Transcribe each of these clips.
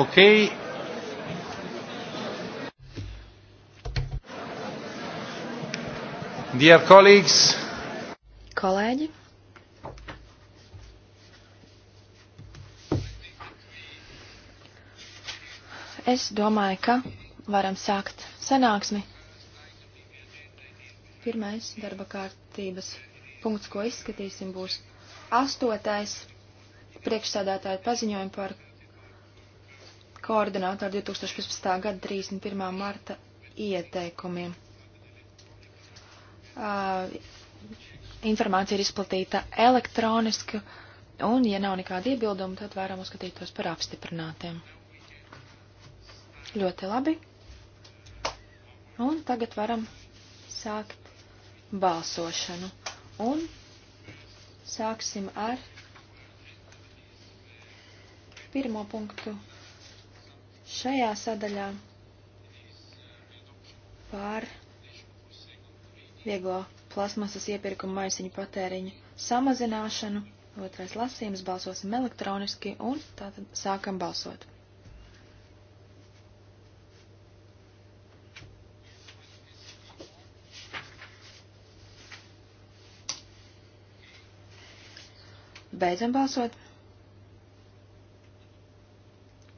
Ok. Dear colleagues. Kolēģi. Es domāju, ka varam sākt sanāksmi. Pirmais darba kārtības punkts, ko izskatīsim, būs astotais priekšsādātāja paziņojumi par koordinātoru 2015. gada 31. marta ieteikumiem. Uh, informācija ir izplatīta elektroniski, un, ja nav nekāda iebilduma, tad varam uzskatīt tos par apstiprinātiem. Ļoti labi. Un tagad varam sākt balsošanu. Un sāksim ar pirmo punktu šajā sadaļā par vieglo plasmasas iepirkumu maisiņu patēriņu samazināšanu. Otrais lasījums balsosim elektroniski un tātad sākam balsot. Beidzam balsot.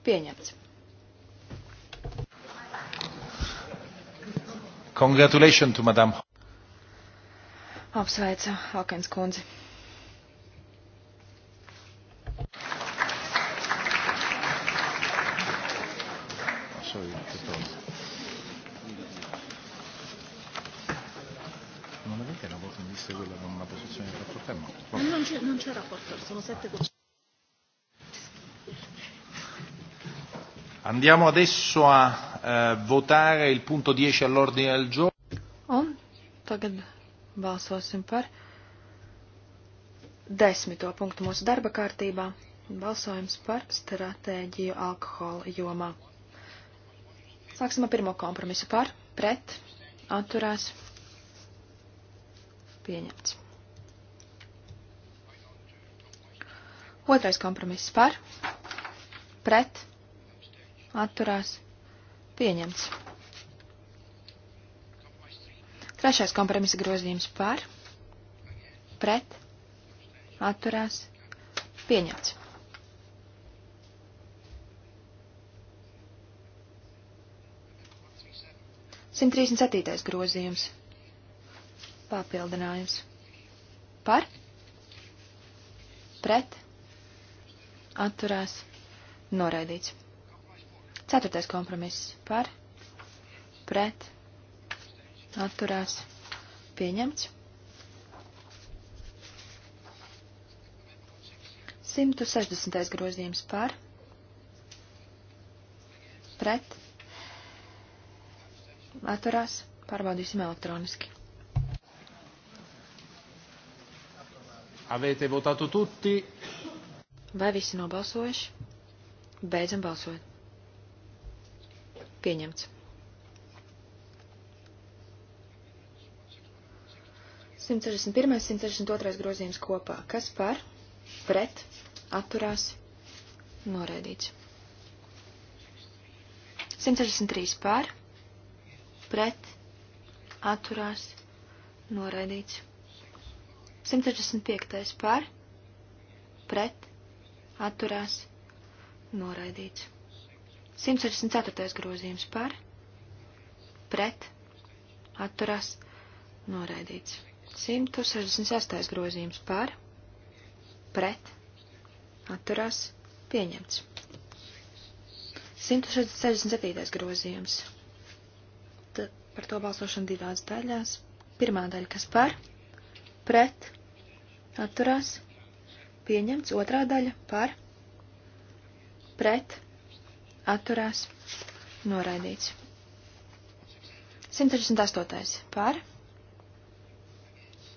Pieņemts. Congratulations to Madame. Apsveicu Hokens kundzi. Sorry, non è che la volta mi disse quella con una posizione di troppo tempo. Non c'è, non c'è rapporto, sono sette cose. Andiamo adesso a eh, votare il punto 10 all'ordine del giorno. Un tagad balsosim par desmito punktu mūsu darba kārtībā. Balsojums par stratēģiju alkohola jomā. Sāksim ar pirmo kompromisu par, pret, atturās, pieņemts. Otrais kompromiss par, pret, atturās, pieņemts Pieņemts. Trešais kompromisa grozījums par, pret, atturās, pieņemts. Simt trīsdesmit septītais grozījums. Papildinājums. Par, pret, atturās, noraidīts. Ceturtais kompromiss par, pret, atturās, pieņemts. 160. grozījums par, pret, atturās, pārbaudīsim elektroniski. Avete votato tutti? Vai visi nobalsojuši? Beidzam balsot. Pieņemts. 161. 162. grozījums kopā. Kas par, pret, atturās, noraidīts. 163 par, pret, atturās, noraidīts. 165 par, pret, atturās, noraidīts. 164. grozījums par, pret, atturās, noraidīts. 166. grozījums par, pret, atturās, pieņemts. 167. grozījums. Tad par to balsošanu divās daļās. Pirmā daļa, kas par, pret, atturās, pieņemts. Otrā daļa par, pret, atturās atturās, noraidīts. 168. par,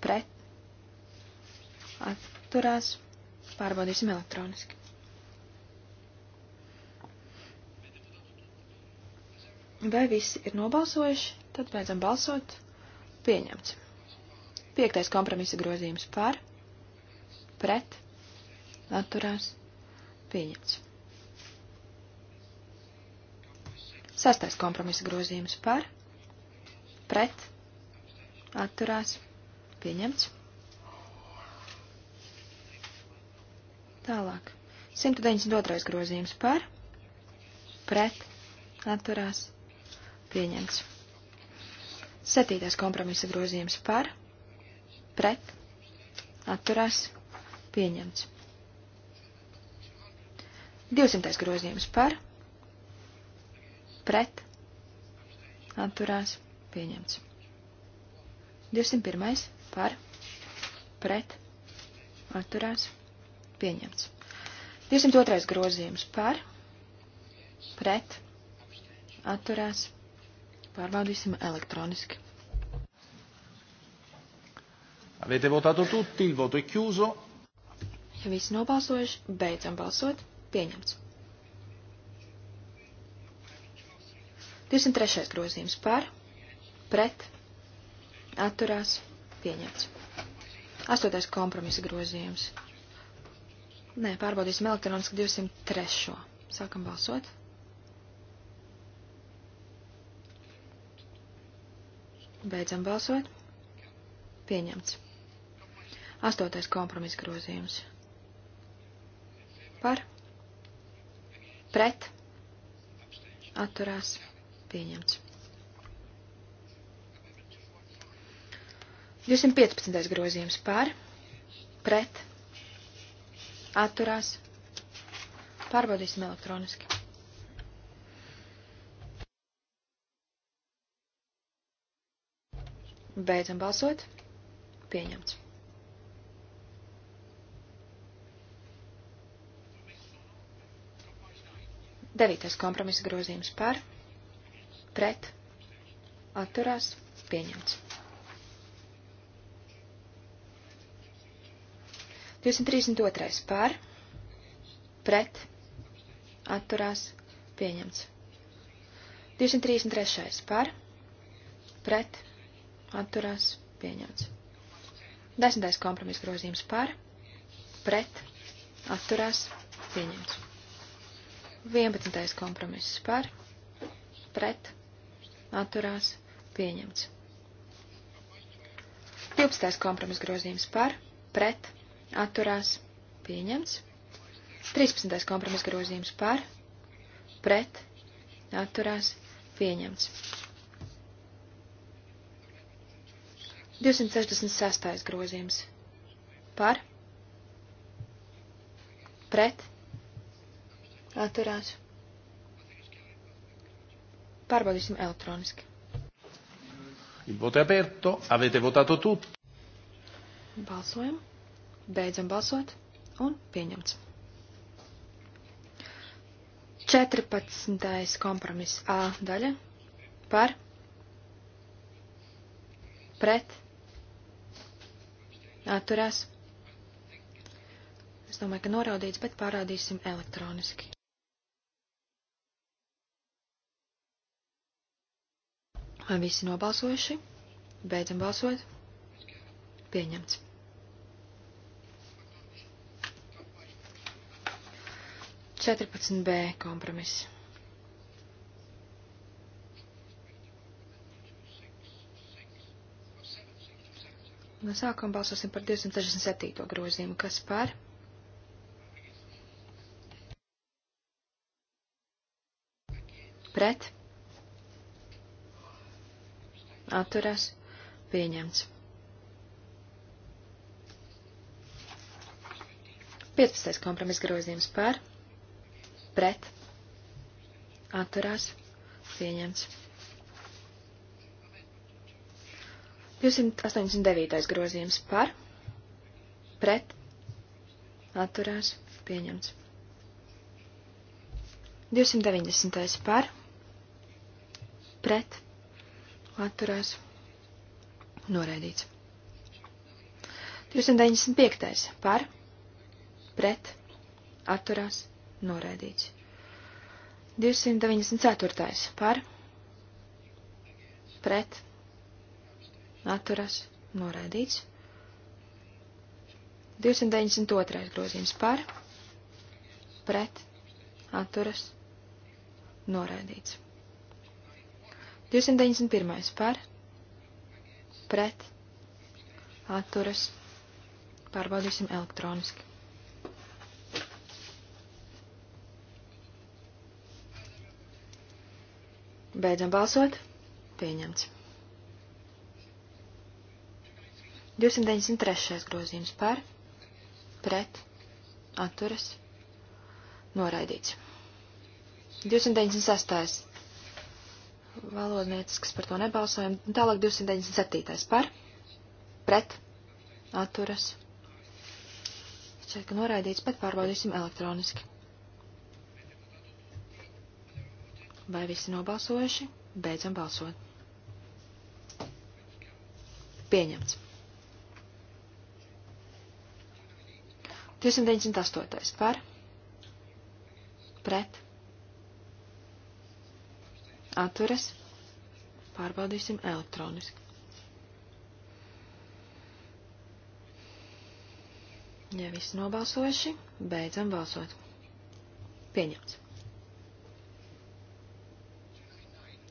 pret, atturās, pārbaudīsim elektroniski. Vai visi ir nobalsojuši, tad beidzam balsot. Pieņemts. Piektais kompromisa grozījums par, pret, atturās, pieņemts. Sastais kompromisa grozījums par, pret, atturās, pieņemts. Tālāk. 192. grozījums par, pret, atturās, pieņemts. Setītais kompromisa grozījums par, pret, atturās, pieņemts. 200. grozījums par, pret, atturās, pieņemts. 201. par, pret, atturās, pieņemts. 202. grozījums par, pret, atturās, pārbaudīsim elektroniski. Avete votato tutti, il voto è chiuso. Ja visi nobalsojuši, beidzam balsot, pieņemts. 23. grozījums par, pret, atturās, pieņemts. 8. kompromisa grozījums. Nē, pārbaudīsim elektroniski 203. Sākam balsot. Beidzam balsot. Pieņemts. 8. kompromisa grozījums. Par, pret, atturās, pieņemts Pieņemts. 215. grozījums par, pret, atturās, pārbaudīsim elektroniski. Beidzam balsot. Pieņemts. Devītais kompromisa grozījums par, pret, atturās, pieņemts. 232. par, pret, atturās, pieņemts. 233. par, pret, atturās, pieņemts. Desmitais kompromiss grozījums par, pret, atturās, pieņemts. 11. kompromiss par, pret, atturās pieņemts. 12. kompromis grozījums par, pret, atturās pieņemts. 13. kompromis grozījums par, pret, atturās pieņemts. 266. grozījums par, pret, atturās pieņemts. Pārbaudīsim elektroniski. Il voto è aperto, avete votato tutti. Balsojam, beidzam balsot un pieņemts. 14. kompromiss A daļa par pret atturās. Es domāju, ka noraudīts, bet pārādīsim elektroniski. Vai visi nobalsojuši? Beidzam balsot. Pieņemts. Četrpadsmit B kompromiss. No sākuma balsosim par 267. grozījumu. Kas par? Pret? atturās pieņemts. 15. kompromis grozījums par, pret, atturās pieņemts. 289. grozījums par, pret, atturās, pieņemts. 290. par, pret, atturās noraidīts. 295. par, pret, atturās noraidīts. 294. par, pret, atturās noraidīts. 292. grozījums par, pret, atturas, noraidīts. 291. par, pret, atturas, pārbaudīsim elektroniski. Beidzam balsot. Pieņemts. 293. grozījums par, pret, atturas, noraidīts. 296 valodniecisks par to nebalsojam. Tālāk 297. par, pret, atturas. Šķiet, ka noraidīts, bet pārbaudīsim elektroniski. Vai visi nobalsojuši? Beidzam balsot. Pieņemts. 298. par, pret, atturas, pārbaudīsim elektroniski. Ja visi nobalsojuši, beidzam balsot. Pieņemts.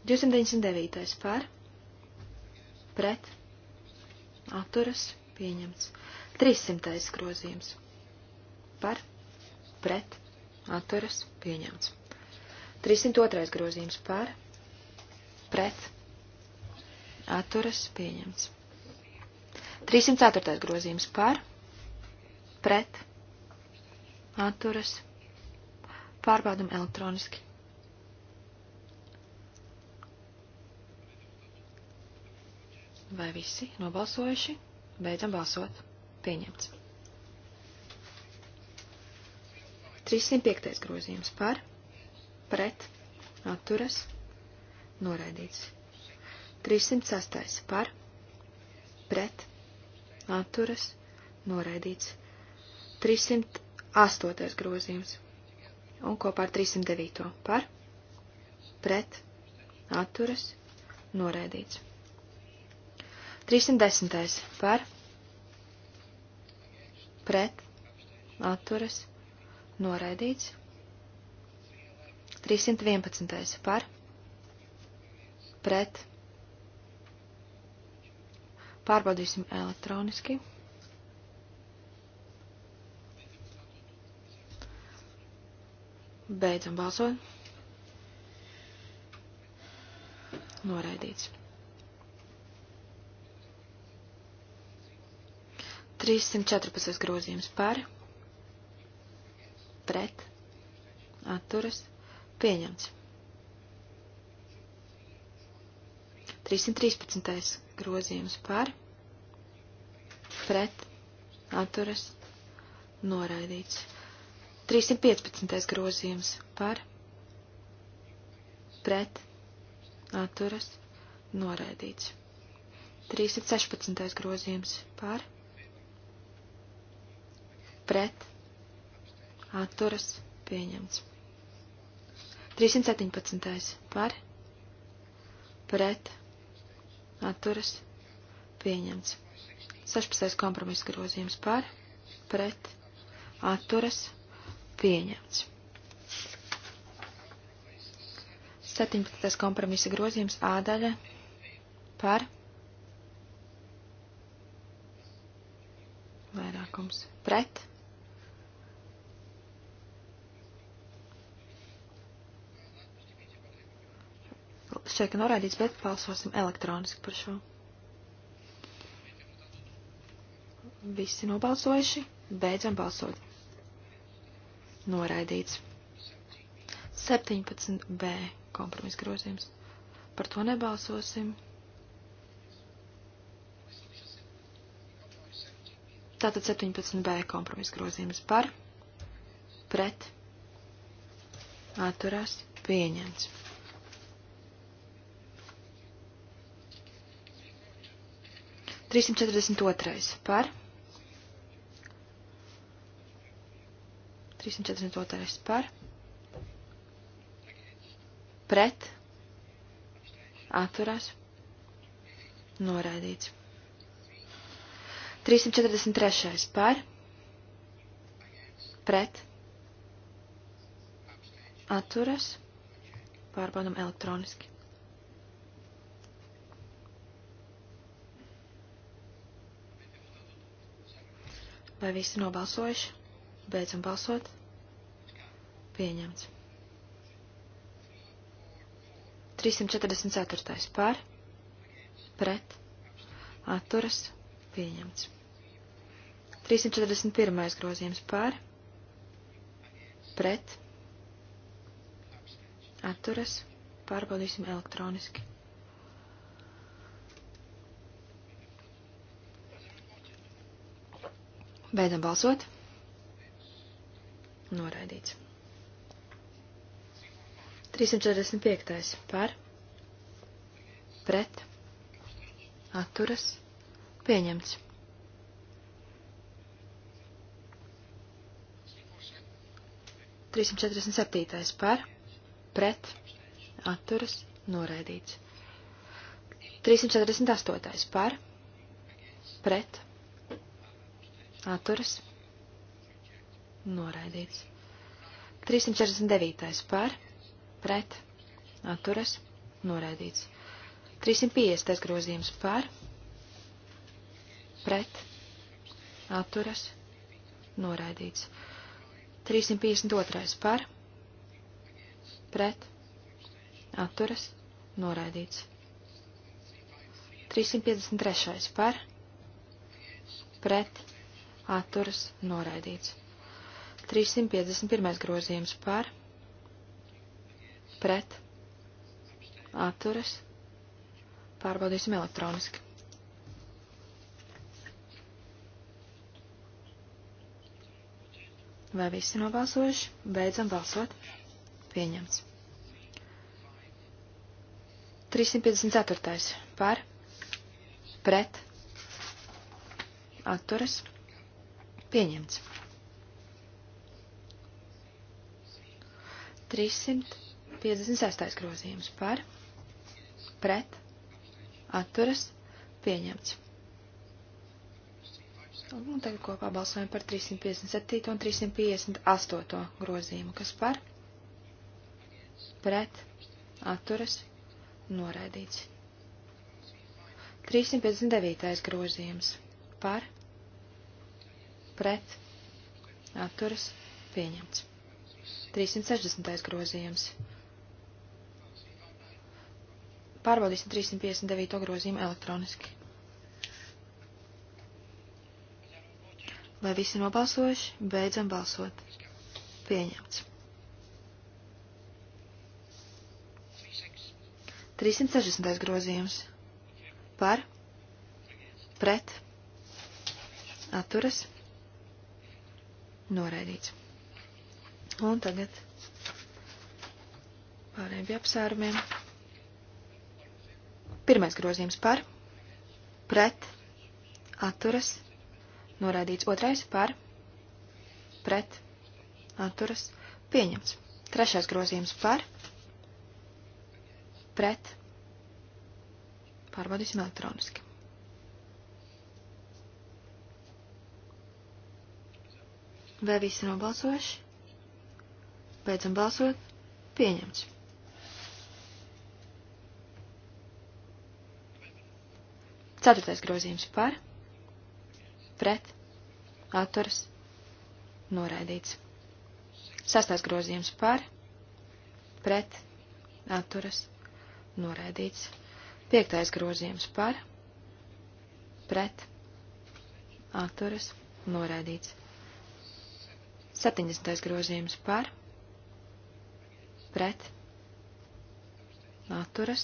299. par, pret, atturas, pieņemts. 300. grozījums. Par, pret, atturas, pieņemts. 302. grozījums par, pret, atturas pieņemts. 304. grozījums par, pret, atturas, pārbaudam elektroniski. Vai visi nobalsojuši? Beidzam balsot. Pieņemts. 305. grozījums par, pret, atturas, noraidīts. 306. par, pret, atturas, noraidīts. 308. grozījums un kopā ar 309. par, pret, atturas, noraidīts. 310. par, pret, atturas, noraidīts. 311. par, pret, pret. Pārbaudīsim elektroniski. Beidzam balsot. Noraidīts. 314 grozījums par, pret, atturas, pieņemts. 313. grozījums par, pret, atturas, noraidīts. 315. grozījums par, pret, atturas, noraidīts. 316. grozījums par, pret, atturas, pieņemts. 317. par, pret, atturas pieņemts. 16. kompromisa grozījums par, pret, atturas pieņemts. 17. kompromisa grozījums A daļa par vairākums pret šķiet, ka noraidīts, bet balsosim elektroniski par šo. Visi nobalsojuši, beidzam balsot. Noraidīts. 17b kompromisa grozījums. Par to nebalsosim. Tātad 17b kompromisa grozījums par, pret, atturās, pieņemts. 342. par. 342. par. Pret. Atturās. Noraidīts. 343. par. Pret. Atturas. Pārbaudam elektroniski. Vai visi nobalsojuši? Beidzam balsot. Pieņemts. 344. par, pret, atturas, pieņemts. 341. grozījums par, pret, atturas, pārbaudīsim elektroniski. Beidzam balsot. Noraidīts. 345. par, pret, atturas, pieņemts. 347. par, pret, atturas, noraidīts. 348. par, pret, atturas, noraidīts. 349. par, pret, atturas, noraidīts. 350. grozījums par, pret, atturas, noraidīts. 352. par, pret, atturas, noraidīts. 353. par, pret, atturas noraidīts. 351. grozījums par, pret, atturas, pārbaudīsim elektroniski. Vai visi nobalsojuši? Beidzam balsot. Pieņemts. 354. par, pret, atturas, pārbaudīsim Pieņemts. 356. grozījums par, pret, atturas, pieņemts. Un tagad kopā balsojam par 357. un 358. grozījumu, kas par, pret, atturas, noraidīts. 359. grozījums par, pret pret, atturas, pieņemts. 360. grozījums. Pārbaudīsim 359. grozījumu elektroniski. Lai visi nobalsojuši, beidzam balsot. Pieņemts. 360. grozījums. Par. Pret. Atturas noraidīts. Un tagad pārējiem pie apsvērumiem. Pirmais grozījums par, pret, atturas, noraidīts. Otrais par, pret, atturas, pieņemts. Trešais grozījums par, pret, pārbaudīsim elektroniski. Vai visi nobalsojuši? Beidzam balsot. Pieņemts. Ceturtais grozījums par, pret, atturas, noraidīts. Sastais grozījums par, pret, atturas, noraidīts. Piektais grozījums par, pret, atturas, noraidīts. 70. grozījums par, pret, atturas,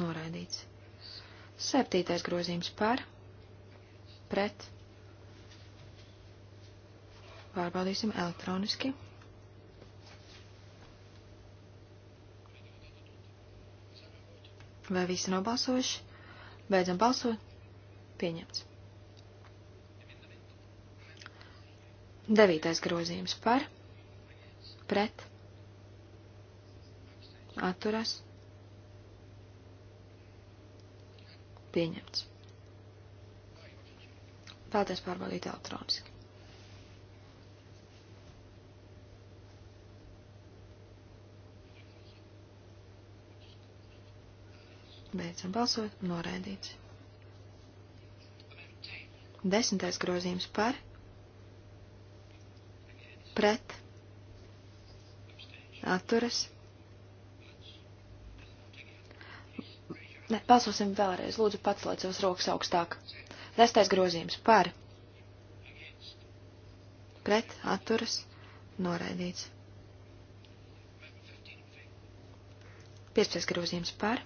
noraidīts. 7. grozījums par, pret, pārbaudīsim elektroniski. Vai visi nobalsojuši? Beidzam balsot. Pieņemts. Devītais grozījums par, pret, atturas, pieņemts. Vēlties pārbaudīt elektroniski. Beidzam balsot, noraidīts. Desmitais grozījums par, pret, pret, atturas. Ne, balsosim vēlreiz. Lūdzu, paceliet savas rokas augstāk. Desmitais grozījums par, pret, atturas, noraidīts. 15 grozījums par,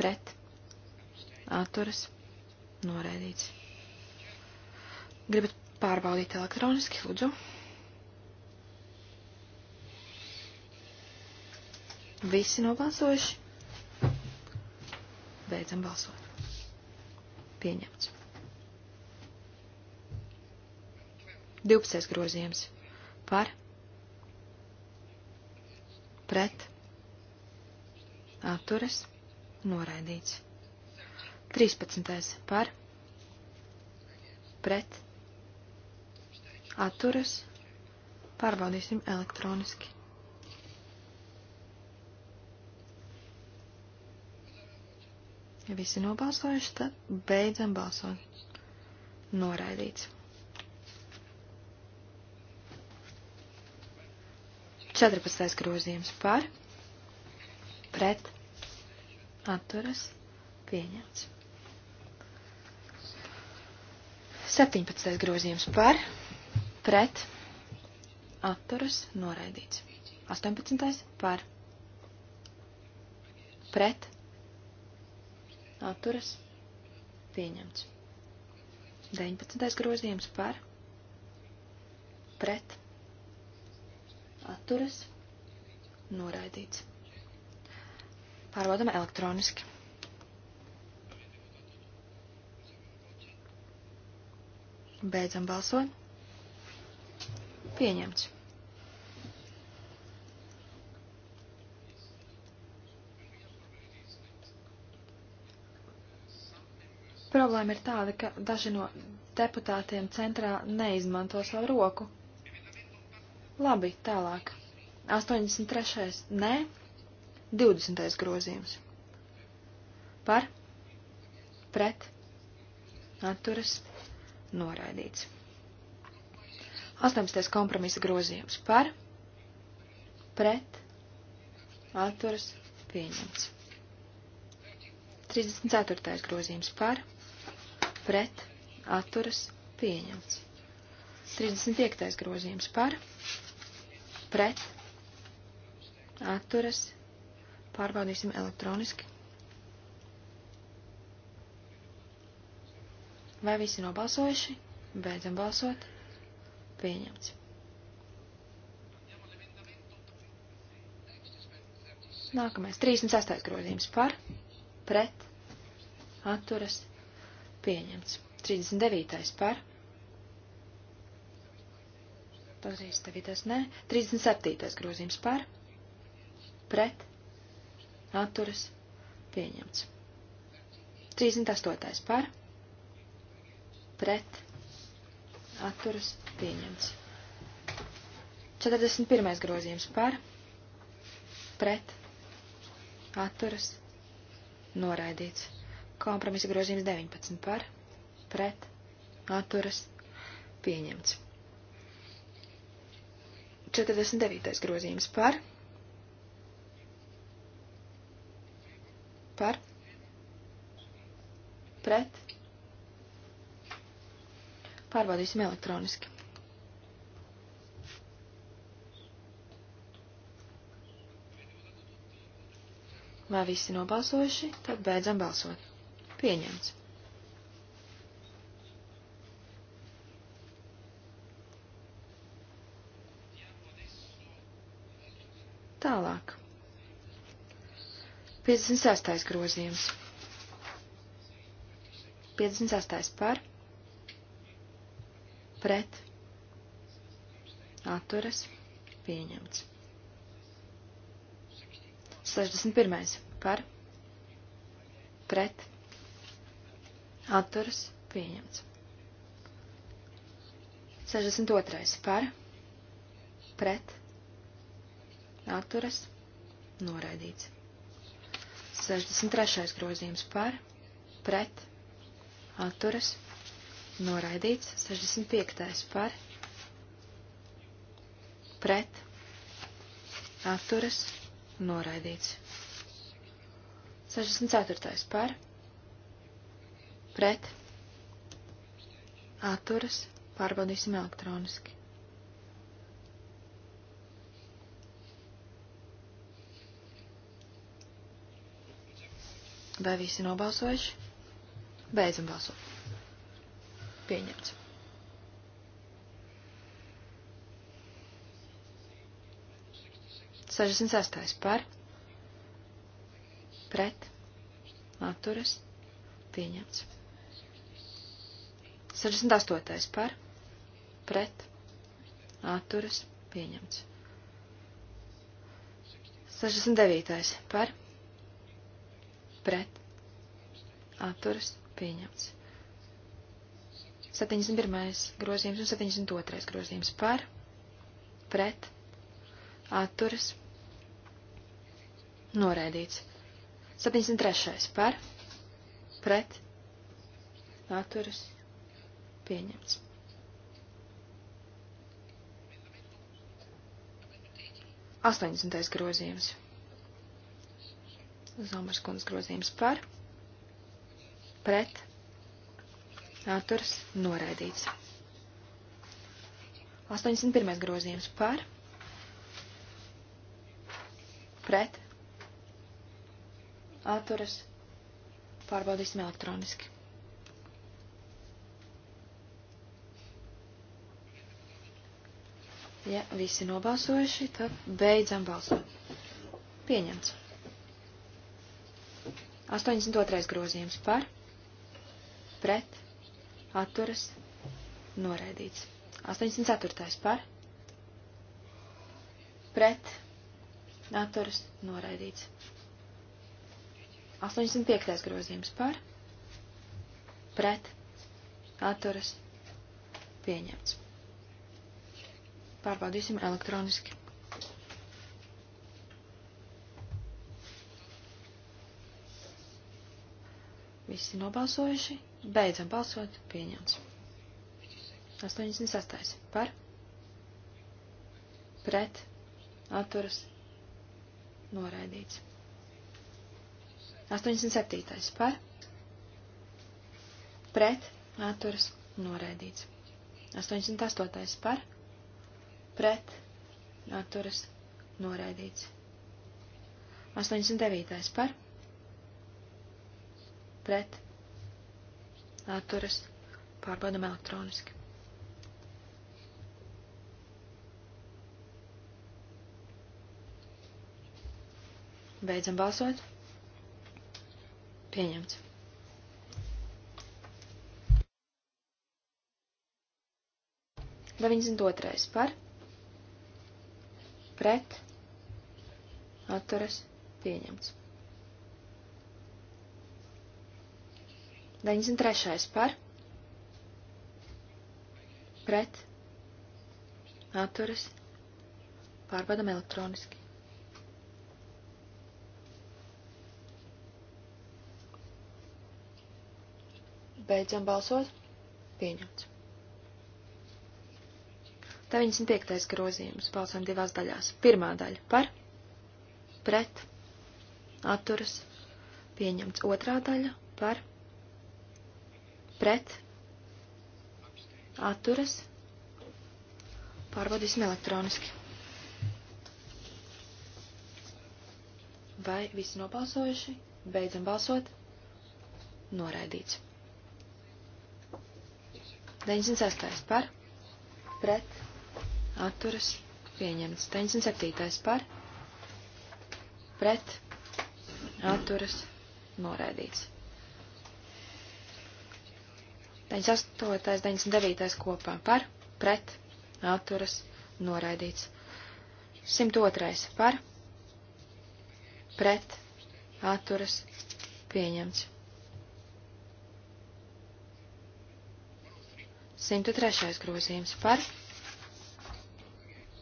pret, atturas, noraidīts. Gribat pārbaudīt elektroniski, lūdzu? Visi nobalsojuši. Beidzam balsot. Pieņemts. 12. grozījums. Par. Pret. Atturas. Noraidīts. 13. Par. Pret. Atturas. Pārbaudīsim elektroniski. Ja visi nobalsojuši, tad beidzam balsot. Noraidīts. 14. grozījums par, pret, atturas, pieņemts. 17. grozījums par, pret, atturas, noraidīts. 18. par, pret, atturas pieņemts. 19. grozījums par pret atturas noraidīts. Pārbaudam elektroniski. Beidzam balsot. Pieņemts. Problēma ir tāda, ka daži no deputātiem centrā neizmanto savu roku. Labi, tālāk. 83. Nē. 20. grozījums. Par. Pret. Atturas. Noraidīts. 18. kompromisa grozījums. Par. Pret. Atturas. Pieņemts. 34. grozījums. Par pret, atturas, pieņemts. 35. grozījums par, pret, atturas, pārbaudīsim elektroniski. Vai visi nobalsojuši? Beidzam balsot. Pieņemts. Nākamais. 36. grozījums par, pret, atturas, pieņemts pieņemts. 39. par. Patreiz tagad tas nē. 37. grozījums par. Pret. Atturas. Pieņemts. 38. par. Pret. Atturas. Pieņemts. 41. grozījums par. Pret. Atturas. Noraidīts. Kompromisa grozījums 19 par, pret, atturas, pieņemts. 49. grozījums par, par, pret, pārbaudīsim elektroniski. Vai visi nobalsojuši, tad beidzam balsot. Pieņemts. Tālāk. 56. grozījums. 56. par, pret, atturas, pieņemts. 61. par, pret, atturas pieņemts. 62. par, pret, atturas noraidīts. 63. grozījums par, pret, atturas noraidīts. 65. par, pret, atturas noraidīts. 64. par, pret, pret, atturas, pārbaudīsim elektroniski. Vai visi nobalsojuši? Beidzam balsot. Pieņemts. Sešdesmit sestais par, pret, atturas, pieņemts. 68. par, pret, atturas, pieņemts. 69. par, pret, atturas, pieņemts. 71. grozījums un 72. grozījums par, pret, atturas, noraidīts. 73. par, pret, atturas, Pieņemts. Astoņdesmitais grozījums. Zomars kundas grozījums par, pret, atturs, noraidīts. 81. grozījums par, pret, atturas, pārbaudīsim elektroniski. Ja visi nobalsojuši, tad beidzam balsot. Pieņemts. 82. grozījums par, pret, atturas, noraidīts. 84. par, pret, atturas, noraidīts. 85. grozījums par, pret, atturas, pieņemts. Pārbaudīsim elektroniski. Visi nobalsojuši. Beidzam balsot. Pieņemts. 86. Par. Pret. Atturas. Noraidīts. 87. Par. Pret. Atturas. Noraidīts. 88. Par pret atturas noraidīts. 89. par pret atturas pārbaudam elektroniski. Beidzam balsot. Pieņemts. Deviņdesmit otrais par pret, atturas, pieņemts. 93. par, pret, atturas, pārbaudam elektroniski. Beidzam balsot. Pieņemts. 95. grozījums. Balsojam divās daļās. Pirmā daļa par, pret, atturas, pieņemts. Otrā daļa par, pret, atturas, pārbaudīsim elektroniski. Vai visi nobalsojuši? Beidzam balsot. Noraidīts. 96. par, pret, atturas pieņemts. 97. par pret atturas noraidīts. 98. 99. kopā par pret atturas noraidīts. 102. par pret atturas pieņemts. 103. grozījums par pret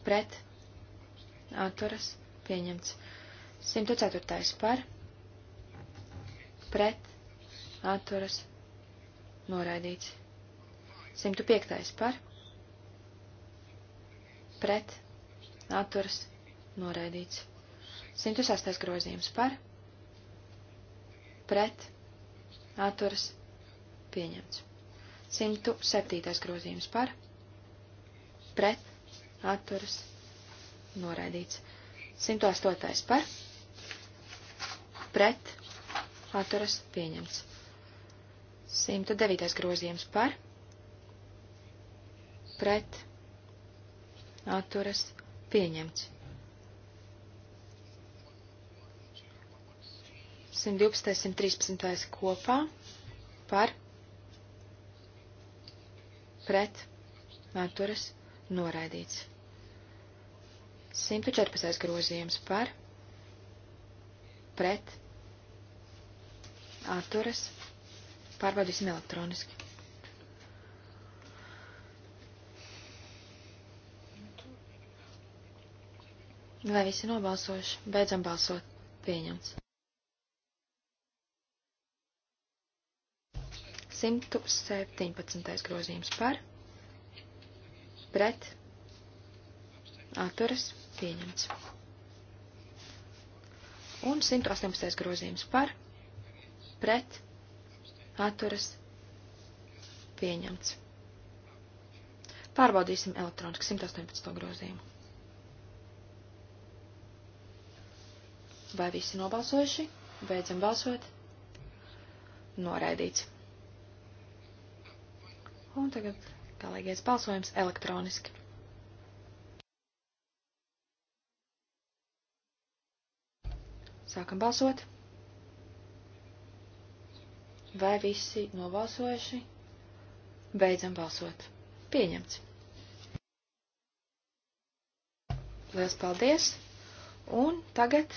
pret, atturas, pieņemts. 104. par, pret, atturas, noraidīts. 105. par, pret, atturas, noraidīts. 106. grozījums par, pret, atturas, pieņemts. 107. grozījums par, pret, atturas noraidīts. 108. par pret atturas pieņemts. 109. grozījums par pret atturas pieņemts. 112. 113. kopā par pret atturas noraidīts. 114. grozījums par pret atturas pārbaudīsim elektroniski. Vai visi nobalsojuši? Beidzam balsot. Pieņemts. 117. grozījums par pret atturas pieņemts. Un 118. grozījums par, pret, atturas, pieņemts. Pārbaudīsim elektroniski 118. grozījumu. Vai visi nobalsojuši? Beidzam balsot. Noraidīts. Un tagad galīgais balsojums elektroniski. Sākam balsot. Vai visi nobalsojuši? Beidzam balsot. Pieņemts. Lielas paldies! Un tagad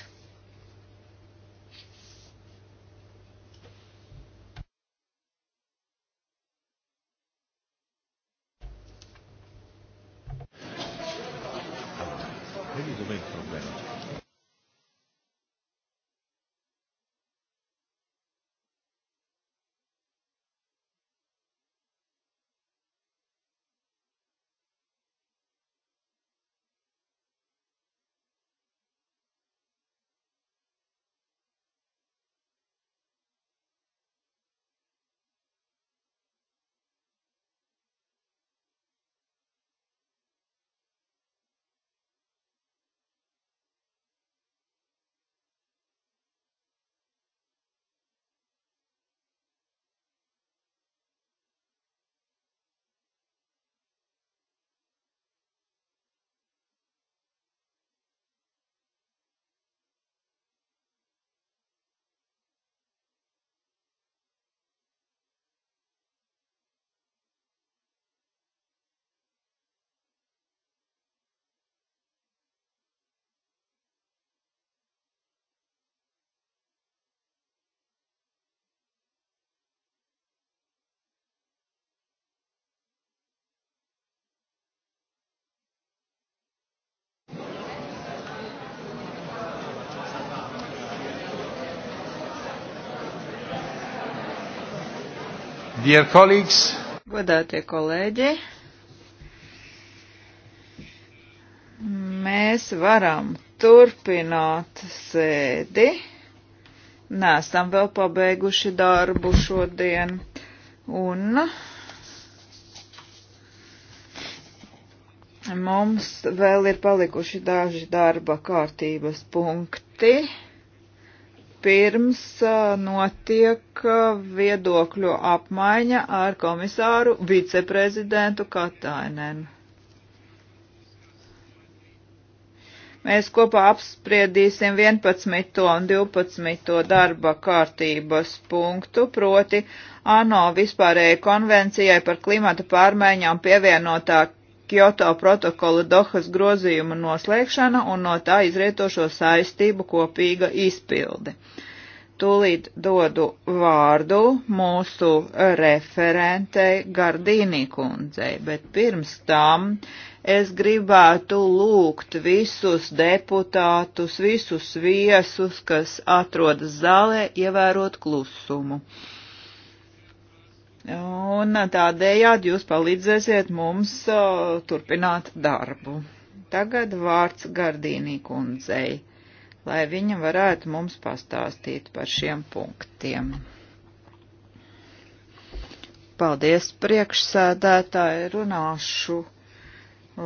Dear colleagues, godātie kolēģi, mēs varam turpināt sēdi. Nesam vēl pabeiguši darbu šodien. Un mums vēl ir palikuši daži darba kārtības punkti. Pirms uh, notiek uh, viedokļu apmaiņa ar komisāru viceprezidentu Katainenu. Mēs kopā apspriedīsim 11. un 12. darba kārtības punktu, proti ANO vispārējai konvencijai par klimata pārmaiņām pievienotā Kyoto protokola Dohas grozījuma noslēgšana un no tā izrietošo saistību kopīga izpildi. Tūlīt dodu vārdu mūsu referentei Gardīnī kundzei, bet pirms tam es gribētu lūgt visus deputātus, visus viesus, kas atrodas zālē, ievērot klusumu. Un tādējādi jūs palīdzēsiet mums uh, turpināt darbu. Tagad vārds Gardīnī kundzei, lai viņa varētu mums pastāstīt par šiem punktiem. Paldies priekšsēdētāji, runāšu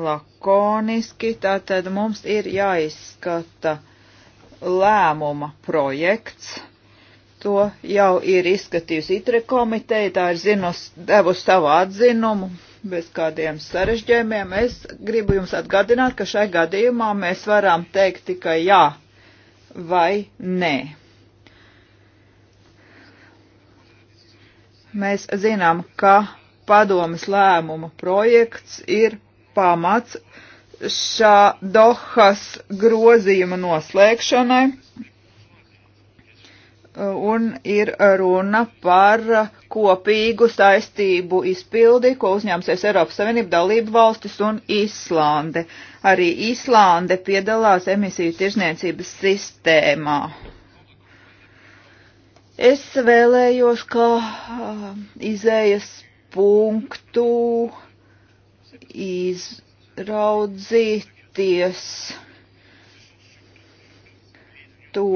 lakoniski, tātad mums ir jāizskata lēmuma projekts To jau ir izskatījusi itre komiteja, tā ir zinus, devusi savu atzinumu bez kādiem sarežģījumiem. Es gribu jums atgādināt, ka šai gadījumā mēs varam teikt tikai jā vai nē. Mēs zinām, ka padomas lēmuma projekts ir pamats šā Dohas grozījuma noslēgšanai un ir runa par kopīgu saistību izpildi, ko uzņēmsies Eiropas Savienība dalību valstis un Īslande. Arī Īslande piedalās emisiju tirzniecības sistēmā. Es vēlējos, kā uh, izējas punktu izraudzīties to,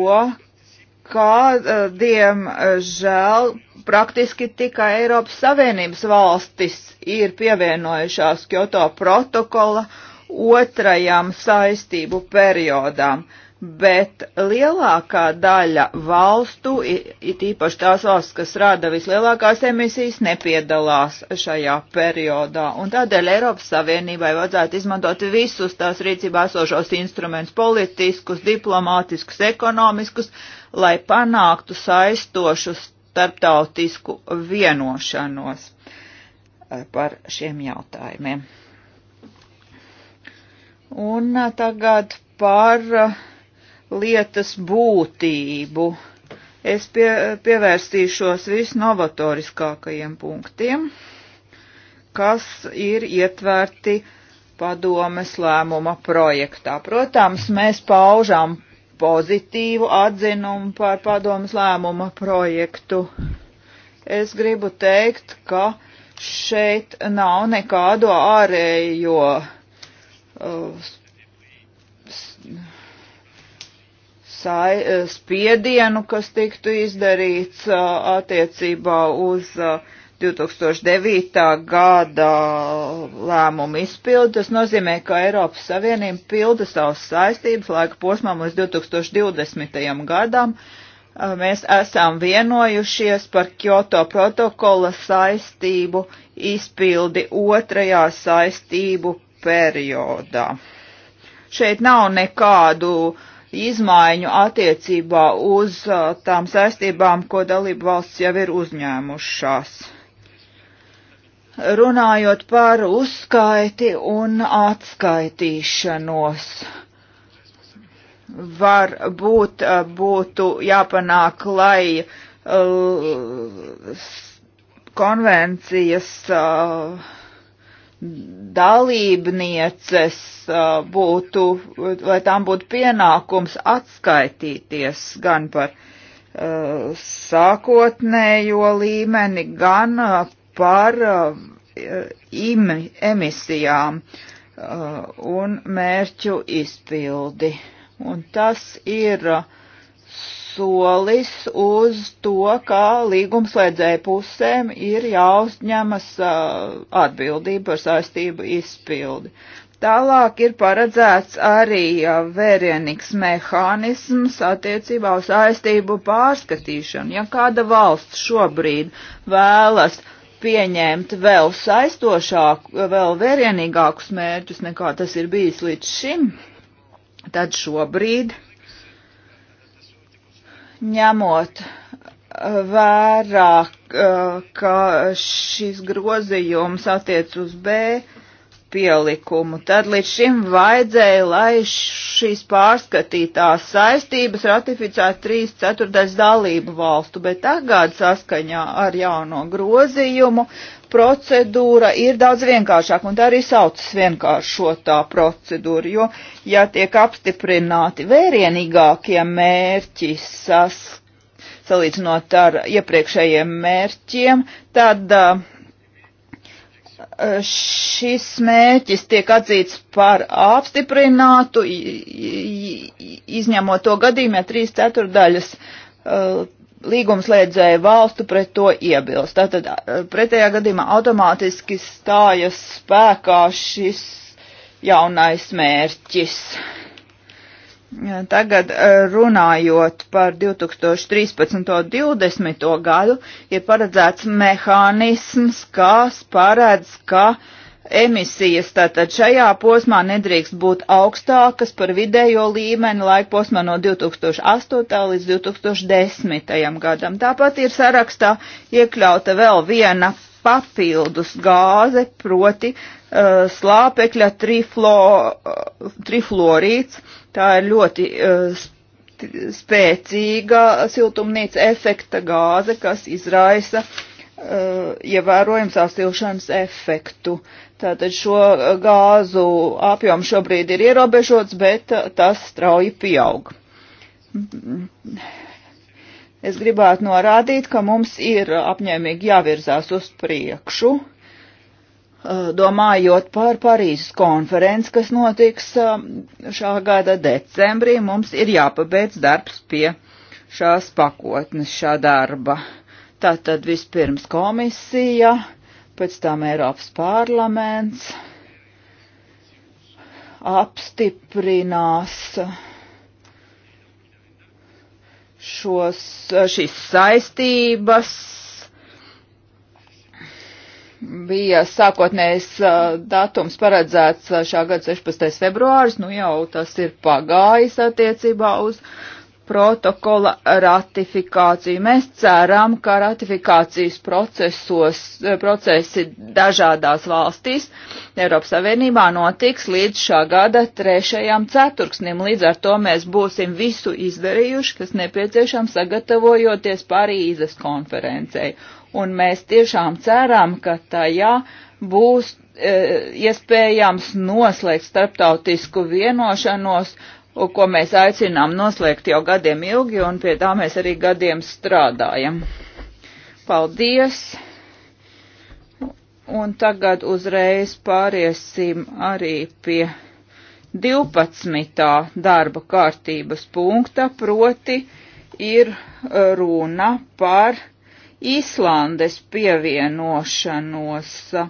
kādiem eh, žēl praktiski tikai Eiropas Savienības valstis ir pievienojušās Kyoto protokola otrajam saistību periodām, bet lielākā daļa valstu, it īpaši tās valsts, kas rada vislielākās emisijas, nepiedalās šajā periodā. Un tādēļ Eiropas Savienībai vajadzētu izmantot visus tās rīcībā esošos instrumentus - politiskus, diplomātiskus, ekonomiskus, lai panāktu saistošu starptautisku vienošanos eh, par šiem jautājumiem. Un eh, tagad par eh, lietas būtību. Es pie, pievērstīšos visnovatoriskākajiem punktiem, kas ir ietverti padomes lēmuma projektā. Protams, mēs paužām pozitīvu atzinumu par padomas lēmuma projektu. Es gribu teikt, ka šeit nav nekādu ārējo uh, sai, uh, spiedienu, kas tiktu izdarīts uh, attiecībā uz uh, 2009. gada lēmumu izpildi. Tas nozīmē, ka Eiropas Savienība pilda savas saistības laika posmām līdz 2020. gadam. Mēs esam vienojušies par Kyoto protokola saistību izpildi otrajā saistību periodā. Šeit nav nekādu uh, izmaiņu attiecībā uz tām saistībām, ko dalību valsts jau ir uzņēmušās runājot par uzskaiti un atskaitīšanos. Var būt, eh, būtu jāpanāk, lai eh, konvencijas eh, dalībnieces būtu, vai tām būtu pienākums atskaitīties gan par sākotnējo līmeni, gan par uh, emisijām uh, un mērķu izpildi. Un tas ir solis uz to, ka līgumslēdzēju pusēm ir jāuzņemas uh, atbildība par saistību izpildi. Tālāk ir paredzēts arī vērienīgs mehānisms attiecībā uz saistību pārskatīšanu. Ja kāda valsts šobrīd vēlas uh, pieņemt vēl saistošāku, vēl vērienīgākus mērķus nekā tas ir bijis līdz šim, tad šobrīd ņemot vērā, ka šis grozījums attiec uz B pielikumu. Tad līdz šim vajadzēja, lai šīs pārskatītās saistības ratificētu 3 ceturtais dalību valstu, bet tagad saskaņā ar jauno grozījumu procedūra ir daudz vienkāršāka, un tā arī saucas vienkāršotā procedūra, jo, ja tiek apstiprināti vērienīgākie mērķi sas, salīdzinot ar iepriekšējiem mērķiem, tad uh, šis mērķis tiek atzīts par apstiprinātu, izņemot to gadījumā 3 ceturdaļas uh, līgumslēdzēju valstu pret to iebilst. Tātad uh, pretējā gadījumā automātiski stājas spēkā šis jaunais mērķis. Uh, Tagad eh, runājot par 2013. un 2020. gadu, ir paredzēts mehānisms, kas paredz, ka emisijas tātad šajā posmā nedrīkst būt augstākas par vidējo līmeni laika posmā no 2008. līdz 2010. gadam. Tāpat ir sarakstā iekļauta vēl viena papildus gāze, proti Uh, slāpekļa triflo, uh, triflorīts. Tā ir ļoti uh, spēcīga siltumnīca efekta gāze, kas izraisa ievērojams astilšanas efektu. Tātad šo gāzu apjoms šobrīd ir ierobežots, bet tas strauji pieaug. Es gribētu norādīt, ka mums ir apņēmīgi jāvirzās uz priekšu Eh, domājot par Parīzes konferenci, kas notiks eh, šā gada decembrī, mums ir jāpabeidz darbs pie šās pakotnes, šā darba. Tātad vispirms komisija, pēc tam Eiropas parlaments apstiprinās šos, eh, šīs saistības bija sākotnējs uh, datums paredzēts uh, šā gada 16. februāris, nu jau tas ir pagājis attiecībā uz protokola ratifikāciju. Mēs ceram, ka ratifikācijas procesos, eh, procesi dažādās valstīs Eiropas Savienībā notiks līdz šā gada trešajam ceturksnim. Līdz ar to mēs būsim visu izdarījuši, kas nepieciešams sagatavojoties Parīzes konferencei un mēs tiešām ceram, ka tajā būs e, iespējams noslēgt starptautisku vienošanos, ko mēs aicinām noslēgt jau gadiem ilgi, un pie tā mēs arī gadiem strādājam. Paldies! Un tagad uzreiz pāriesim arī pie 12. darba kārtības punkta, proti ir runa par Īslandes pievienošanos uh,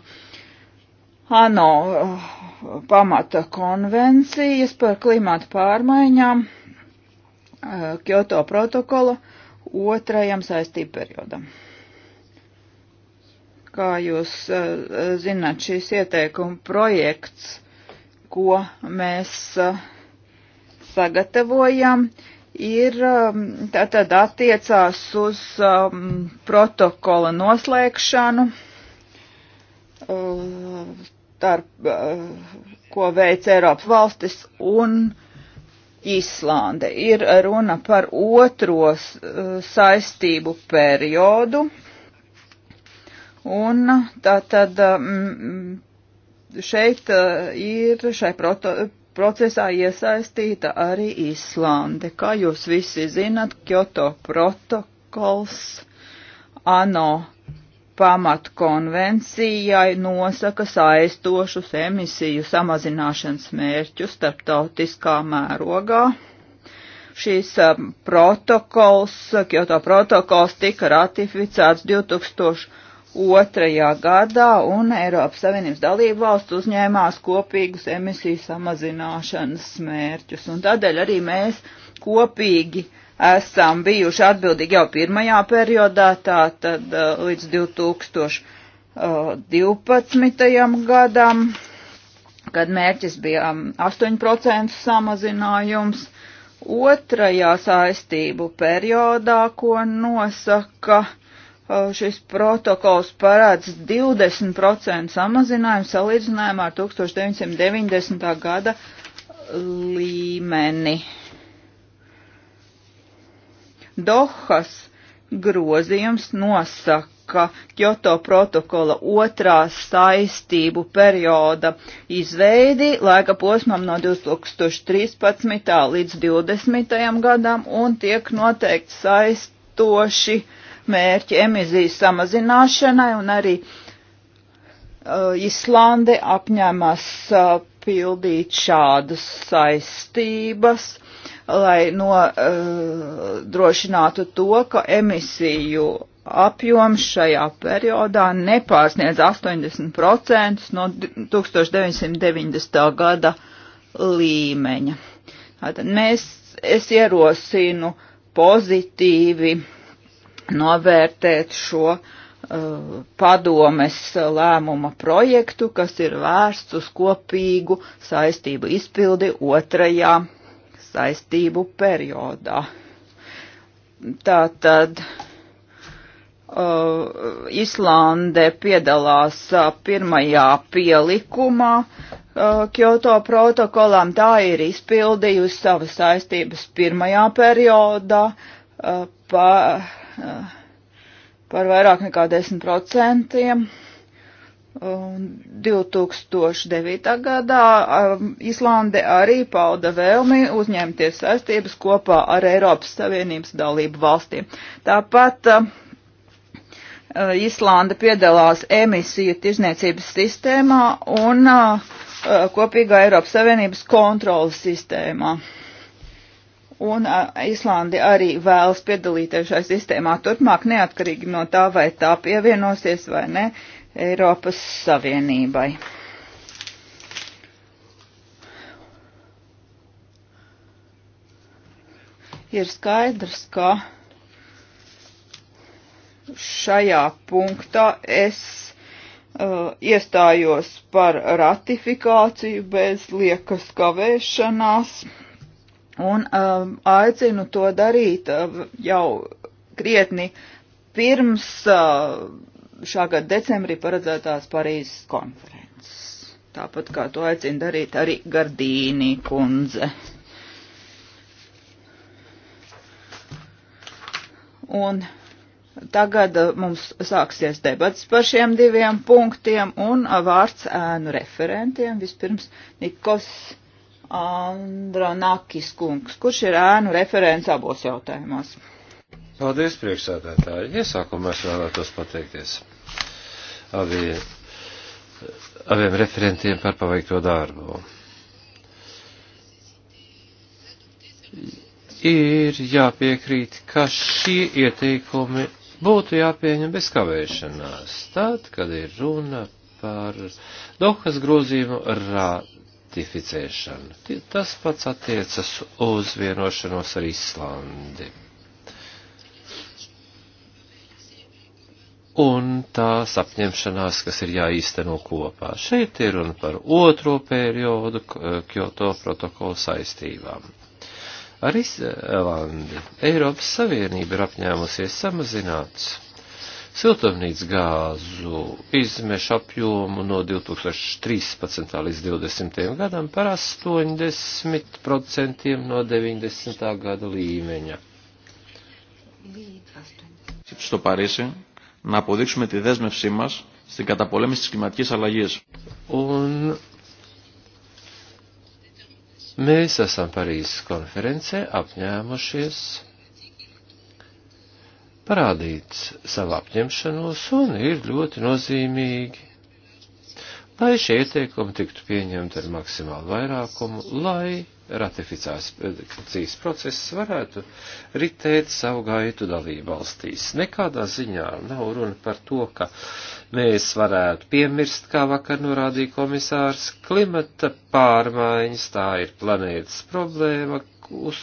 ANO uh, pamata konvencijas par klimatu pārmaiņām uh, Kyoto protokola otrajam saistību periodam. Kā jūs zināt, šīs ieteikuma projekts, ko mēs sagatavojam, uh, ir um, tātad attiecās uz um, protokola noslēgšanu, uh, tarp, uh, ko veic Eiropas valstis un Īslande. Ir runa par otro uh, saistību periodu. Un tātad um, šeit uh, ir šai protokola procesā iesaistīta arī Īslande. Kā jūs visi zinat, Kyoto protokols ANO pamatkonvencijai nosaka saistošus emisiju samazināšanas mērķus starptautiskā mērogā. Šīs protokols, Kyoto protokols tika ratificēts 2000 otrajā gadā, un Eiropas Savienības dalību valsts uzņēmās kopīgus emisiju samazināšanas mērķus. Un tādēļ arī mēs kopīgi esam bijuši atbildīgi jau pirmajā periodā, tātad uh, līdz 2012. Uh, gadam, kad mērķis bija 8% um, samazinājums. Otrajā saistību periodā, ko nosaka šis protokols parāds 20% samazinājumu salīdzinājumā ar 1990. gada līmeni. Dohas grozījums nosaka Kyoto protokola otrā saistību perioda izveidi laika posmam no 2013. līdz 2020. gadam un tiek noteikts saistoši uh, mērķi emizijas samazināšanai un arī uh, Islande apņēmās uh, pildīt šādas saistības, lai nodrošinātu uh, to, ka emisiju apjoms šajā periodā nepārsniedz 80% no 1990. gada līmeņa. Tātad mēs, es ierosinu pozitīvi uh, novērtēt šo uh, padomes lēmuma projektu, kas ir vērsts uz kopīgu saistību izpildi otrajā saistību periodā. Tātad uh, Islande piedalās uh, pirmajā pielikumā uh, Kyoto protokolām. Tā ir izpildījusi savas saistības pirmajā periodā. Uh, pa, Eh, par vairāk nekā 10%. Un 2009. gadā eh, Islande arī pauda vēlmi uzņemties saistības kopā ar Eiropas Savienības dalību valstīm. Tāpat eh, Islanda piedalās emisiju tirzniecības sistēmā un kopīgā Eiropas Savienības kontrolas sistēmā un Islandi arī vēlas piedalīties šajā sistēmā turpmāk, neatkarīgi no tā, vai tā pievienosies vai ne Eiropas Savienībai. Ir skaidrs, ka šajā punktā es uh, iestājos par ratifikāciju bez liekas kavēšanās un um, aicinu to darīt uh, jau krietni pirms uh, šā gada decembrī paredzētās Parīzes konferences. Tāpat kā to aicina darīt arī Gardīnī kundze. Un tagad uh, mums sāksies debats par šiem diviem punktiem un uh, vārds ēnu referentiem. Vispirms Nikos. Andronakis kungs, kurš ir ēnu referents abos jautājumos. Paldies, priekšsādātāji. Iesākumā es vēlētos pateikties abiem, abiem referentiem par paveikto darbu. Ir jāpiekrīt, ka šie ieteikumi būtu jāpieņem bez kavēšanās, tad, kad ir runa par Dohas grozījumu rā, ratificēšanu. Tas pats attiecas uz vienošanos ar Islandi. Un tās apņemšanās, kas ir jāīsteno kopā. Šeit ir un par otro periodu Kyoto protokolu saistībām. Ar Islandi Eiropas Savienība ir apņēmusies samazināt siltumnīcas gāzu izmešu apjomu no 2013. līdz 2020. gadam par 80% no 90. gada līmeņa. Στο Παρίσι να αποδείξουμε τη δέσμευσή μας στην καταπολέμηση της κλιματικής αλλαγής. Un mēs esam Parīzes konferencē apņēmušies parādīts savu apņemšanos un ir ļoti nozīmīgi, lai šie ieteikumi tiktu pieņemti ar maksimālu vairākumu, lai ratifikācijas process varētu ritēt savu gaitu dalību valstīs. Nekādā ziņā nav runa par to, ka mēs varētu piemirst, kā vakar norādīja komisārs, klimata pārmaiņas, tā ir planētas problēma, uz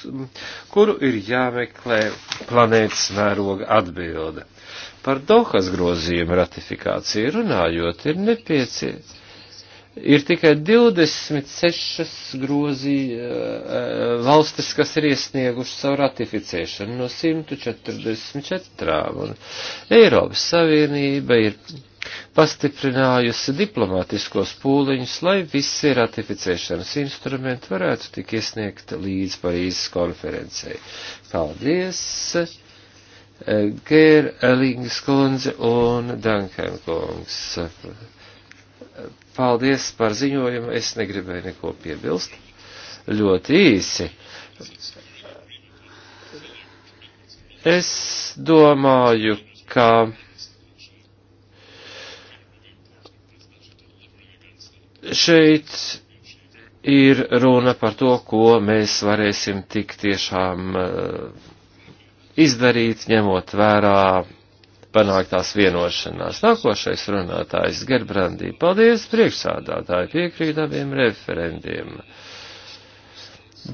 kuru ir jāmeklē planētas mēroga atbilde. Par Dohas grozījumu ratifikāciju runājot, ir nepieciešams. Ir tikai 26 grozī eh, eh, valstis, kas ir iesnieguši savu ratificēšanu no 144. Un Eiropas Savienība ir pastiprinājusi diplomātiskos pūliņus, lai visi ratificēšanas instrumenti varētu tik iesniegt līdz Parīzes konferencei. Paldies! Eh, Gēr Elīgas kundze un Dankēm kungs. Paldies par ziņojumu, es negribēju neko piebilst. Ļoti īsi. Es domāju, ka šeit ir runa par to, ko mēs varēsim tik tiešām eh, izdarīt, ņemot vērā panāktās vienošanās. Nākošais runātājs Gerbrandī. Paldies priekšsādātāji, piekrīt abiem referendiem. Uh,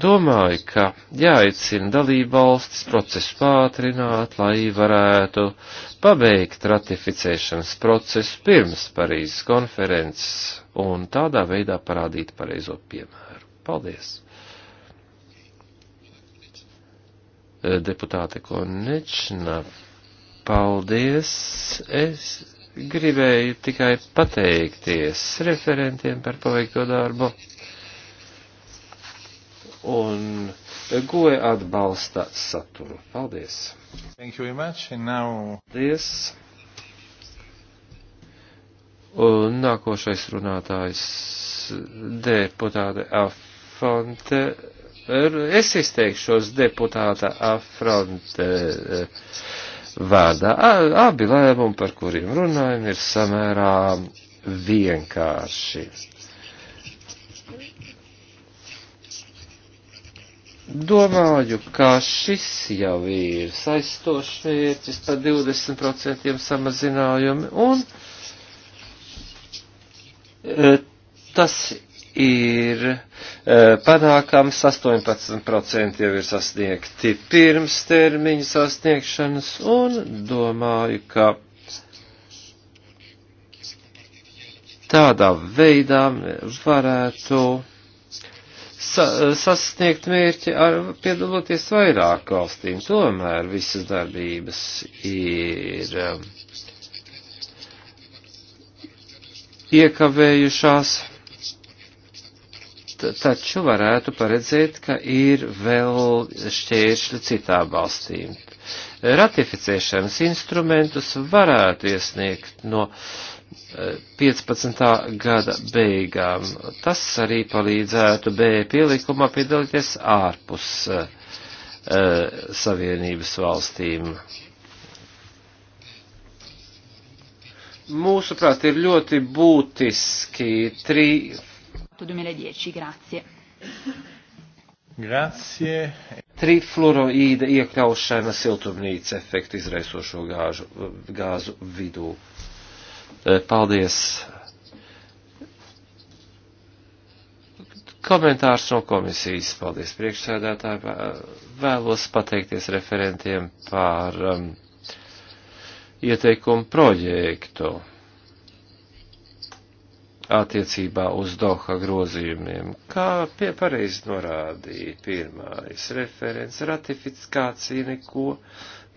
Domāju, ka jāicina dalībvalstis procesu pātrināt, lai varētu pabeigt ratificēšanas procesu pirms Parīzes konferences un tādā veidā parādīt pareizo piemēru. Paldies! Eh, deputāte Konečna, paldies! Es gribēju tikai pateikties referentiem par paveikto darbu un goja atbalsta saturu. Paldies! Thank you very much, and now... Paldies! Un nākošais runātājs deputāte Afronte. Er, es izteikšos deputāta Afronte eh, vārdā. Abi lēmumi, par kuriem runājam, ir samērā vienkārši Domāju, ka šis jau ir saistošs mērķis par 20% samazinājumu, un e, tas ir e, panākams 18% jau ir sasniegti pirms termiņa sasniegšanas, un domāju, ka tādā veidā varētu sa sasniegt mērķi ar piedaloties vairāk valstīm. Tomēr visas darbības ir um, iekavējušās taču varētu paredzēt, ka ir vēl šķēršļi citām valstīm. Ratificēšanas instrumentus varētu iesniegt no uh, 15. gada beigām. Tas arī palīdzētu B pielikumā piedalīties ārpus uh, Savienības valstīm. Mūsuprāt, ir ļoti būtiski trī. 2010, grazie. Grazie. Trifluoroīda iekļaušana siltumnīca efektu izraisošo gāžu, gāzu vidū. Eh, paldies! Komentārs no komisijas. Paldies priekšsēdētāji. Vēlos pateikties referentiem par um, ieteikumu projektu attiecībā uz Doha grozījumiem, kā pie pareizi norādīja pirmais referents, ratifikācija neko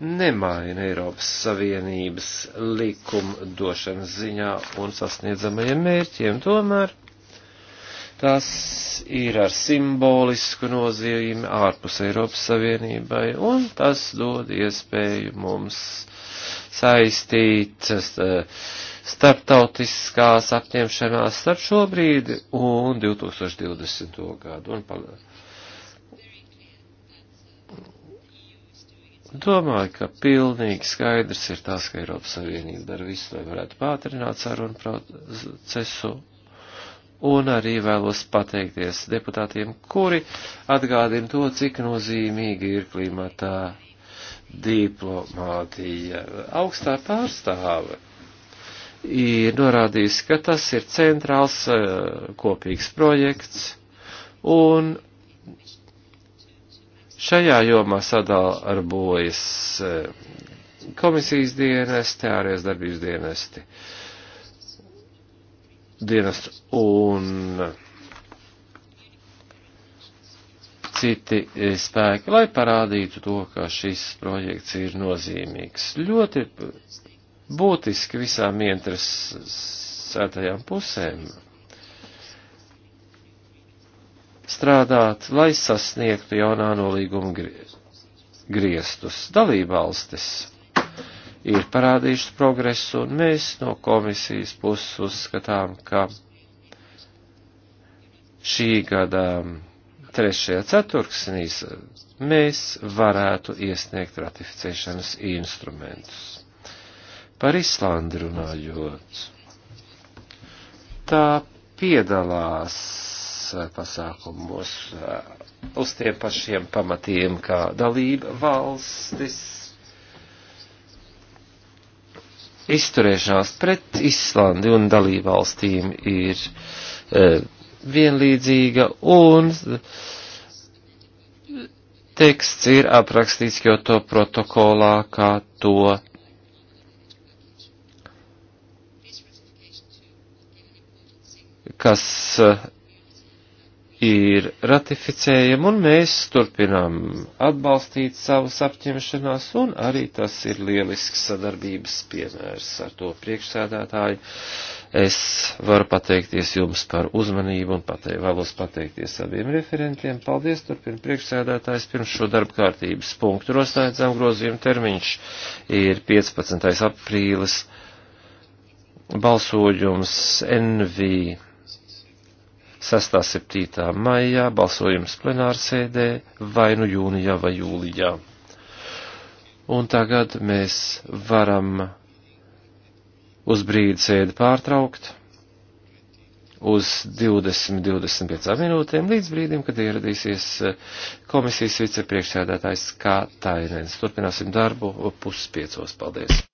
nemaina Eiropas Savienības likumdošanas ziņā un sasniedzamajiem mērķiem. Tomēr tas ir ar simbolisku nozīmi ārpus Eiropas Savienībai, un tas dod iespēju mums saistīt starptautiskās apņemšanās starp šobrīd un 2020. gadu. Un Domāju, ka pilnīgi skaidrs ir tas, ka Eiropas Savienība dara visu, lai varētu pātrināt sarunu procesu. Un arī vēlos pateikties deputātiem, kuri atgādina to, cik nozīmīgi ir klimatā diplomātija. Augstā pārstāve ir norādījis, ka tas ir centrāls eh, kopīgs projekts un Šajā jomā sadarbojas e, komisijas dienesti, ārējās darbības dienesti, dienestu un citi e, spēki, lai parādītu to, ka šis projekts ir nozīmīgs. Ļoti būtiski visām interesētajām pusēm strādāt, lai sasniegtu jaunā nolīguma griestus. Dalībvalstis ir parādījušas progresu, un mēs no komisijas puses uzskatām, ka šī gada trešajā ceturksnīs mēs varētu iesniegt ratificēšanas instrumentus. Par Islandi runājot, tā piedalās Eh, pasākumos eh, uz tiem pašiem pamatiem kā dalība valstis. Izturēšanās pret Islandi un dalību valstīm ir e, vienlīdzīga un teksts ir aprakstīts Kyoto protokolā, kā to kas ir ratificējama, un mēs turpinām atbalstīt savus apņemšanās, un arī tas ir lielisks sadarbības piemērs ar to priekšsēdētāju. Es varu pateikties jums par uzmanību un patei, vēlos pateikties abiem referentiem. Paldies, turpina priekšsēdētājs. Pirms šo darba kārtības punktu rosnēdzām grozījumu termiņš ir 15. aprīlis. Balsojums NV 6.7. maijā, balsojums plenārsēdē vai nu jūnijā vai jūlijā. Un tagad mēs varam uz brīdi sēdi pārtraukt uz 20-25 minūtēm līdz brīdim, kad ieradīsies eh, komisijas vicepriekšsēdētājs kā Tainens. Turpināsim darbu puspiecos. Paldies!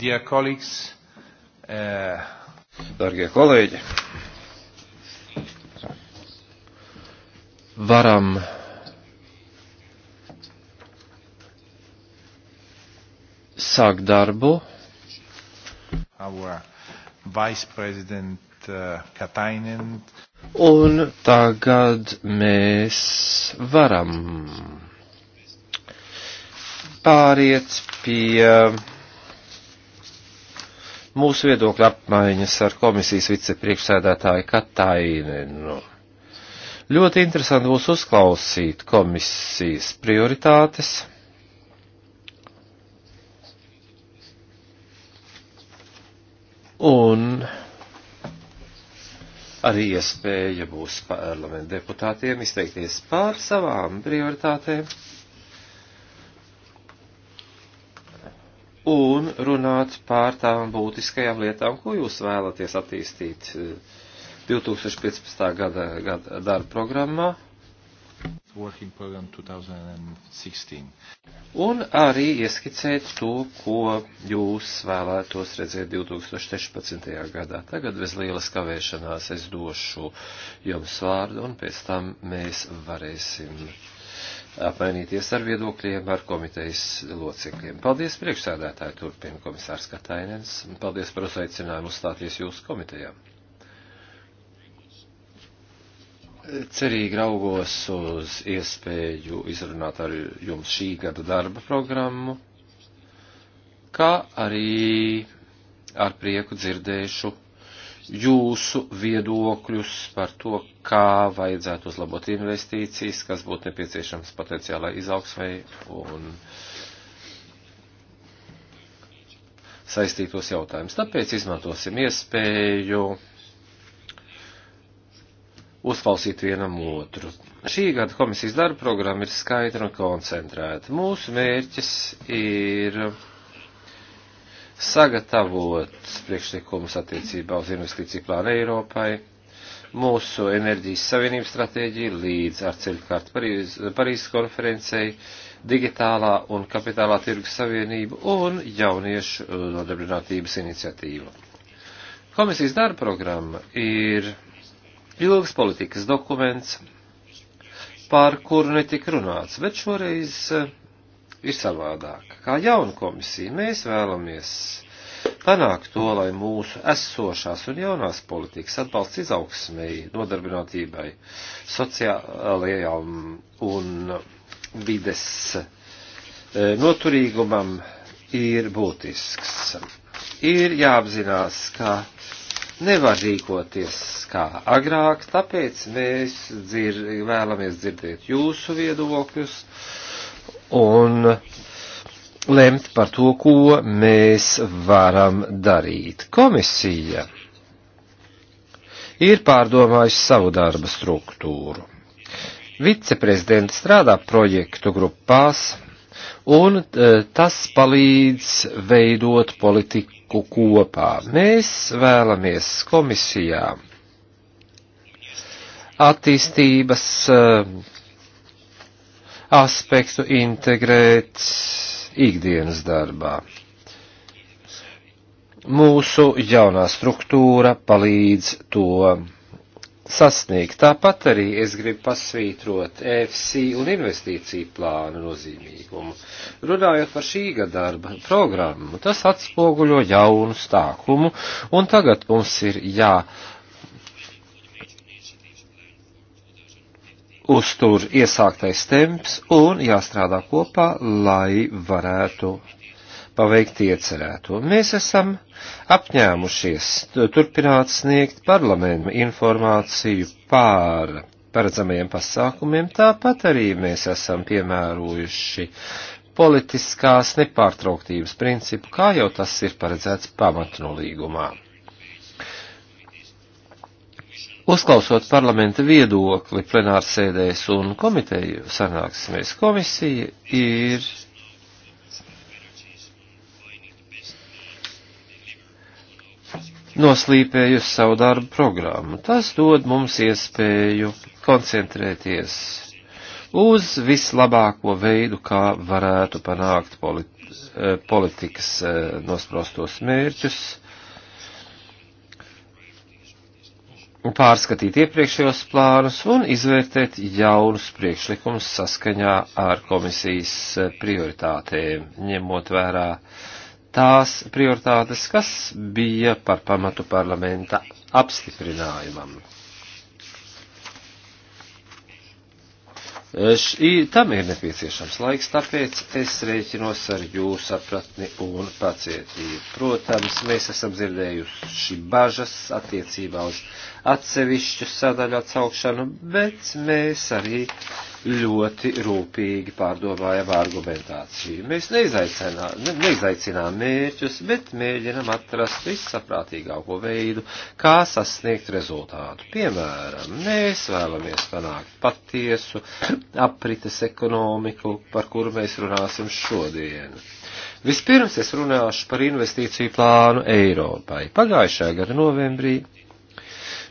dear colleagues. Uh... Dargie kolēģi, varam sākt darbu. Our vice president uh, Katainen. Un tagad mēs varam pāriet pie mūsu viedokļa apmaiņas ar komisijas vicepriekšsēdētāju Katainenu. Ļoti interesanti būs uzklausīt komisijas prioritātes. Un arī iespēja būs parlamentu deputātiem izteikties pār savām prioritātēm. un runāt pār tām būtiskajām lietām, ko jūs vēlaties attīstīt 2015. Eh, gada, gada darba programmā. Program 2016. Un arī ieskicēt to, ko jūs vēlētos redzēt 2016. gadā. Tagad bez lielas kavēšanās es došu jums vārdu un pēc tam mēs varēsim apmainīties ar viedokļiem ar komitejas locekļiem. Paldies priekšsēdētāji, turpina komisārs Katainens. Paldies par uzveicinājumu uzstāties jūsu komitejām. Cerīgi raugos uz iespēju izrunāt ar jums šī gada darba programmu, kā arī ar prieku dzirdēšu jūsu viedokļus par to, kā vajadzētu uzlabot investīcijas, kas būtu nepieciešams potenciālai izaugsmai un saistītos jautājumus. Tāpēc izmantosim iespēju uzklausīt vienam otru. Šī gada komisijas darba programma ir skaidra un koncentrēta. Mūsu mērķis ir sagatavot priekšlikumus attiecībā uz investīciju plānu Eiropai, mūsu enerģijas savienības stratēģiju līdz ar ceļkārtu Parīz, Parīzes konferencei, digitālā un kapitālā tirgus savienību un jauniešu nodarbinātības iniciatīvu. Komisijas darba programma ir ilgs politikas dokuments, pār kuru netika runāts, bet šoreiz uh, ir savādāk. Kā jauna komisija mēs vēlamies panākt to, lai mūsu esošās un jaunās politikas atbalsts izaugsmēji, nodarbinātībai, sociālajām un vides e, noturīgumam ir būtisks. Ir jāapzinās, ka nevar rīkoties kā agrāk, tāpēc mēs dzir vēlamies dzirdēt jūsu viedokļus un lemt par to, ko mēs varam darīt. Komisija ir pārdomājusi savu darba struktūru. Viceprezidenti strādā projektu grupās, un e, tas palīdz veidot politiku kopā. Mēs vēlamies komisijā attīstības uh, aspektu integrēt ikdienas darbā. Mūsu jaunā struktūra palīdz to sasniegt. Tāpat arī es gribu pasvītrot EFC un investīciju plānu nozīmīgumu. Runājot par šī gada darba programmu, tas atspoguļo jaunu stākumu, un tagad mums ir jā. Ja, jāuztur iesāktais temps un jāstrādā kopā, lai varētu paveikt iecerēto. Mēs esam apņēmušies turpināt sniegt parlamentu informāciju pār paredzamajiem pasākumiem, tāpat arī mēs esam piemērojuši politiskās nepārtrauktības principu, kā jau tas ir paredzēts pamatnolīgumā. Uzklausot parlamenta viedokli plenārsēdēs un komiteju sanāksmēs, komisija ir noslīpējusi savu darbu programmu. Tas dod mums iespēju koncentrēties uz vislabāko veidu, kā varētu panākt politi eh, politikas eh, nosprostos mērķus pārskatīt iepriekšējos plānus un izvērtēt jaunus priekšlikumus saskaņā ar komisijas prioritātēm, ņemot vērā tās prioritātes, kas bija par pamatu parlamenta apstiprinājumam. Šī, tam ir nepieciešams laiks, tāpēc es rēķinos ar jūsu sapratni un pacietību. Protams, mēs esam dzirdējuši bažas attiecībā uz atsevišķu sadaļu atsaukšanu, bet mēs arī ļoti rūpīgi pārdomājam argumentāciju. Mēs neizaicinām, ne, neizaicinām mērķus, bet mēģinam atrast vissaprātīgāko veidu, kā sasniegt rezultātu. Piemēram, mēs vēlamies panākt patiesu aprites ekonomiku, par kuru mēs runāsim šodien. Vispirms es runāšu par investīciju plānu Eiropai. Pagājušajā gada novembrī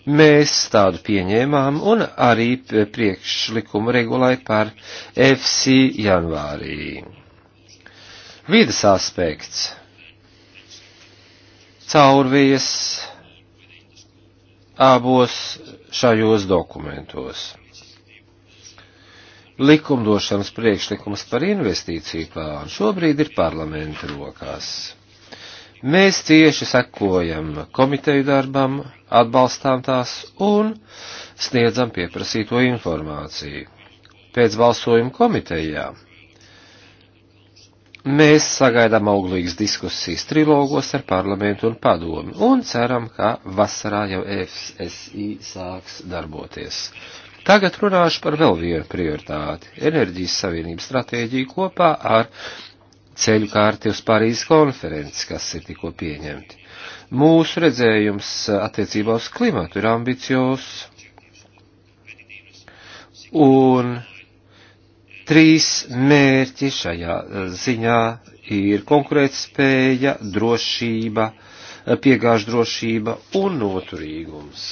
Mēs tādu pieņēmām un arī priekšlikumu regulai par FC janvārī. Vides aspekts. Caurvies abos šajos dokumentos. Likumdošanas priekšlikums par investīciju plānu šobrīd ir parlamenta rokās. Mēs cieši sekojam komiteju darbam, atbalstām tās un sniedzam pieprasīto informāciju. Pēc balsojuma komitejā mēs sagaidām auglīgas diskusijas trilogos ar parlamentu un padomi un ceram, ka vasarā jau FSI sāks darboties. Tagad runāšu par vēl vienu prioritāti - enerģijas savienības stratēģiju kopā ar ceļu kārti uz Parīzes konferenci, kas ir tikko pieņemti. Mūsu redzējums attiecībā uz klimatu ir ambicios un trīs mērķi šajā ziņā ir konkurētspēja, drošība, piegāžu drošība un noturīgums.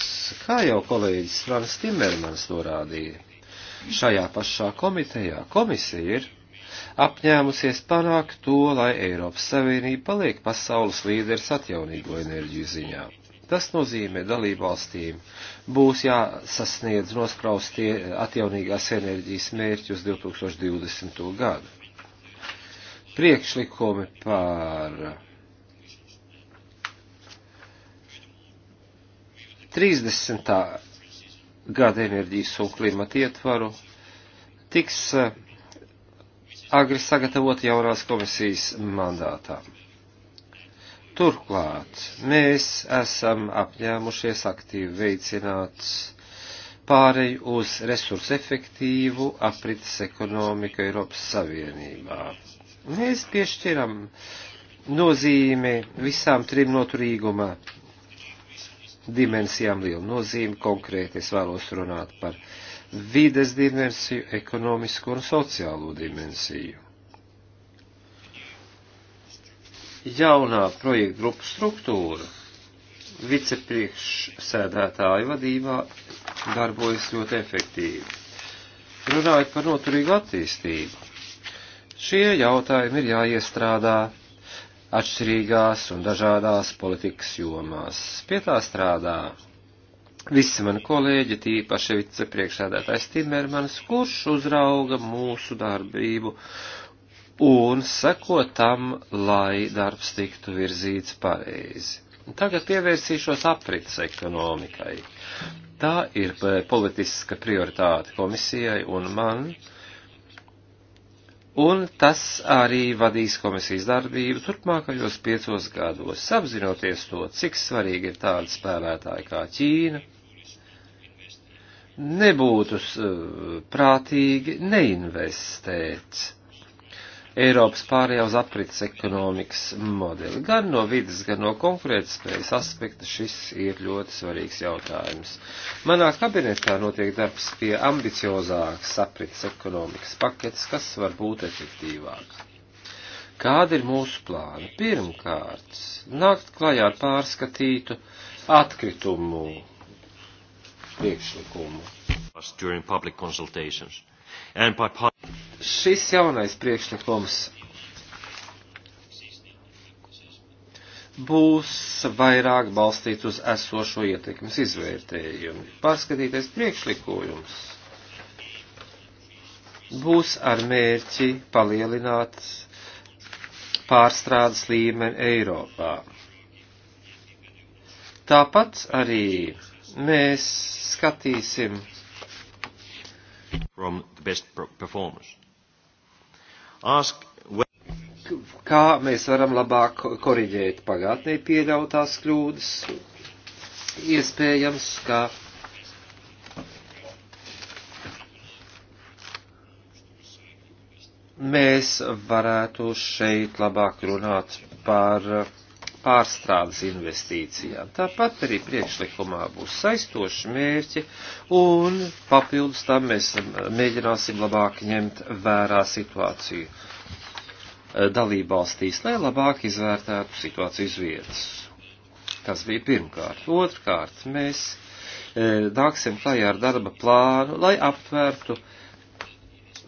Kā jau kolēģis Frans Timermans norādīja, šajā pašā komitejā komisija ir apņēmusies panākt to, lai Eiropas Savienība paliek pasaules līderis atjaunīgo enerģiju ziņā. Tas nozīmē dalībvalstīm būs jāsasniedz nospraustie atjaunīgās enerģijas mērķi uz 2020. gadu. Priekšlikumi par 30. gada enerģijas un klimata ietvaru tiks eh, agri sagatavota jaunās komisijas mandātā. Turklāt mēs esam apņēmušies aktīvi veicināt pāreju uz resursu efektīvu aprits ekonomiku Eiropas Savienībā. Mēs piešķiram nozīmi visām trim noturīguma dimensijām lielu nozīmi. Konkrēti es vēlos runāt par uh, vides dimensiju, ekonomisko un sociālo dimensiju. Jaunā projekta grupu struktūra vicepriekšsēdētāju vadībā darbojas ļoti efektīvi. Runājot par noturīgu attīstību, šie jautājumi ir jāiestrādā atšķirīgās un dažādās politikas jomās. Pie tā strādā visi mani kolēģi, tīpaši vicepriekšādātājs Timermans, kurš uzrauga mūsu darbību un seko tam, lai darbs tiktu virzīts pareizi. Tagad pievērsīšos aprits ekonomikai. Tā ir e, politiska prioritāte komisijai un man, un tas arī vadīs komisijas darbību turpmākajos piecos gados, apzinoties to, cik svarīgi ir tādi spēlētāji kā Ķīna, nebūtu eh, prātīgi neinvestēt Eiropas pārējā uz aprits ekonomikas modeli. Gan no vidas, gan no konkurētspējas aspekta šis ir ļoti svarīgs jautājums. Manā kabinetā notiek darbs pie ambiciozāks aprits ekonomikas paketes, kas var būt efektīvāk. Kādi ir mūsu plāni? Pirmkārt, nākt klajā ar pārskatītu atkritumu priekšlikumu. By... Šis jaunais priekšlikums būs vairāk balstīts uz esošo ietekmes izvērtējumu. Pārskatītais priekšlikojums būs ar mērķi palielināt pārstrādes līmeni Eiropā. Tāpat arī mēs skatīsim. Ask... Kā mēs varam labāk koriģēt pagātnē pieļautās kļūdas? Iespējams, ka mēs varētu šeit labāk runāt par uh, pārstrādes investīcijām. Tāpat arī priekšlikumā būs saistoši mērķi, un papildus tam mēs mēģināsim labāk ņemt vērā situāciju eh, dalībvalstīs, lai labāk izvērtētu situācijas vietas. Tas bija pirmkārt. Otrkārt, mēs eh, nāksim klajā ar darba plānu, lai aptvērtu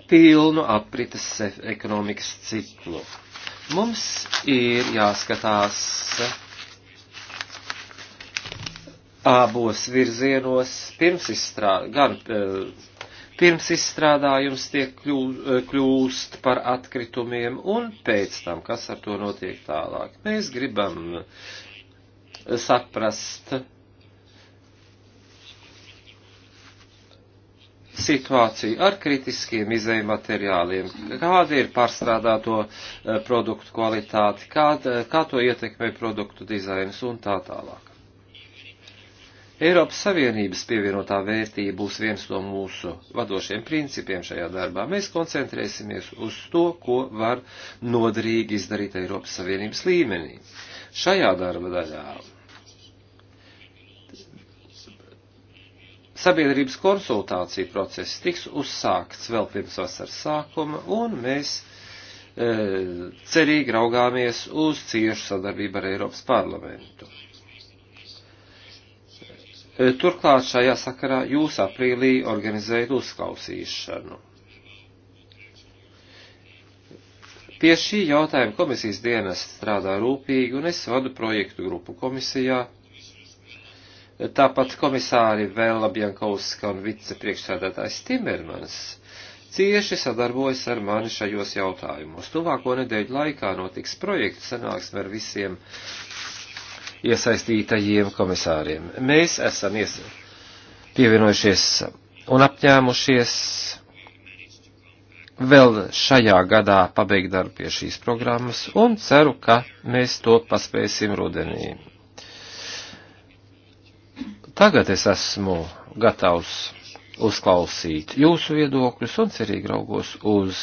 pilnu aprites ekonomikas ciklu Mums ir jāskatās abos virzienos pirms izstrādā, gan eh, pirms izstrādājums tiek eh, kļūst par atkritumiem un pēc tam, kas ar to notiek tālāk. Mēs gribam eh, saprast situāciju ar kritiskiem izējuma materiāliem, kāda ir pārstrādāto eh, produktu kvalitāte, kā, eh, kā to ietekmē produktu dizains un tā tālāk. Eiropas Savienības pievienotā vērtība būs viens no mūsu vadošiem principiem šajā darbā. Mēs koncentrēsimies uz to, ko var nodrīgi izdarīt Eiropas Savienības līmenī. Šajā darba daļā sabiedrības konsultācija process tiks uzsākts vēl pirms vasaras sākuma, un mēs e, cerīgi raugāmies uz ciešu sadarbību ar Eiropas parlamentu. E, turklāt šajā sakarā jūs aprīlī organizējat uzklausīšanu. Pie šī jautājuma komisijas dienas strādā rūpīgi, un es vadu projektu grupu komisijā Tāpat komisāri Vēla Bjankovska un vicepriekšsēdētājs Timermans cieši sadarbojas ar mani šajos jautājumos. Tuvāko nedēļu laikā notiks projekta sanāksme ar visiem iesaistītajiem komisāriem. Mēs esam ies pievienojušies un apņēmušies vēl šajā gadā pabeigt darbu pie šīs programmas un ceru, ka mēs to paspēsim rudenī. Tagad es esmu gatavs uzklausīt jūsu viedokļus un cerīgi raugos uz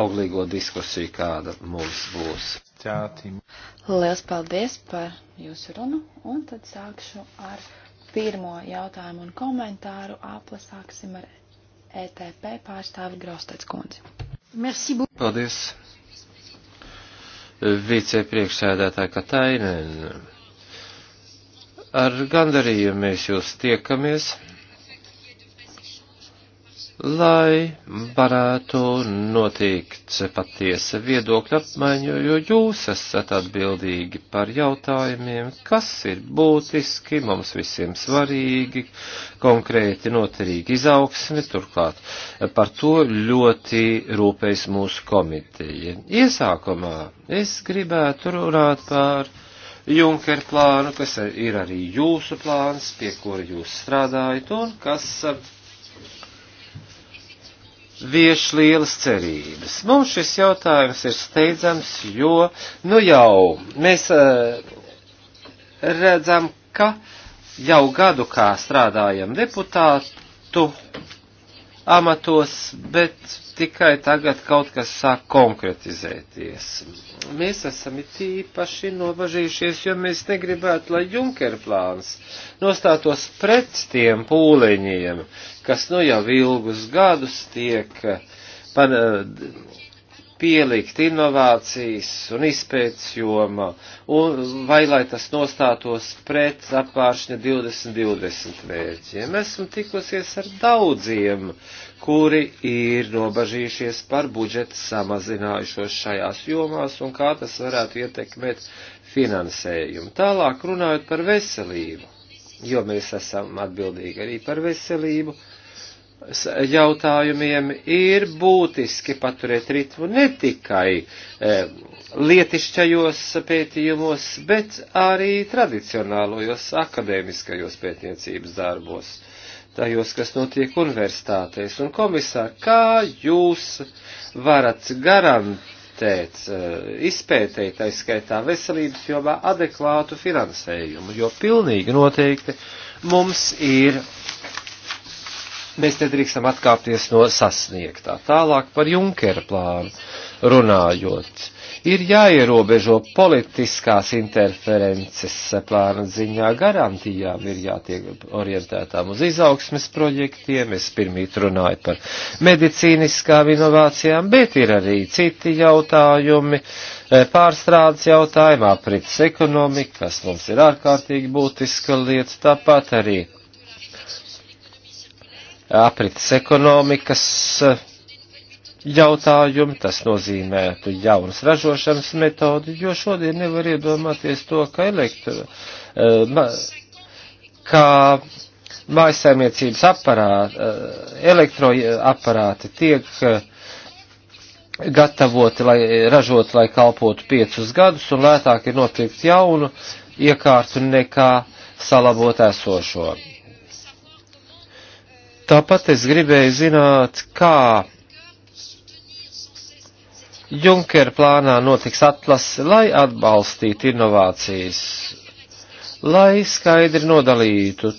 auglīgo diskusiju, kāda mums būs. Ķātim. Lielas paldies par jūsu runu, un tad sākšu ar pirmo jautājumu un komentāru. Aplasāksim ar ETP pārstāvi Graustec kundzi. Merci beaucoup. Paldies. Vicepriekšsēdētāja Katainen ar gandarījumu mēs jūs tiekamies, lai varētu notikt patiesa viedokļa apmaiņa, jo jūs esat atbildīgi par jautājumiem, kas ir būtiski, mums visiem svarīgi, konkrēti noturīgi izaugsmi, turklāt par to ļoti rūpējas mūsu komiteja. Iesākumā es gribētu runāt par Junker plānu, kas ir arī jūsu plāns, pie kura jūs strādājat un kas uh, vieš lielas cerības. Mums šis jautājums ir steidzams, jo, nu jau, mēs uh, redzam, ka jau gadu kā strādājam deputātu amatos, bet tikai tagad kaut kas sāk konkretizēties. Mēs esam it īpaši nobažījušies, jo mēs negribētu, lai Junker plāns nostātos pret tiem pūliņiem, kas nu jau ilgus gadus tiek pan, pielikt inovācijas un izpētes joma, un vai lai tas nostātos pret apvāršņa 2020 mērķiem. Esmu tikusies ar daudziem, kuri ir nobažījušies par budžeta samazinājušos šajās jomās un kā tas varētu ietekmēt finansējumu. Tālāk runājot par veselību, jo mēs esam atbildīgi arī par veselību jautājumiem ir būtiski paturēt ritmu ne tikai e, lietišķajos pētījumos, bet arī tradicionālojos akadēmiskajos pētniecības darbos, tajos, kas notiek universitātēs. Un komisār, kā jūs varat garantēt e, izpētēji, tā skaitā veselības jomā, adekvātu finansējumu, jo pilnīgi noteikti mums ir mēs nedrīkstam atkāpties no sasniegtā. Tālāk par Junkera plānu runājot. Ir jāierobežo politiskās interferences plāna ziņā garantijām, ir jātiek orientētām uz izaugsmes projektiem, es pirmīt runāju par medicīniskām inovācijām, bet ir arī citi jautājumi, eh, pārstrādes jautājumā, aprits ekonomika, kas mums ir ārkārtīgi būtiska lieta, tāpat arī aprites ekonomikas eh, jautājumi, tas nozīmētu jaunas ražošanas metodi, jo šodien nevar iedomāties to, ka elektro, eh, kā mājasēmniecības aparāti, eh, elektroaparāti tiek gatavoti, lai ražot, lai kalpotu piecus gadus, un lētāk ir nopirkt jaunu iekārtu nekā salabot esošo. Tāpat es gribēju zināt, kā Junker plānā notiks atlase, lai atbalstītu inovācijas, lai skaidri nodalītu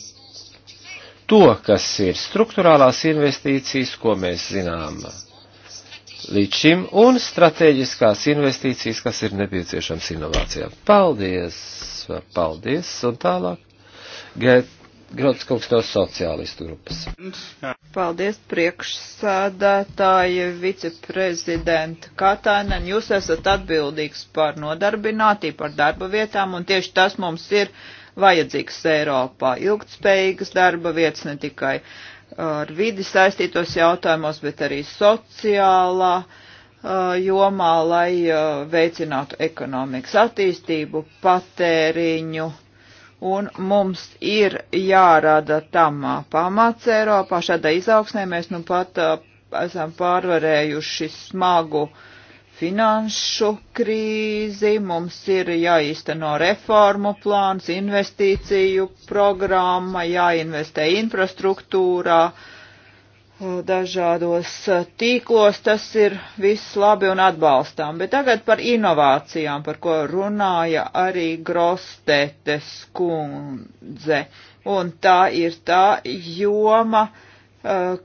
to, kas ir struktūrālās investīcijas, ko mēs zinām līdz šim, un strateģiskās investīcijas, kas ir nepieciešams inovācijām. Paldies! Paldies! Un tālāk. Get Grots kungs no sociālistu grupas. Paldies priekšsādātāji, viceprezidenta Katainen. Jūs esat atbildīgs par nodarbinātību, par darba vietām, un tieši tas mums ir vajadzīgs Eiropā. Ilgtspējīgas darba vietas ne tikai ar vidi saistītos jautājumos, bet arī sociālā uh, jomā, lai uh, veicinātu ekonomikas attīstību, patēriņu un mums ir jārada tam pamats Eiropā. Šādā izaugsmē mēs nu pat uh, esam pārvarējuši smagu finanšu krīzi, mums ir jāīsteno reformu plāns, investīciju programma, jāinvestē infrastruktūrā, uh, dažādos eh, tīklos, tas ir viss labi un atbalstām. Bet tagad par inovācijām, par ko runāja arī Grostetes kundze. Un tā ir tā joma, eh,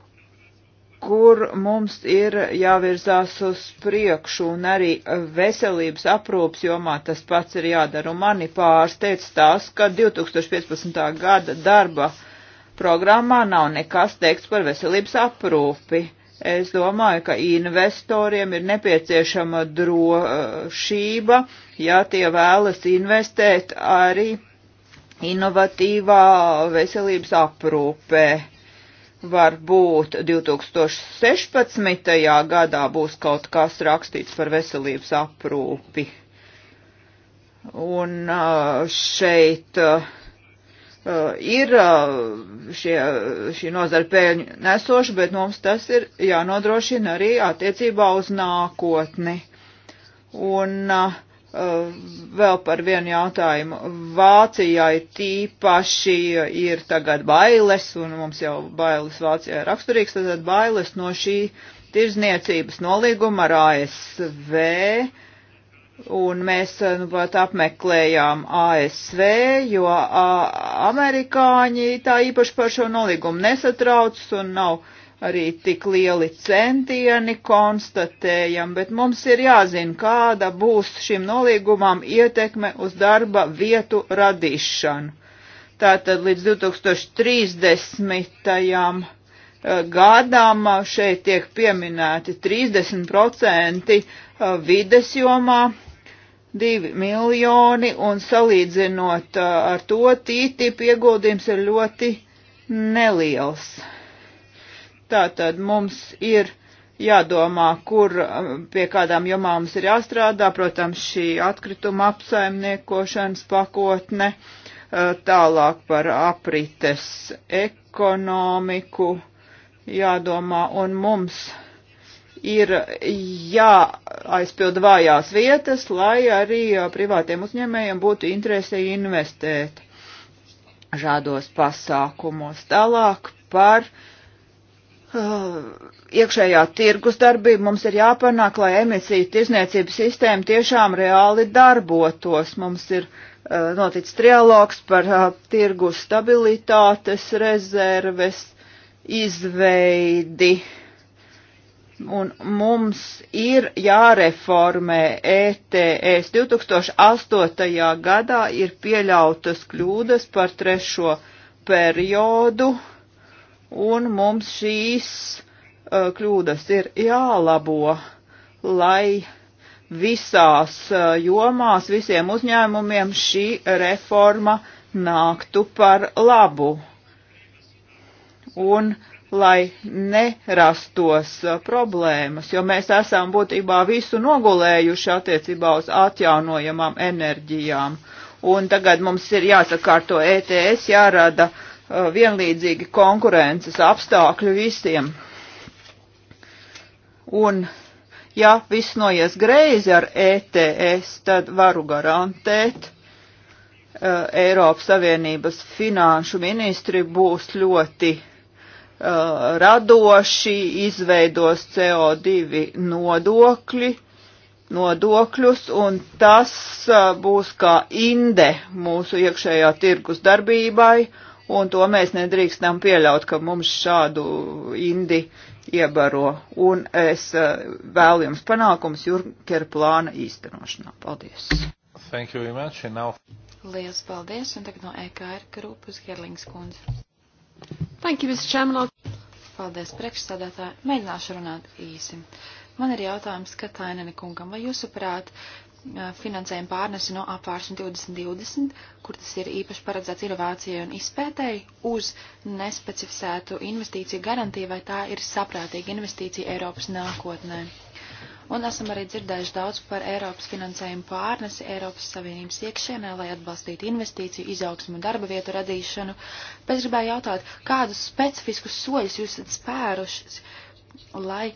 kur mums ir jāvirzās uz priekšu, un arī veselības aprūpas jomā tas pats ir jādara. Un mani pārsteidz tas, ka 2015. gada darba uh, programmā nav nekas teikts par veselības aprūpi. Es domāju, ka investoriem ir nepieciešama drošība, ja tie vēlas investēt arī inovatīvā veselības aprūpē. Varbūt 2016. gadā būs kaut kas rakstīts par veselības aprūpi. Un šeit uh, Eh, ir eh, šie, šī nozara pēļņu nesoša, bet mums tas ir jānodrošina arī attiecībā uz nākotni. Un uh, vēl par vienu jautājumu. Vācijai tīpaši ir tagad bailes, un mums jau bailes Vācijai raksturīgs, tad bailes no šī tirzniecības nolīguma ar ASV. Uh, Un mēs nu, pat apmeklējām ASV, jo a, amerikāņi tā īpaši par šo nolīgumu nesatraucas un nav arī tik lieli centieni konstatējam, bet mums ir jāzina, kāda būs šim nolīgumam ietekme uz darba vietu radīšanu. Tātad līdz 2030 gadam. Šeit tiek pieminēti 30% uh, vides jomā. 2 miljoni un salīdzinot uh, ar to TTIP ieguldījums ir ļoti neliels. Tātad mums ir jādomā, kur uh, pie kādām jomām mums ir jāstrādā, protams, šī atkrituma apsaimniekošanas pakotne, tālāk par aprites ekonomiku jādomā, un mums ir jāaizpilda vājās vietas, lai arī privātiem uzņēmējiem būtu interese investēt šādos pasākumos. Tālāk par iekšējā tirgus darbību mums ir jāpanāk, lai emisiju tirzniecības sistēma tiešām reāli darbotos. Mums ir noticis trialogs par tirgus stabilitātes rezerves izveidi. Un mums ir jāreformē ETS. 2008. gadā ir pieļautas kļūdas par trešo periodu, un mums šīs uh, kļūdas ir jālabo, lai visās uh, jomās, visiem uzņēmumiem šī reforma nāktu par labu un lai nerastos uh, problēmas, jo mēs esam būtībā visu nogulējuši attiecībā uz atjaunojamām enerģijām. Un tagad mums ir jāsakārto ETS, jārada uh, vienlīdzīgi konkurences apstākļi visiem. Un ja viss noies greizi ar ETS, tad varu garantēt, uh, Eiropas Savienības finanšu ministri būs ļoti uh, Uh, radoši izveidos CO2 nodokļi, nodokļus, un tas uh, būs kā inde mūsu iekšējā tirgus darbībai, un to mēs nedrīkstam pieļaut, ka mums šādu indi iebaro. Un es uh, vēlu jums panākums Jurkera plāna īstenošanā. Paldies! Thank you very much. And now... Lielas paldies, un tagad no EKR grupas Gerlings kundze. Thank you, Mr. Chairman. Paldies, priekšsādātāji. Mēģināšu runāt īsi. Man ir jautājums Katainani kungam, vai jūsuprāt finansējumu pārnesi no apvāršana 2020, kur tas ir īpaši paredzēts inovācijai un izpētēji, uz nespecificētu investīciju garantiju, vai tā ir saprātīga investīcija Eiropas nākotnē? un esam arī dzirdējuši daudz par Eiropas finansējumu pārnesi Eiropas Savienības iekšienē, lai atbalstītu investīciju, izaugsmu un darba vietu radīšanu. Bet gribēju jautāt, kādus specifiskus soļus jūs esat spērušas, lai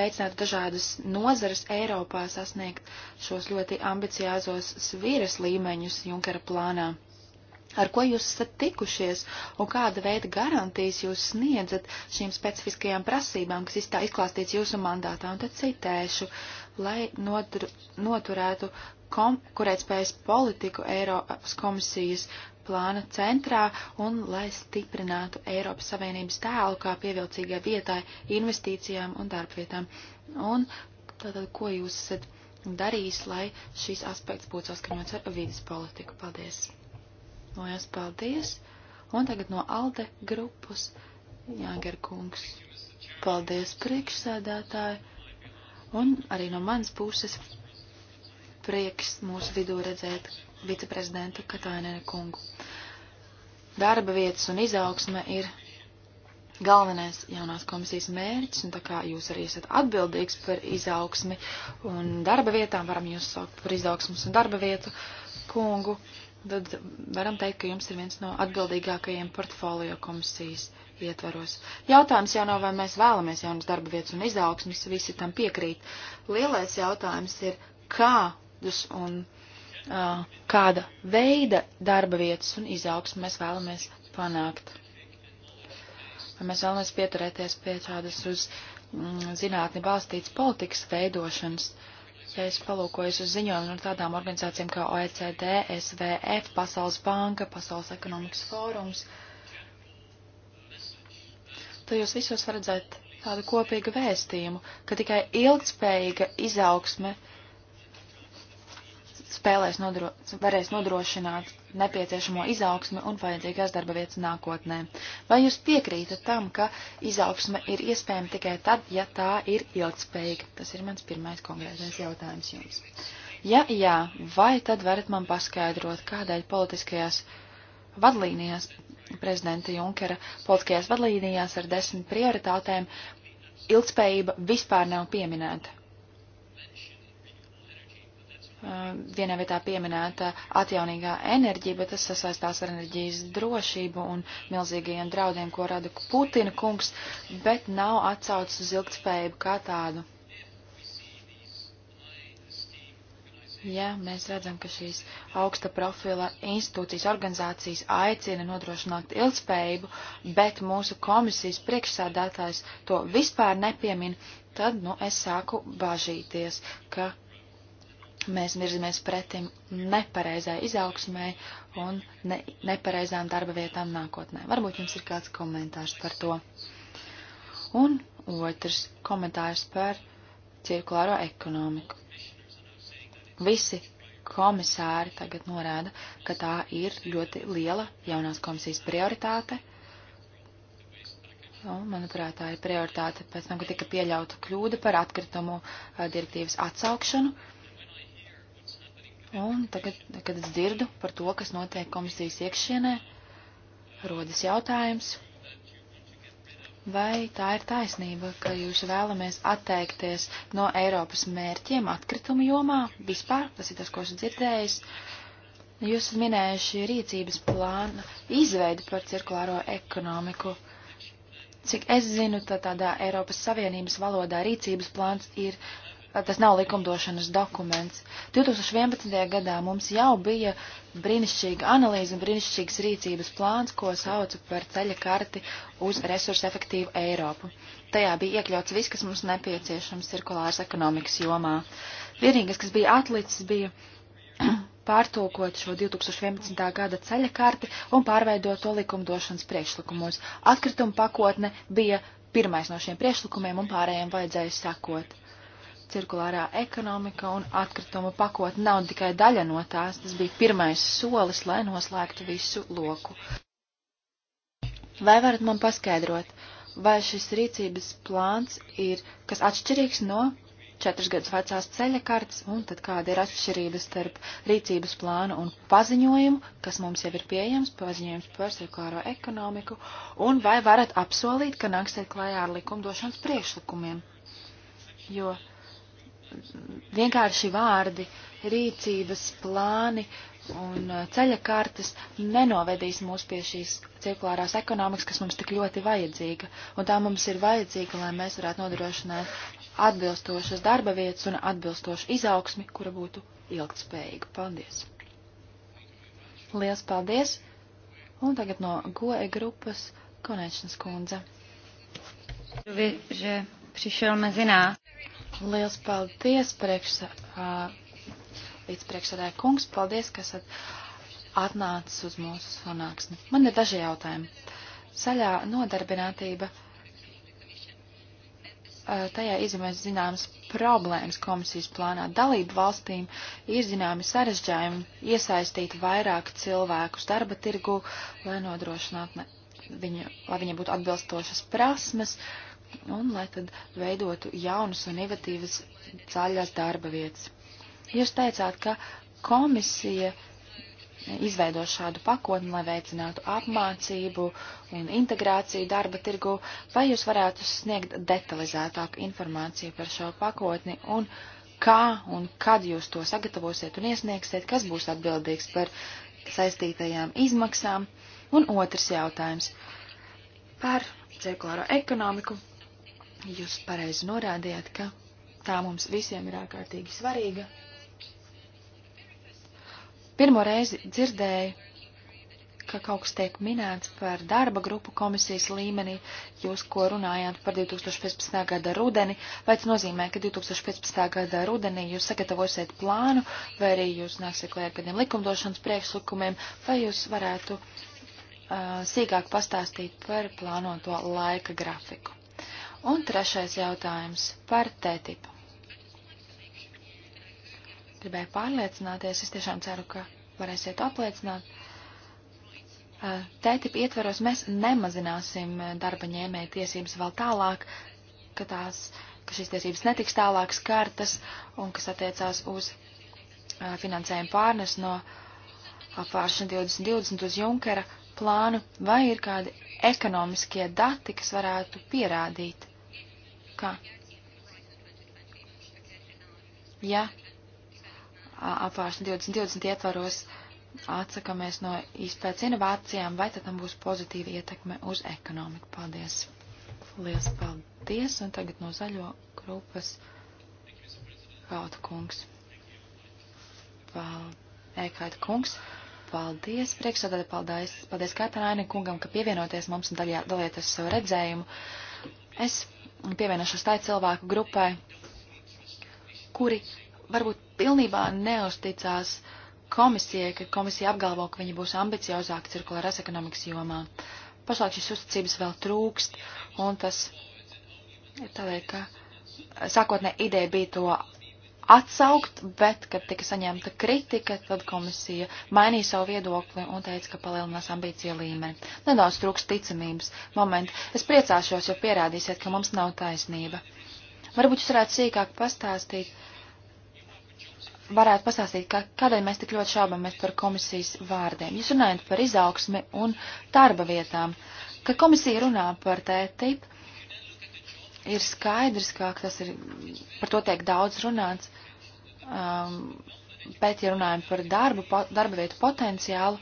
veicinātu dažādas nozares Eiropā sasniegt šos ļoti ambiciāzos sviras līmeņus Junkera plānā? ar ko jūs esat tikušies un kāda veida garantijas jūs sniedzat šīm specifiskajām prasībām, kas iztā izklāstīts jūsu mandātā, un tad citēšu, lai nodru, noturētu konkurētspējas politiku Eiropas komisijas plāna centrā un lai stiprinātu Eiropas Savienības tēlu kā pievilcīgai vietai investīcijām un darbvietām. Un tātad, ko jūs esat darījis, lai šīs aspekts būtu saskaņots ar vidas politiku? Paldies! Lielas paldies! Un tagad no Alde grupas Jāger kungs. Paldies priekšsēdētāji! Un arī no manas puses prieks mūsu vidū redzēt viceprezidentu Katainēnu kungu. Darba vietas un izaugsme ir galvenais jaunās komisijas mērķis, un tā kā jūs arī esat atbildīgs par izaugsmi un darba vietām, varam jūs saukt par izaugsmas un darba vietu kungu. Uh, tad varam teikt, ka jums ir viens no atbildīgākajiem portfolio komisijas ietvaros. Jautājums jau nav, vai mēs vēlamies jaunas darba vietas un izaugsmas, visi tam piekrīt. Lielais jautājums ir, kādus un uh, kāda veida darba vietas un izaugsmu mēs vēlamies panākt. Vai mēs vēlamies pieturēties pie tādas uz mm, zinātni balstītas politikas veidošanas. Uh, Ja es palūkojos uz ziņojumu no tādām organizācijām kā OECD, SVF, Pasaules banka, Pasaules ekonomikas fórums, tad jūs visos varat redzēt tādu kopīgu vēstījumu, ka tikai ilgtspējīga izaugsme uh, spēlēs nodro, varēs nodrošināt nepieciešamo izaugsmi un vajadzīgās darba vietas nākotnē. Vai jūs piekrītat tam, ka izaugsme ir iespējama tikai tad, ja tā ir ilgspējīga? Tas ir mans pirmais konkrētais jautājums jums. Ja jā, vai tad varat man paskaidrot, kādēļ politiskajās vadlīnijās, prezidenta Junkera politiskajās vadlīnijās ar desmit prioritātēm ilgspējība vispār nav pieminēta? Eh, vienā vietā pieminēta atjaunīgā enerģija, bet tas sasaistās ar enerģijas drošību un milzīgajiem draudiem, ko rada Putina kungs, bet nav atsaucis uz ilgtspējību kā tādu. Ja mēs redzam, ka šīs augsta profila institūcijas, organizācijas aicina nodrošināt ilgspējību, bet mūsu komisijas priekšsādātājs to vispār nepiemin, tad, nu, es sāku bažīties, ka mēs virzamies pretim nepareizai izaugsmai un ne, nepareizām darba vietām nākotnē. Varbūt jums ir kāds komentārs par to. Un otrs komentārs par cirkulāro ekonomiku. Visi komisāri tagad norāda, ka tā ir ļoti liela jaunās komisijas prioritāte. Un, nu, manuprāt, tā ir prioritāte pēc tam, ka tika pieļauta kļūda par atkritumu direktīvas atsaukšanu. Uh, Un tagad, kad es dzirdu par to, kas notiek komisijas iekšienē, rodas jautājums, vai tā ir taisnība, ka jūs vēlamies atteikties no Eiropas mērķiem atkritumu jomā vispār, tas ir tas, ko esmu dzirdējis. Jūs minējuši rīcības plānu izveidi par cirkulāro ekonomiku. Cik es zinu, tad tādā Eiropas Savienības valodā rīcības plāns ir tas nav likumdošanas dokuments. 2011. gadā mums jau bija brīnišķīga analīze un brīnišķīgs rīcības plāns, ko sauca par ceļa karti uz resursu efektīvu Eiropu. Tajā bija iekļauts viss, kas mums nepieciešams cirkulāras ekonomikas jomā. Vienīgais, kas bija atlicis, bija pārtulkot šo 2011. gada ceļa karti un pārveidot to likumdošanas priekšlikumos. Atkrituma pakotne bija pirmais no šiem priekšlikumiem un pārējiem vajadzēja sakot cirkulārā ekonomika un atkrituma pakotne nav tikai daļa no tās, tas bija pirmais solis, lai noslēgtu visu loku. Vai varat man paskaidrot, vai šis rīcības plāns ir kas atšķirīgs no četras gadus vecās ceļa kartes, un tad kāda ir atšķirība starp rīcības plānu un paziņojumu, kas mums jau ir pieejams, paziņojums par cirkulāro ekonomiku, un vai varat apsolīt, ka nāksiet klājā ar likumdošanas priekšlikumiem? Jo vienkārši vārdi, rīcības plāni un uh, ceļa kartes nenovedīs mūs pie šīs cirkulārās ekonomikas, kas mums tik ļoti vajadzīga. Un tā mums ir vajadzīga, lai mēs varētu nodrošināt atbilstošas darba vietas un atbilstošu izaugsmi, kura būtu ilgtspējīga. Paldies! Liels paldies! Un tagad no GOE grupas Konečnas kundze. Že prišel mezi nás. Liels paldies, priekšsā, līdz priekšsādāja kungs. Paldies, ka esat atnācis uz mūsu sanāksmi. Man ir daži jautājumi. Saļā nodarbinātība. Tajā izmēs zināmas problēmas komisijas plānā. Dalību valstīm ir zināmi sarežģījumi iesaistīt vairāk cilvēkus darba tirgu, lai nodrošinātu viņu, lai viņiem būtu atbilstošas prasmes. Uh, un lai tad veidotu jaunas un inovatīvas zaļās darba vietas. Jūs teicāt, ka komisija izveido šādu pakotni, lai veicinātu apmācību un integrāciju darba tirgu, vai jūs varētu sniegt detalizētāku informāciju par šo pakotni un kā un kad jūs to sagatavosiet un iesniegsiet, kas būs atbildīgs par saistītajām izmaksām. Un otrs jautājums par cirkulāro ekonomiku Jūs pareizi norādījāt, ka tā mums visiem ir ārkārtīgi svarīga. Pirmo reizi dzirdēju, ka kaut kas tiek minēts par darba grupu komisijas līmenī, jūs ko runājāt par 2015. gada rudeni, vai tas nozīmē, ka 2015. gada rudenī jūs sagatavosiet plānu, vai arī jūs nāksiet klēt ar kādiem likumdošanas priekšlikumiem, vai jūs varētu uh, sīkāk pastāstīt par plānoto laika grafiku. Un trešais jautājums par tētipu. Gribēju pārliecināties, es tiešām ceru, ka varēsiet apliecināt. Eh, tētipu ietveros mēs nemazināsim darba ņēmēja tiesības vēl tālāk, ka, tās, ka šīs tiesības netiks tālāk skartas un kas attiecās uz eh, finansējumu pārnes no apvāršana eh, 2020 uz Junkera plānu, vai ir kādi ekonomiskie dati, kas varētu pierādīt ka ja apvārsni 2020 ietvaros atsakamies no izpēc inovācijām, vai tad tam būs pozitīva ietekme uz ekonomiku. Paldies! Lielas paldies! Un tagad no zaļo grupas Kauta kungs. Pal... Ekaita kungs. Paldies, priekšsādātāji, paldies, paldies Kataraini kungam, ka pievienoties mums un dalījāties ar savu redzējumu. Es pievienošos tai cilvēku grupai, kuri varbūt pilnībā neusticās komisijai, ka komisija apgalvo, ka viņi būs ambiciozāki cirkulārās ekonomikas jomā. Pašlaik šis uzticības vēl trūkst, un tas ir tādēļ, ka sākotnē ideja bija to atsaukt, bet, kad tika saņemta kritika, tad komisija mainīja savu viedokli un teica, ka palielinās ambīciju līmeni. Nedaudz trūks ticamības. Moment, es priecāšos, ja pierādīsiet, ka mums nav taisnība. Varbūt jūs varētu sīkāk pastāstīt, varētu pastāstīt, ka, kādēļ mēs tik ļoti šaubamies par komisijas vārdiem. Jūs runājat par izaugsmi un darba vietām, ka komisija runā par tētību ir skaidrs, kā tas ir, par to tiek daudz runāts, um, bet, ja runājam par darbu, po, darba vietu potenciālu,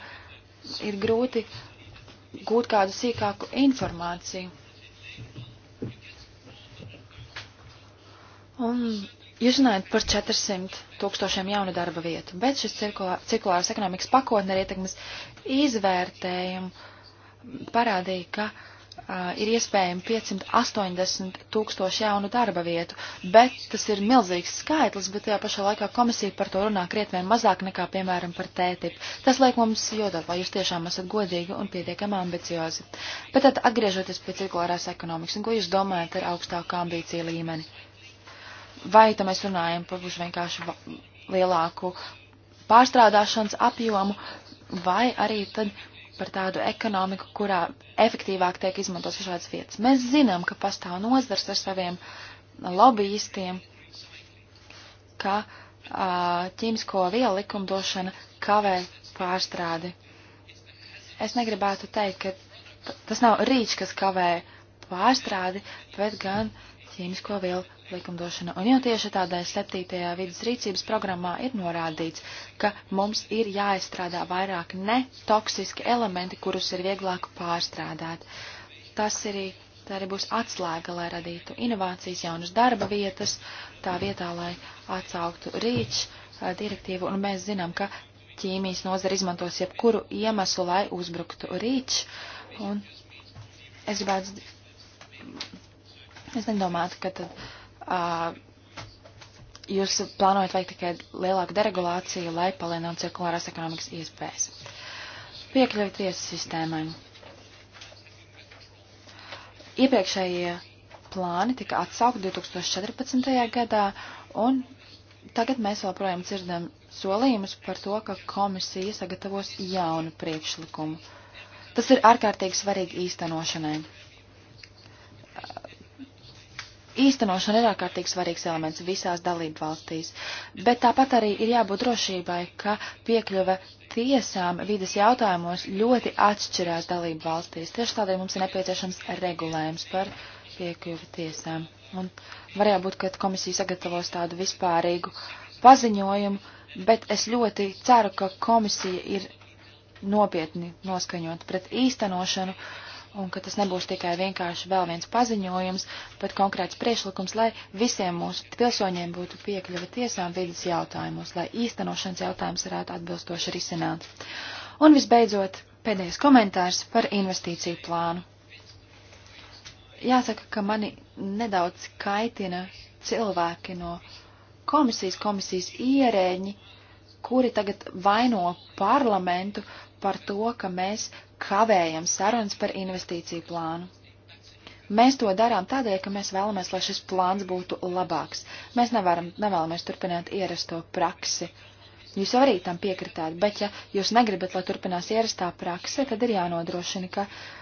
ir grūti gūt kādu sīkāku informāciju. Un jūs runājat par 400 tūkstošiem jaunu darba vietu, bet šis cirkulā, cirkulārs ekonomikas pakotne ar ietekmes izvērtējumu parādīja, ka uh, Uh, ir iespējami 580 tūkstoši jaunu darba vietu, bet tas ir milzīgs skaitlis, bet tajā pašā laikā komisija par to runā krietnēm mazāk nekā, piemēram, par tētip. Tas liek mums jodot, vai jūs tiešām esat godīgi un pietiekami ambiciozi. Bet tad atgriežoties pie cirkulārās ekonomikas, un ko jūs domājat ar augstāku ambīciju līmeni? Vai tam mēs runājam par būs vienkārši lielāku pārstrādāšanas apjomu, vai arī tad par tādu ekonomiku, kurā efektīvāk tiek izmantos šādas vietas. Mēs zinām, ka pastāv nozars ar saviem lobbyistiem, ka ķīmisko vielu likumdošana kavē pārstrādi. Es negribētu teikt, ka tas nav rīč, kas kavē pārstrādi, bet gan ķīmisko vielu likumdošana. Un jau tieši tādēļ septītajā vidas rīcības programmā ir norādīts, ka mums ir jāizstrādā vairāk netoksiski elementi, kurus ir vieglāk pārstrādāt. Tas arī, tā arī būs atslēga, lai radītu inovācijas, jaunas darba vietas, tā vietā, lai atsauktu rīč direktīvu. Un mēs zinām, ka ķīmijas nozara izmantos jebkuru iemeslu, lai uzbruktu rīč. Un es gribētu. Es nedomātu, ka tad uh, jūs plānojat veikt tikai lielāku deregulāciju, lai palielinātu cirkulārās ekonomikas iespējas. Piekļuvi tiesu sistēmai. Iepriekšējie plāni tika atsaukti 2014. gadā, un tagad mēs joprojām dzirdam solījumus par to, ka komisija sagatavos jaunu priekšlikumu. Tas ir ārkārtīgi svarīgi īstenošanai īstenošana ir ārkārtīgi svarīgs elements visās dalību valstīs, bet tāpat arī ir jābūt drošībai, ka piekļuve tiesām vidas jautājumos ļoti atšķirās dalību valstīs. Tieši tādēļ mums ir nepieciešams regulējums par piekļuvi tiesām. Un varēja būt, ka komisija sagatavos tādu vispārīgu paziņojumu, bet es ļoti ceru, ka komisija ir nopietni noskaņot pret īstenošanu. Uh, un ka tas nebūs tikai vienkārši vēl viens paziņojums, bet konkrēts priešlikums, lai visiem mūsu pilsoņiem būtu piekļuva tiesām vidas jautājumos, lai īstenošanas jautājums varētu atbilstoši risināt. Un visbeidzot, pēdējais komentārs par investīciju plānu. Jāsaka, ka mani nedaudz kaitina cilvēki no komisijas, komisijas ierēģi, kuri tagad vaino parlamentu par to, ka mēs kavējam sarunas par investīciju plānu. Mēs to darām tādēļ, ka mēs vēlamies, lai šis plāns būtu labāks. Mēs nevaram, nevēlamies turpināt ierasto praksi. Jūs arī tam piekritāt, bet ja jūs negribat, lai turpinās ierastā prakse, tad ir jānodrošina, ka uh,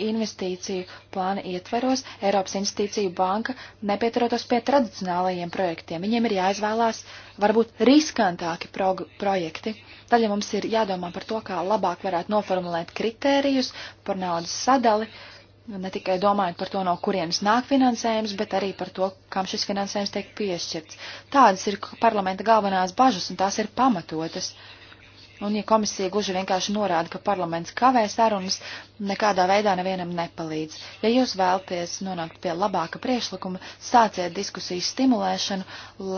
investīciju plāna ietvaros Eiropas investīciju banka nepieturotos pie tradicionālajiem projektiem. Viņiem ir jāizvēlās varbūt riskantāki projekti. Tad, ja mums ir jādomā par to, kā labāk varētu noformulēt kritērijus par naudas sadali, ne tikai domājot par to, no kurienes nāk finansējums, bet arī par to, kam šis finansējums tiek piešķirts. Tādas ir parlamenta galvenās bažas, un tās ir pamatotas. Uh, Un, ja komisija gluži vienkārši norāda, ka parlaments kavē sarunas, nekādā veidā nevienam nepalīdz. Ja jūs vēlties nonākt pie labāka priešlikuma, sāciet diskusiju stimulēšanu,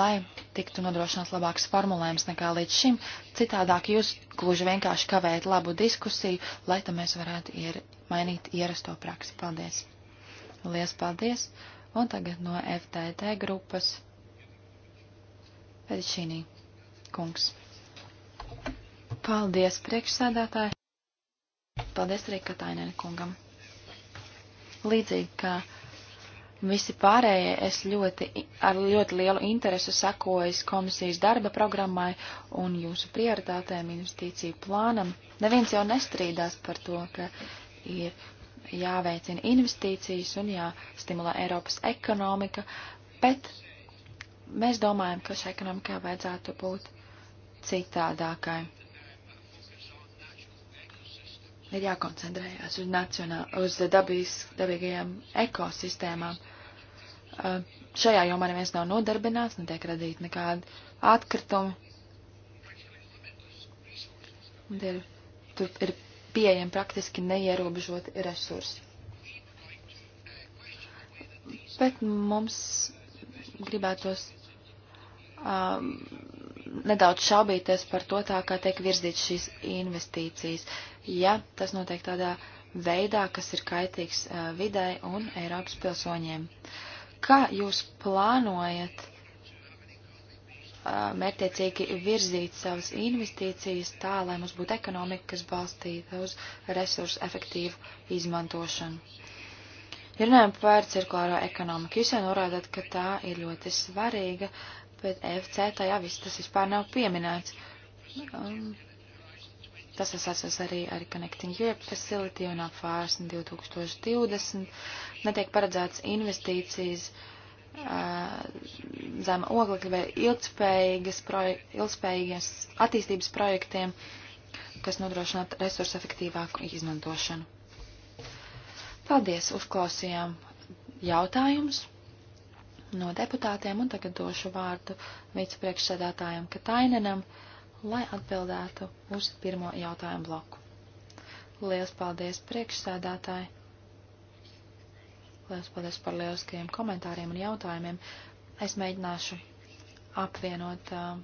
lai tiktu nodrošināts labāks formulējums nekā līdz šim. Citādāk jūs gluži vienkārši kavējat labu diskusiju, lai tam mēs varētu ier mainīt ierasto praksi. Paldies! Lielas paldies! Un tagad no FTT grupas. Pēdišīnī kungs. Paldies, priekšsēdētāji. Paldies arī Katainēna kungam. Līdzīgi kā visi pārējie, es ļoti, ar ļoti lielu interesu sekoju komisijas darba programmai un jūsu prioritātēm investīciju plānam. Neviens jau nestrīdās par to, ka ir jāveicina investīcijas un jāstimulē Eiropas ekonomika, bet mēs domājam, ka šai ekonomikai vajadzētu būt citādākai ir jākoncentrējas uz, nacionā, uz dabīs, dabīgajām ekosistēmām. Uh, šajā jomā neviens nav nodarbināts, netiek radīti nekādi atkritumi. Un ir, tur ir pieejami praktiski neierobežoti resursi. Bet mums gribētos um, nedaudz šaubīties par to, tā kā tiek virzīts šīs investīcijas, ja tas notiek tādā veidā, kas ir kaitīgs uh, videi un Eiropas pilsoņiem. Kā jūs plānojat uh, mērtiecīgi virzīt savas investīcijas tā, lai mums būtu ekonomika, kas balstīta uz resursu efektīvu izmantošanu? Ja runājam par cirkulāro ekonomiku, jūs jau norādāt, ka tā ir ļoti svarīga, bet FC tajā viss tas vispār nav pieminēts. Um, tas sasaucas arī ar Connecting Europe Facility un apvārsni 2020. Netiek paredzēts investīcijas uh, zema oglekļa vai ilgspējīgas, ilgspējīgas attīstības projektiem, kas nodrošinātu resursu efektīvāku izmantošanu. Paldies, uzklausījām jautājumus no deputātiem, un tagad došu vārdu vicepriekšsēdētājam Katainenam, lai atbildētu uz pirmo jautājumu bloku. Lielas paldies priekšsēdētāji! Lielas paldies par lieliskajiem komentāriem un jautājumiem. Es mēģināšu apvienot uh,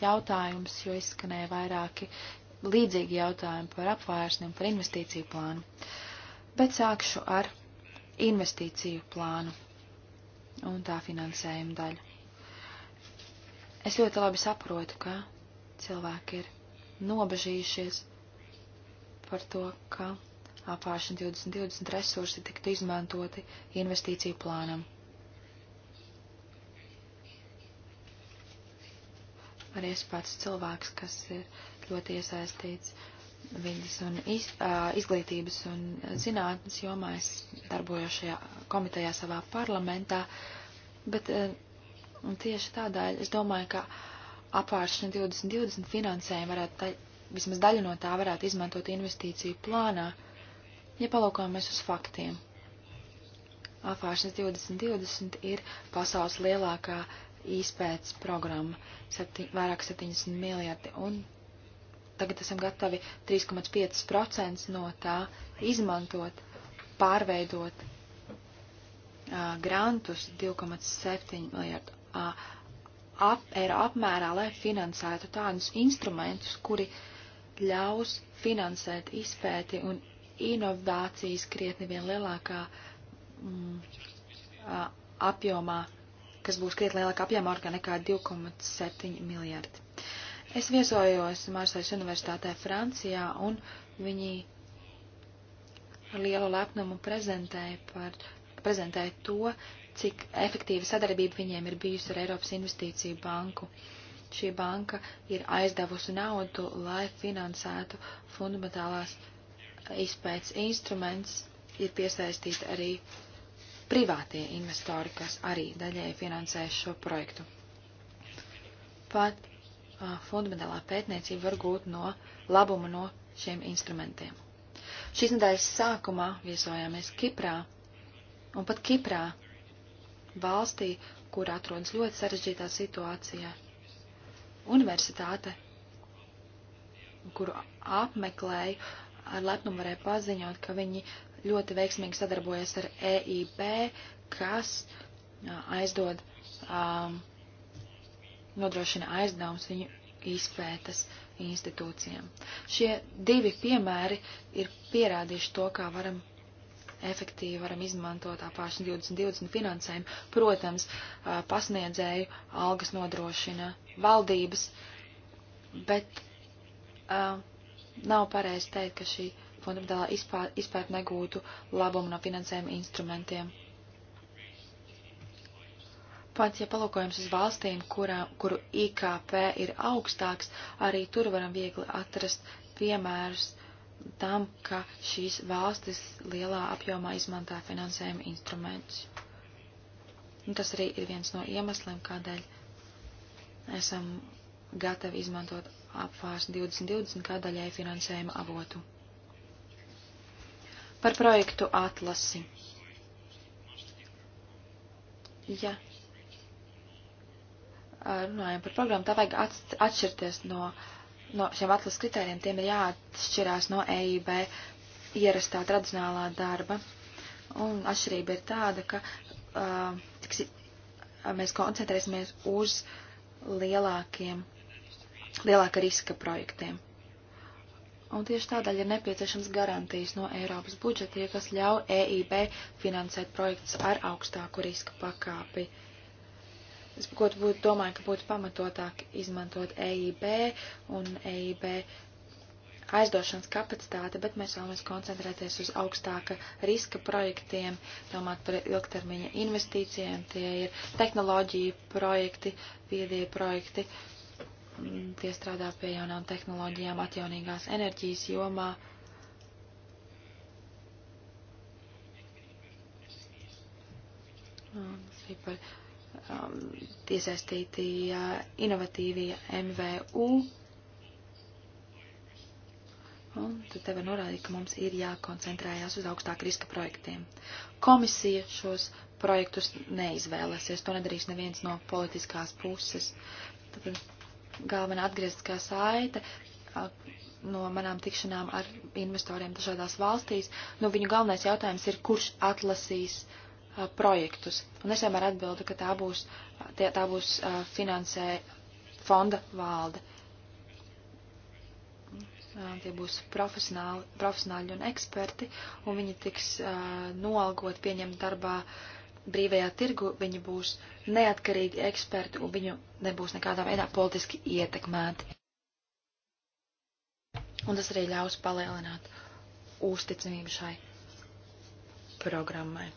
jautājumus, jo izskanēja vairāki līdzīgi jautājumi par apvārsni un par investīciju plānu. Bet sākšu ar investīciju plānu un tā finansējuma daļa. Es ļoti labi saprotu, ka cilvēki ir nobežījušies par to, ka apvāršana 2020 resursi tiktu izmantoti investīciju plānam. Arī es pats cilvēks, kas ir ļoti iesaistīts vidas un iz, uh, izglītības un zinātnes jomā. Es darbojos šajā komitejā savā parlamentā, bet uh, tieši tādēļ es domāju, ka apvāršana 2020 finansējuma varētu, daļ, vismaz daļu no tā varētu izmantot investīciju plānā, ja palūkojamies uz faktiem. Apvāršanas 2020 ir pasaules lielākā īspētes programma, septi, vairāk 70 miljardi, un tagad esam gatavi 3,5% no tā izmantot, pārveidot uh, grantus 2,7 miljardu uh, ap, eiro apmērā, lai finansētu tādus instrumentus, kuri ļaus finansēt izpēti un inovācijas krietni vien lielākā mm, uh, apjomā, kas būs krietni lielākā apjomā nekā 2,7 miljardi. Es viesojos Mārsais universitātē Francijā, un viņi ar lielu lepnumu prezentēja, par, prezentēja to, cik efektīva sadarbība viņiem ir bijusi ar Eiropas investīciju banku. Šī banka ir aizdevusi naudu, lai finansētu fundamentālās izpētes instruments, ir piesaistīti arī privātie investori, kas arī daļēji finansēs šo projektu. Pat fundamentālā pētniecība var gūt no labuma no šiem instrumentiem. Šīs nedēļas sākumā viesojāmies Kiprā, un pat Kiprā, valstī, kur atrodas ļoti sarežģītā situācijā, universitāte, kuru apmeklēju, ar lepnumu varēja paziņot, ka viņi ļoti veiksmīgi sadarbojas ar EIB, kas aizdod um, nodrošina aizdevums viņu izpētes institūcijām. Šie divi piemēri ir pierādījuši to, kā varam efektīvi varam izmantot apāršņu 2020 finansējumu. Protams, pasniedzēju algas nodrošina valdības, bet uh, nav pareizi teikt, ka šī fundamentālā izpēta negūtu labumu no finansējuma instrumentiem. Pats, ja palūkojums uz valstīm, kurā, kuru IKP ir augstāks, arī tur varam viegli atrast piemērus tam, ka šīs valstis lielā apjomā izmantā finansējuma instrumentus. Un tas arī ir viens no iemesliem, kādēļ esam gatavi izmantot apvārs 2020 kā daļai finansējuma avotu. Par projektu atlasi. Ja runājam par programmu, tā vajag atšķirties no, no šiem atlases kritērijiem, tiem ir jāatšķirās no EIB ierastā tradicionālā darba. Un atšķirība ir tāda, ka uh, tiks, mēs koncentrēsimies uz lielākiem, lielāka riska projektiem. Un tieši tādēļ ir nepieciešams garantijas no Eiropas budžetiem, kas ļauj EIB finansēt projektus ar augstāku riska pakāpi. Uh, Es kaut būtu domāju, ka būtu pamatotāk izmantot EIB un EIB aizdošanas kapacitāti, bet mēs vēlamies koncentrēties uz augstāka riska projektiem, domāt par ilgtermiņa investīcijiem, tie ir tehnoloģija projekti, viedie projekti, mm, tie strādā pie jaunām tehnoloģijām atjaunīgās enerģijas jomā. Un arī par um, iesaistīti uh, inovatīvie MVU. Un tad tev ir norādīt, ka mums ir jākoncentrējās uz augstāk riska projektiem. Komisija šos projektus neizvēlēsies, to nedarīs neviens no politiskās puses. Tāpēc galvenā atgrieztiskā saite uh, no manām tikšanām ar investoriem dažādās valstīs, nu viņu galvenais jautājums ir, kurš atlasīs uh, Uh, projektus. Un es vienmēr atbildu, ka tā būs, uh, tie, tā būs uh, finansē fonda valde. Tie būs profesionāli, profesionāļi un eksperti, un viņi tiks nolgot pieņemt darbā brīvajā tirgu, viņi būs neatkarīgi eksperti, un viņu nebūs nekādā veidā politiski ietekmēti. Un tas arī ļaus palielināt uzticamību šai programmai.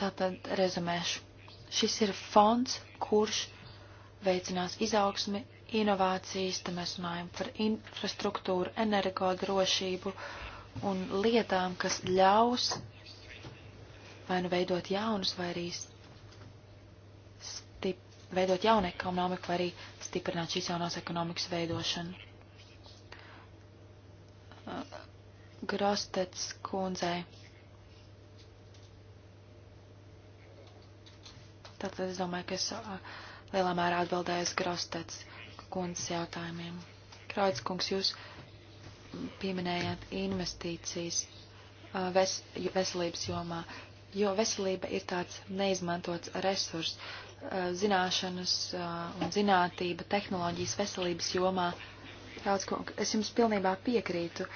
Tātad rezumēšu. Šis ir fonds, kurš veicinās izaugsmi, inovācijas, te mēs runājam par infrastruktūru, energodrošību un lietām, kas ļaus vai nu veidot jaunus, vai arī stip, veidot jaunu ekonomiku, vai arī stiprināt šīs jaunās ekonomikas veidošanu. Grostets kundzei Tātad es domāju, ka es lielā mērā atbildēju Grostets kundzes jautājumiem. Krauts kungs, jūs pieminējāt investīcijas ves, veselības jomā, jo veselība ir tāds neizmantots resurs. Zināšanas un zinātība, tehnoloģijas veselības jomā. Krauts kungs, es jums pilnībā piekrītu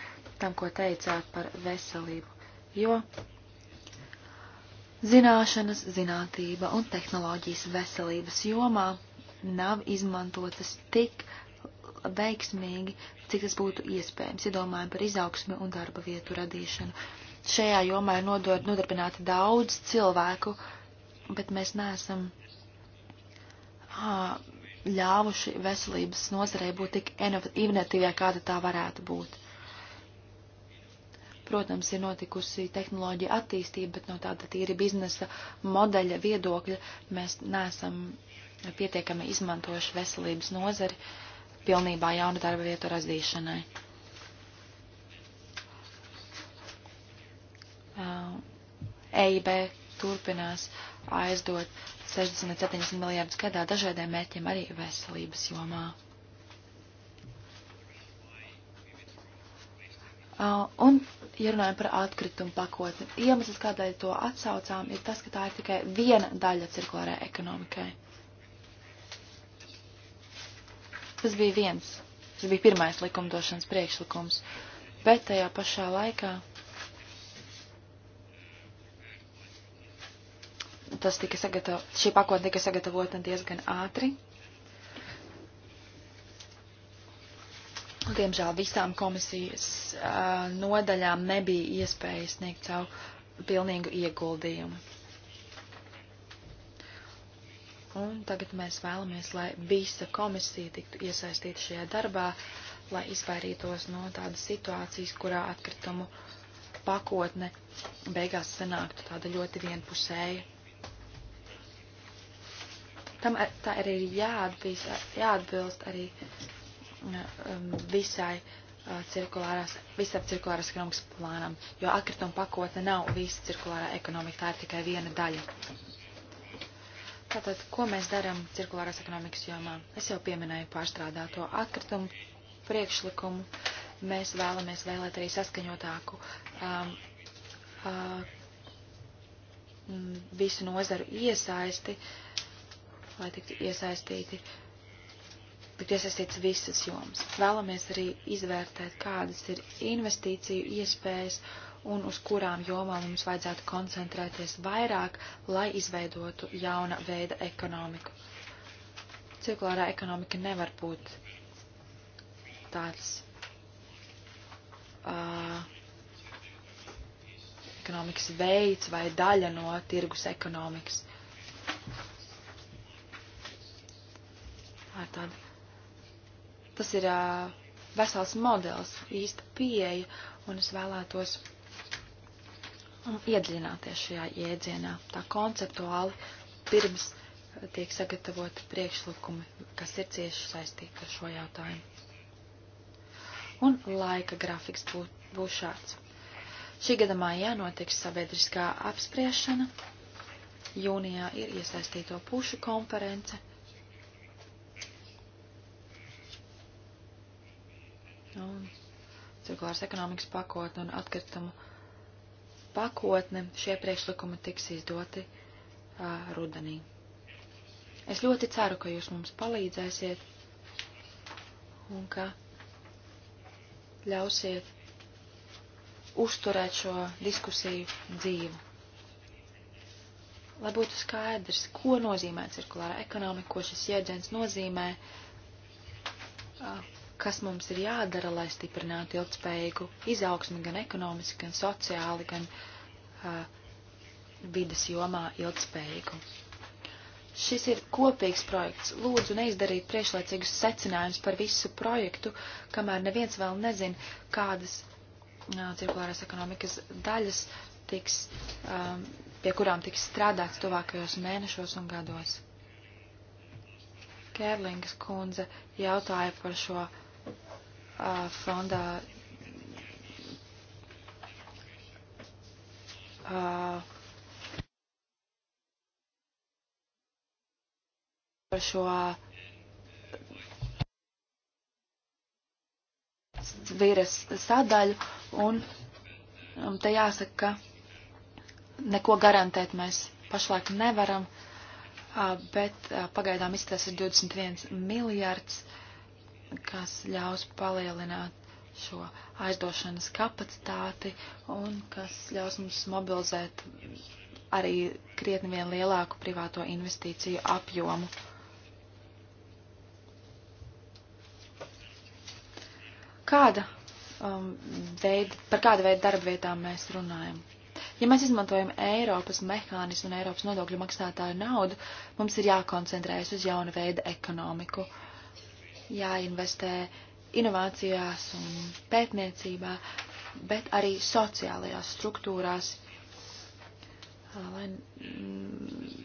tam, ko teicāt par veselību, jo Zināšanas, zinātība un tehnoloģijas veselības jomā nav izmantotas tik veiksmīgi, cik tas būtu iespējams, ja domājam par izaugsmi un darba vietu radīšanu. Šajā jomā ir nodot, nodarbināti daudz cilvēku, bet mēs neesam ā, ļāvuši veselības nozarei būt tik inovatīvai, kāda tā varētu būt. Protams, ir notikusi tehnoloģija attīstība, bet no tāda tīri biznesa modeļa viedokļa mēs neesam pietiekami izmantojuši veselības nozari pilnībā jaunu darba vietu radīšanai. EIB turpinās aizdot 60-70 miljārdus gadā dažādiem mērķiem arī veselības jomā. Uh, un, ja runājam par atkritumu pakotni, iemesls, kādēļ to atsaucām, ir tas, ka tā ir tikai viena daļa cirkulārajai ekonomikai. Tas bija viens, tas bija pirmais likumdošanas priekšlikums, bet tajā pašā laikā tas tika sagatavot, šī pakotne tika sagatavota diezgan ātri, Diemžēl visām komisijas uh, nodaļām nebija iespēja sniegt savu pilnīgu ieguldījumu. Un tagad mēs vēlamies, lai visa komisija tiktu iesaistīta šajā darbā, lai izvairītos no tādas situācijas, kurā atkritumu pakotne beigās sanāktu tāda ļoti vienpusēja. Tam tā arī ir jāatbilst, jāatbilst arī Um, visai uh, cirkulārās, visam cirkulārās ekonomikas plānam, jo atkrituma pakotne nav visa cirkulārā ekonomika, tā ir tikai viena daļa. Tātad, ko mēs darām cirkulārās ekonomikas jomā? Es jau pieminēju pārstrādāto atkritumu priekšlikumu. Mēs vēlamies vēlēt arī saskaņotāku um, uh, visu nozaru iesaisti, lai tiktu iesaistīti uh, piesaistīts visas jomas. Vēlamies arī izvērtēt, kādas ir investīciju iespējas un uz kurām jomām mums vajadzētu koncentrēties vairāk, lai izveidotu jauna veida ekonomiku. Cirkulārā ekonomika nevar būt tāds uh, ekonomikas veids vai daļa no tirgus ekonomikas. Tā ir tāda Tas ir uh, vesels modelis, īsta pieeja, un es vēlētos um, iedziļināties šajā jēdzienā, tā konceptuāli, pirms tiek sagatavoti priekšlikumi, kas ir cieši saistīti ar šo jautājumu. Un laika grafiks bū, būs šāds. Šī gada mājā notiks sabiedriskā apspriešana, jūnijā ir iesaistīto pušu konference Un cirkulārs ekonomikas pakotne un atkritumu pakotne šie priekšlikumi tiks izdoti uh, rudenī. Es ļoti ceru, ka jūs mums palīdzēsiet un ka ļausiet uzturēt šo diskusiju dzīvu. Lai būtu skaidrs, ko nozīmē cirkulāra ekonomika, ko šis jēdziens nozīmē, uh, kas mums ir jādara, lai stiprinātu ilgspējīgu izaugsmi gan ekonomiski, gan sociāli, gan uh, vidas jomā ilgspējīgu. Šis ir kopīgs projekts. Lūdzu, neizdarīt priekšlaicīgus secinājumus par visu projektu, kamēr neviens vēl nezin, kādas uh, cirkulārās ekonomikas daļas tiks, um, pie kurām tiks strādāts tuvākajos mēnešos un gados. Kērlingas kundze jautāja par šo uh, fondā par šo vīras sadaļu, un, un te jāsaka, ka neko garantēt mēs pašlaik nevaram, bet pagaidām izskatās ir 21 miljards kas ļaus palielināt šo aizdošanas kapacitāti un kas ļaus mums mobilizēt arī krietni vien lielāku privāto investīciju apjomu. Kāda um, veida, par kādu veidu darba vietām mēs runājam? Ja mēs izmantojam Eiropas mehānismu un Eiropas nodokļu maksātāju naudu, mums ir jākoncentrējas uz jaunu veidu ekonomiku. Uh, jāinvestē inovācijās un pētniecībā, bet arī sociālajās struktūrās, lai, mm,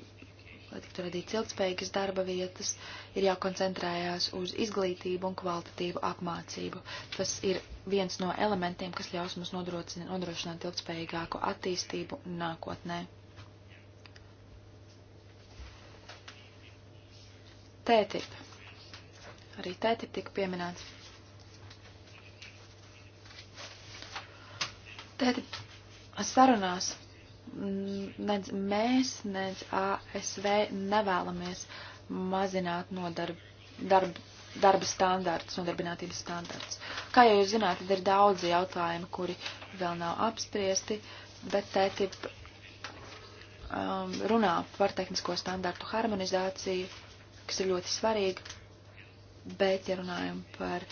lai tiktu radīts ilgspējīgas darba vietas, ir jākoncentrējās uz izglītību un kvalitatīvu apmācību. Tas ir viens no elementiem, kas ļaus mums nodrošināt ilgspējīgāku attīstību nākotnē. TTIP Arī tēti tika pieminēts. Tēti sarunās nedz mēs, nedz ASV nevēlamies mazināt nodarb, darb, darba standārts, nodarbinātības standārts. Kā jau jūs zināt, tad ir daudzi jautājumi, kuri vēl nav apspriesti, bet tētip um, runā par tehnisko standārtu harmonizāciju, kas ir ļoti svarīga bet, ja runājam par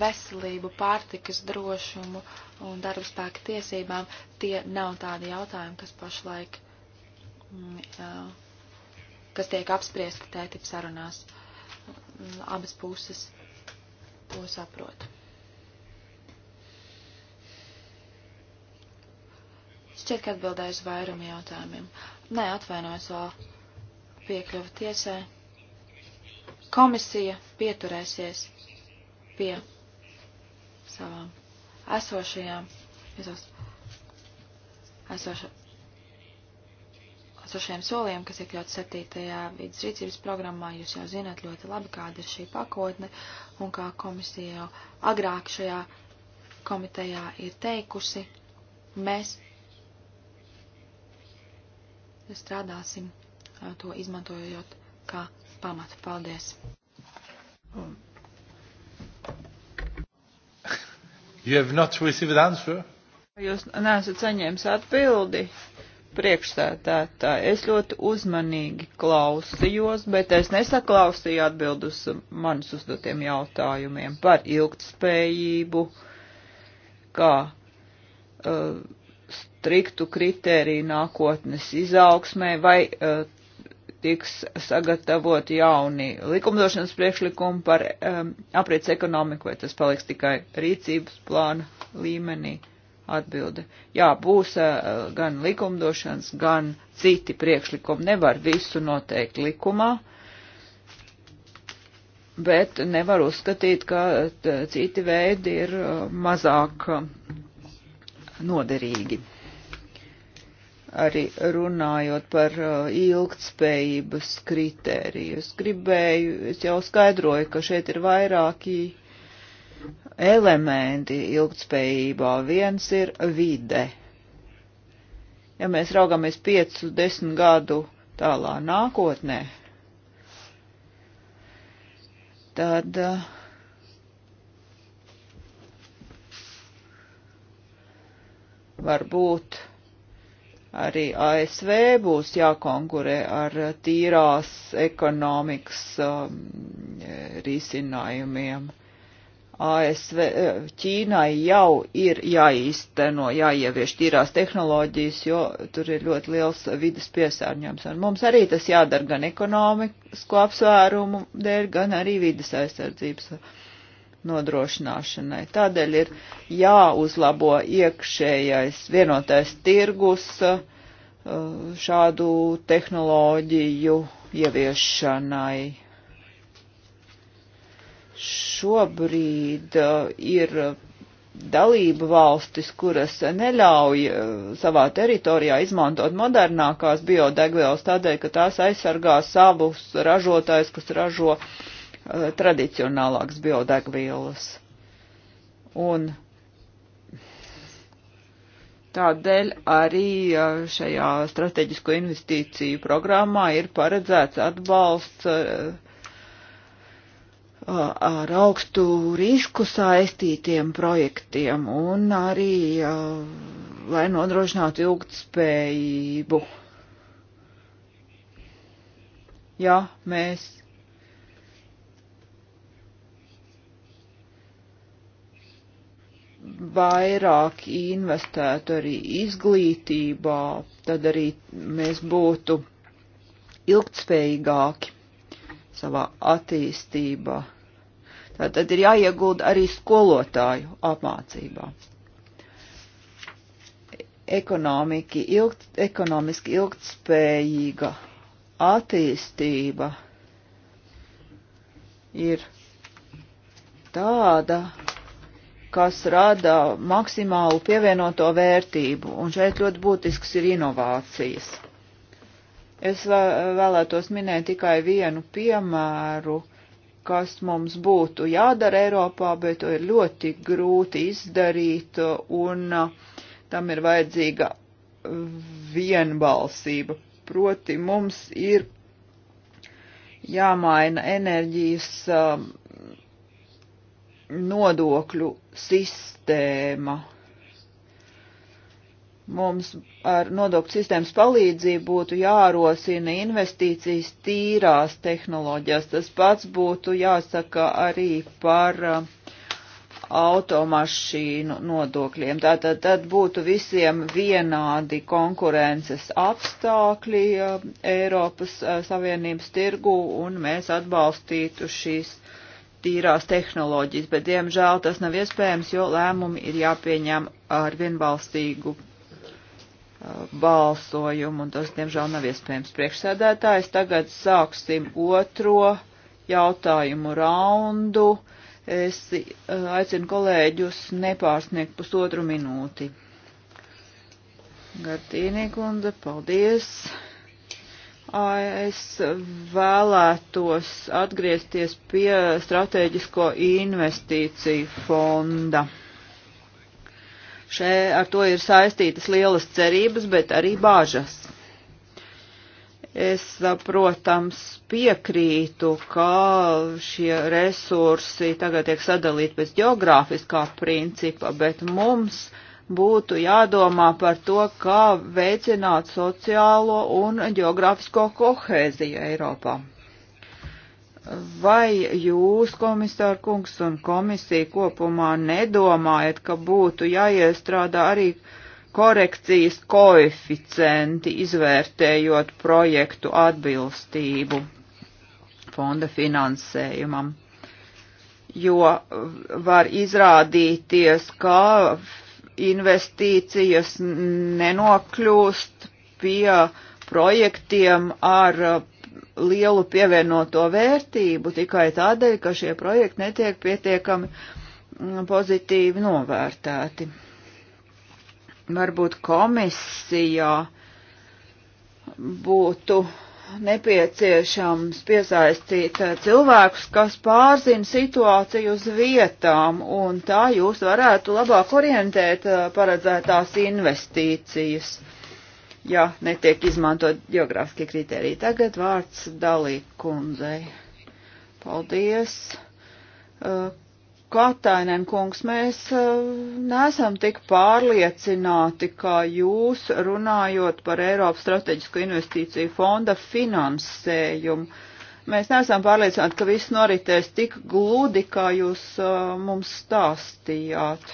veselību, pārtikas drošumu un darba spēka tiesībām, tie nav tādi jautājumi, kas pašlaik, mm, kas tiek apspriesti tētip sarunās. Abas puses to saprot. Šķiet, ka atbildēju uz vairumu jautājumiem. Nē, atvainojos vēl piekļuvu tiesai. Komisija pieturēsies pie savām esošajām, esos, esoša, esošajiem soliem, kas iekļauts 7. vidas rīcības programmā. Jūs jau zināt ļoti labi, kāda ir šī pakotne un kā komisija jau agrāk šajā komitejā ir teikusi. Mēs strādāsim to izmantojot kā pamatu. Paldies! You have not received an answer? Jūs nesat saņēmis atbildi priekšsētētā. Es ļoti uzmanīgi klausījos, bet es nesaklausīju atbildus manis uzdotiem jautājumiem par ilgtspējību, kā uh, striktu kritēriju nākotnes izaugsmē, vai uh, tiks sagatavot jauni likumdošanas priekšlikumi par um, aprits ekonomiku, vai tas paliks tikai rīcības plāna līmenī. Atbilde. Jā, būs uh, gan likumdošanas, gan citi priekšlikumi. Nevar visu noteikt likumā, bet nevar uzskatīt, ka uh, citi veidi ir uh, mazāk uh, noderīgi arī runājot par uh, ilgtspējības kritēriju. Es gribēju, es jau skaidroju, ka šeit ir vairāki elementi ilgtspējībā. Viens ir vide. Ja mēs raugamies 5-10 gadu tālā nākotnē, tad uh, varbūt arī ASV būs jākonkurē ar tīrās ekonomikas um, risinājumiem. ASV, eh, Ķīnai jau ir jāīsteno, jāievieš tīrās tehnoloģijas, jo tur ir ļoti liels vidas piesārņojums. Un mums arī tas jādara gan ekonomisko apsvērumu dēļ, gan arī vidas aizsardzības nodrošināšanai. Tādēļ ir jāuzlabo iekšējais vienotais tirgus uh, šādu tehnoloģiju ieviešanai. Šobrīd uh, ir dalība valstis, kuras neļauj uh, savā teritorijā izmantot modernākās biodegvielas tādēļ, ka tās aizsargā savus ražotājus, kas ražo uh, Uh, tradicionālākas biodegvielas. Un Tādēļ arī uh, šajā strateģisko investīciju programmā ir paredzēts atbalsts uh, ar augstu risku saistītiem projektiem un arī, lai nodrošinātu ilgtspējību. Ja mēs vairāk investētu arī izglītībā, tad arī mēs būtu ilgtspējīgāki savā attīstībā. Tātad ir jāiegulda arī skolotāju apmācībā. Ilgt, ekonomiski ilgtspējīga attīstība ir tāda, kas rada maksimālu pievienoto vērtību, un šeit ļoti būtisks ir inovācijas. Es vēlētos minēt tikai vienu piemēru, kas mums būtu jādara Eiropā, bet to ir ļoti grūti izdarīt, un uh, tam ir vajadzīga vienbalsība. Proti mums ir jāmaina enerģijas um, nodokļu sistēma. Mums ar nodokļu sistēmas palīdzību būtu jārosina investīcijas tīrās tehnoloģijās. Tas pats būtu jāsaka arī par uh, automašīnu nodokļiem. Tātad tad būtu visiem vienādi konkurences apstākļi uh, Eiropas uh, Savienības tirgu un mēs atbalstītu šīs tīrās tehnoloģijas, bet diemžēl tas nav iespējams, jo lēmumi ir jāpieņem ar vienbalstīgu uh, balsojumu, un tas, diemžēl, nav iespējams. Priekšsēdētājs tagad sāksim otro jautājumu raundu. Es uh, aicinu kolēģus nepārsniegt pusotru minūti. Gartīnī kundze, paldies! Es vēlētos atgriezties pie strateģisko investīciju fonda. Šē ar to ir saistītas lielas cerības, bet arī bāžas. Es, protams, piekrītu, ka šie resursi tagad tiek sadalīti pēc geogrāfiskā principa, bet mums uh, būtu jādomā par to, kā veicināt sociālo un geogrāfisko kohēziju Eiropā. Vai jūs, komisārkungs un komisija kopumā nedomājat, ka būtu jāiestrādā arī korekcijas koeficienti, izvērtējot projektu atbilstību fonda finansējumam? Jo var izrādīties, ka investīcijas nenokļūst pie projektiem ar uh, lielu pievienoto vērtību tikai tādēļ, ka šie projekti netiek pietiekami mm, pozitīvi novērtēti. Varbūt komisijā būtu uh, nepieciešams piesaistīt eh, cilvēkus, kas pārzina situāciju uz vietām, un tā jūs varētu labāk orientēt eh, paredzētās investīcijas, ja netiek izmantot geogrāfiskie kriteriji. Tagad vārds Dalī kundzei. Paldies. Eh, Katainen kungs, mēs e, neesam tik pārliecināti, kā jūs runājot par Eiropas strateģisko investīciju fonda finansējumu. Mēs neesam pārliecināti, ka viss noritēs tik gludi, kā jūs e, mums stāstījāt.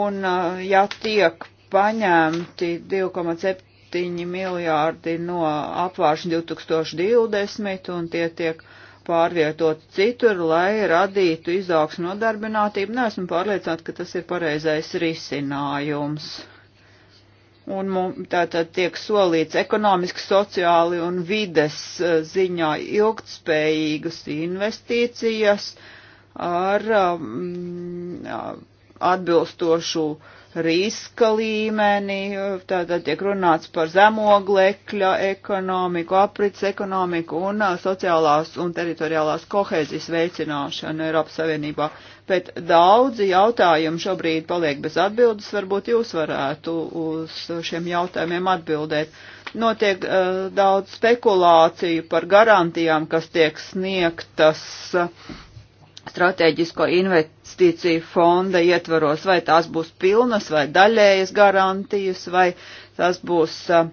Un e, ja tiek paņemti 2,7 miljārdi no apvāršņa 2020 un tie tiek pārvietot citur, lai radītu izaugsmu nodarbinātību. Neesmu pārliecināta, ka tas ir pareizais risinājums. Un tātad tiek solīts ekonomiski, sociāli un vides eh, ziņā ilgtspējīgas investīcijas ar um, atbilstošu uh, riska līmeni, tātad tiek runāts par zemoglekļa ekonomiku, aprits ekonomiku un sociālās un teritoriālās kohēzijas veicināšanu Eiropas Savienībā. Bet daudzi jautājumi šobrīd paliek bez atbildes, varbūt jūs varētu uz šiem jautājumiem atbildēt. Notiek uh, daudz spekulāciju par garantijām, kas tiek sniegtas uh, strateģisko investīciju fonda ietvaros, vai tās būs pilnas vai daļējas garantijas, vai tas būs uh,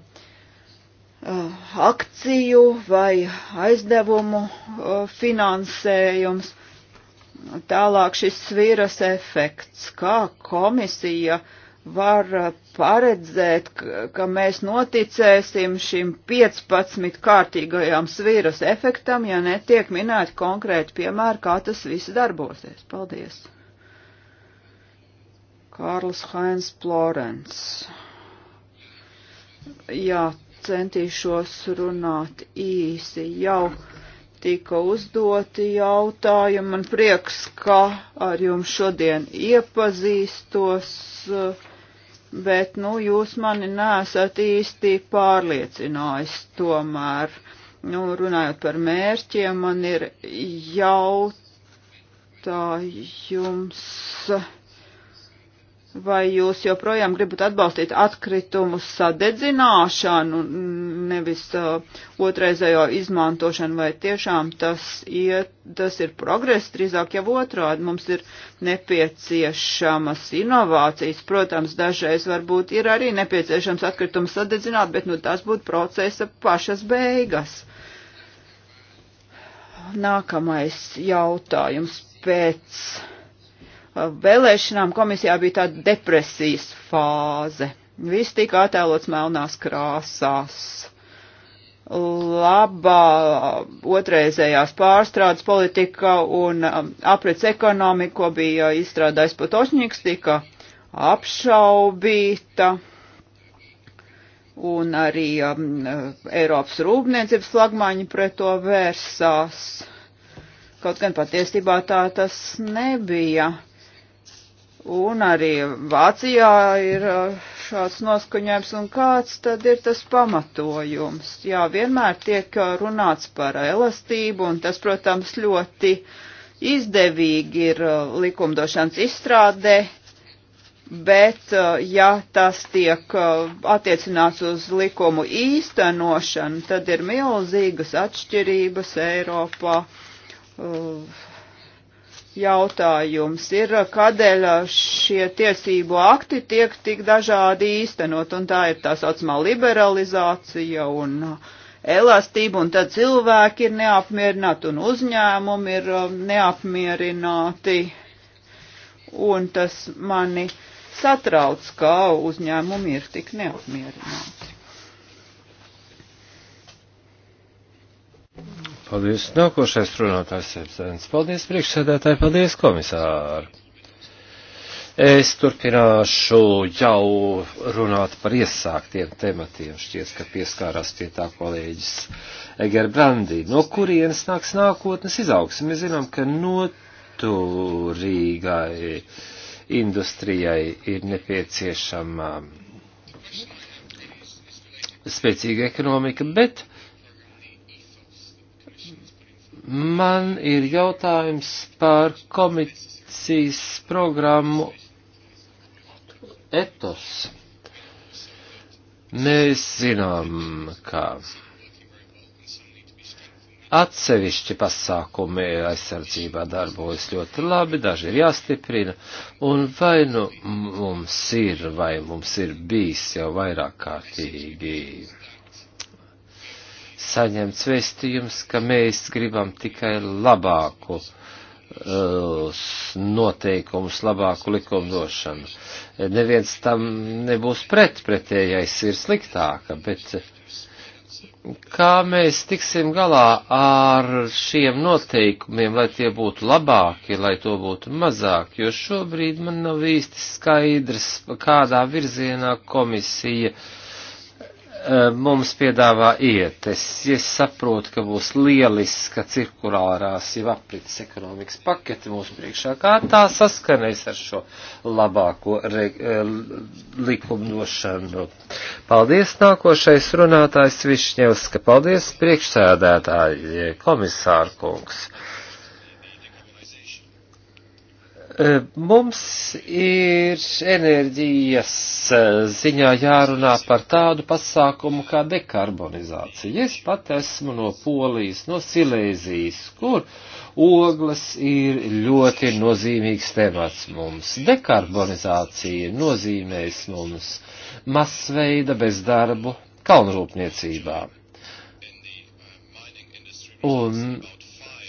uh akciju vai aizdevumu uh, finansējums. Tālāk šis sviras efekts, kā komisija uh, var uh, paredzēt, ka mēs noticēsim šim 15 kārtīgajam svīras efektam, ja netiek minēti konkrēti piemēri, kā tas viss darbosies. Paldies! Kārlis Hains Florence. Jā, centīšos runāt īsi. Jau tika uzdoti jautājumi. Man prieks, ka ar jums šodien iepazīstos. Uh, bet, nu, jūs mani nesat īsti pārliecinājis tomēr. Nu, runājot par mērķiem, man ir jautājums. Vai jūs joprojām gribat atbalstīt atkritumu sadedzināšanu, nevis uh, otraizējo izmantošanu, vai tiešām tas, iet, tas ir progress, drīzāk jau otrādi mums ir nepieciešamas inovācijas. Protams, dažreiz varbūt ir arī nepieciešams atkritumu sadedzināt, bet nu, tas būtu procesa pašas beigas. Nākamais jautājums pēc vēlēšanām komisijā bija tāda depresijas fāze. Viss tika attēlots melnās krāsās. Labā otrreizējās pārstrādes politika un um, aprits ekonomiko bija izstrādājis Potošņiks, tika apšaubīta un arī um, Eiropas rūpniecības flagmaņi pret to vērsās. Kaut gan patiesībā tā tas nebija. Un arī Vācijā ir uh, šāds noskaņojums, un kāds tad ir tas pamatojums? Jā, vienmēr tiek uh, runāts par elastību, un tas, protams, ļoti izdevīgi ir uh, likumdošanas izstrādē, bet ja tas tiek attiecināts uz likumu īstenošanu, tad ir milzīgas atšķirības Eiropā. Uh, jautājums ir, kādēļ šie tiesību akti tiek tik dažādi īstenot, un tā ir tā saucamā liberalizācija un elastība, un tad cilvēki ir neapmierināti, un uzņēmumi ir um, neapmierināti, un tas mani satrauc, kā uzņēmumi ir tik neapmierināti. Paldies. Nākošais runātājs Sepsens. Paldies, priekšsēdētāji, paldies, komisāri. Es turpināšu jau runāt par iesāktiem tematiem, šķiet, ka pieskārās pie tā kolēģis Egerbrandī. No kurienes nāks nākotnes izaugsme? Mēs zinām, ka noturīgai industrijai ir nepieciešama spēcīga ekonomika, bet Man ir jautājums par komisijas programmu etos. Mēs zinām, ka atsevišķi pasākumi aizsardzībā darbojas ļoti labi, daži ir jāstiprina, un vai nu mums ir, vai mums ir bijis jau vairāk kārtīgi saņemts vēstījums, ka mēs gribam tikai labāku eh, noteikumus, labāku likumdošanu. Neviens tam nebūs pret, pretējais ir sliktāka, bet kā mēs tiksim galā ar šiem noteikumiem, lai tie būtu labāki, lai to būtu mazāk, jo šobrīd man nav īsti skaidrs, kādā virzienā komisija uh, Eh, mums piedāvā iet. Es, es saprotu, ka būs lieliska cirkulārās jau aprits ekonomikas paketi mūsu priekšā, kā tā saskanēs ar šo labāko re, eh, likumdošanu. Paldies nākošais runātājs Višņevska, paldies priekšsēdētāji komisārkungs. Mums ir enerģijas eh, ziņā jārunā par tādu pasākumu kā dekarbonizācija. Es pat esmu no Polijas, no Silēzijas, kur ogles ir ļoti nozīmīgs temats mums. Dekarbonizācija nozīmēs mums masveida bezdarbu kalnrūpniecībā. Un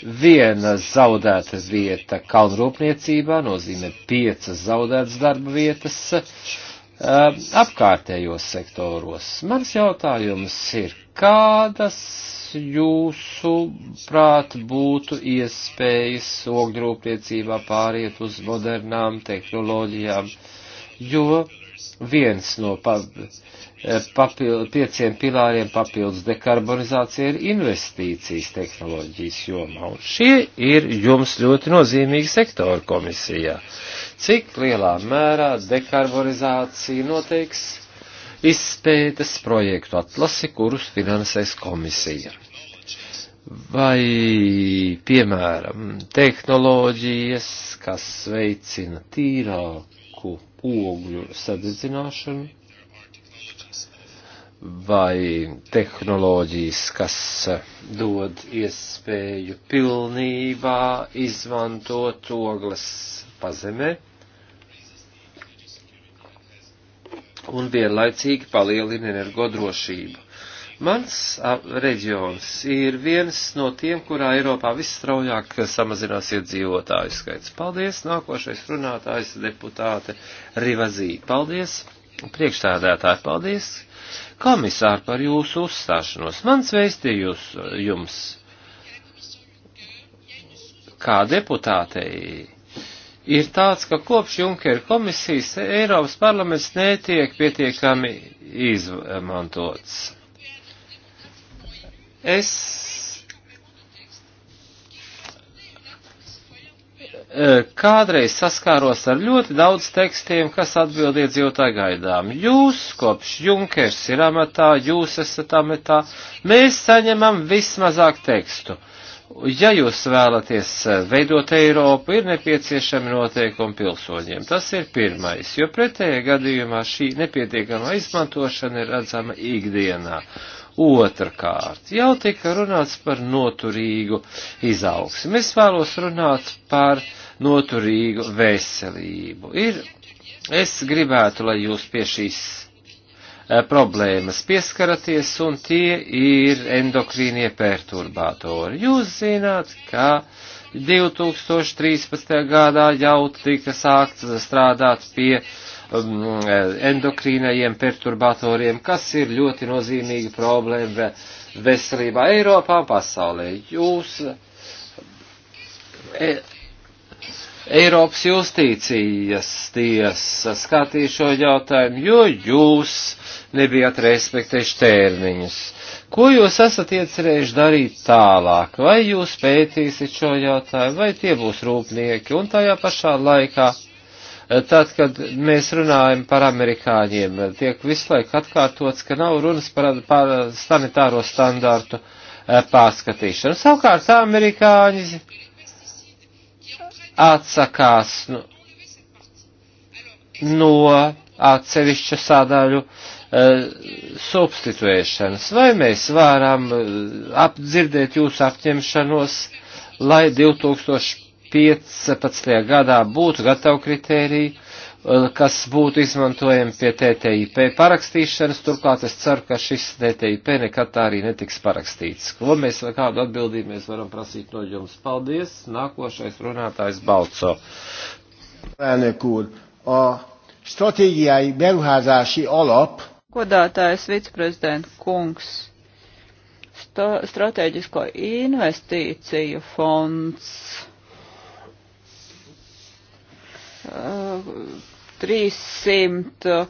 Viena zaudēta vieta kalnrūpniecībā nozīmē piecas zaudētas darba vietas um, apkārtējos sektoros. Mans jautājums ir, kādas jūsu prāt būtu iespējas ogļrūpniecībā pāriet uz modernām tehnoloģijām, jo viens no pa, uh, papild, pieciem pilāriem papildus dekarbonizācija ir investīcijas tehnoloģijas jomā. Un šie ir jums ļoti nozīmīgi sektori komisijā. Cik lielā mērā dekarbonizācija noteiks izspētes projektu atlasi, kurus finansēs komisija? Vai, piemēram, tehnoloģijas, kas veicina tīrāku ogļu sadedzināšanu, vai tehnoloģijas, kas eh, dod iespēju pilnībā izmantot ogles pazemē un vienlaicīgi palielina energodrošību. Mans reģions ir viens no tiem, kurā Eiropā visstraujāk samazinās iedzīvotāju skaits. Paldies, nākošais runātājs deputāte Rivazī. Paldies, priekšstādētāji, paldies komisāri par jūsu uzstāšanos. Mans veistījums jums, kā deputātei, ir tāds, ka kopš Junkera komisijas Eiropas parlaments netiek pietiekami izmantots. Es Eh, kādreiz saskāros ar ļoti daudz tekstiem, kas atbild iedzīvotāju gaidām. Jūs, kopš Junkers ir amatā, jūs esat amatā, mēs saņemam vismazāk tekstu. Ja jūs vēlaties eh, veidot Eiropu, ir nepieciešami noteikumi pilsoņiem. Tas ir pirmais, jo pretējā gadījumā šī nepietiekamā izmantošana ir redzama ikdienā. Uh, Otrakārt, jau tika runāts par noturīgu izaugsmu. Es vēlos runāt par noturīgu veselību. Ir, es gribētu, lai jūs pie šīs e, problēmas pieskaraties, un tie ir endokrīnie perturbātori. Jūs zināt, ka 2013. gadā jau tika sākts strādāt pie uh, Um, endokrīnajiem perturbatoriem, kas ir ļoti nozīmīga problēma veselībā Eiropā un pasaulē. Jūs, e, Eiropas justīcijas tiesa skatīja šo jautājumu, jo jūs nebijat respektējuši tērniņus. Ko jūs esat iecerējuši darīt tālāk? Vai jūs pētīsiet šo jautājumu, vai tie būs rūpnieki un tajā pašā laikā? Tad, kad mēs runājam par amerikāņiem, tiek visu laiku atkārtots, ka nav runas par, par sanitāro standārtu eh, pārskatīšanu. Savukārt amerikāņi atsakās no, nu, no atsevišķu sadaļu eh, substituēšanas. Vai mēs varam eh, apdzirdēt jūsu apņemšanos, lai 2000 2015. gadā būtu gatavi kritēriji, eh, kas būtu izmantojami pie TTIP parakstīšanas. Turklāt es ceru, ka šis TTIP nekad tā arī netiks parakstīts. Ko mēs vai kādu atbildību mēs varam prasīt no jums? Paldies! Nākošais runātājs Balco. Elnök úr, a stratégiai beruházási alap. Godātājs viceprezident kungs, sta, strateģisko investīciju fonds 350 uh,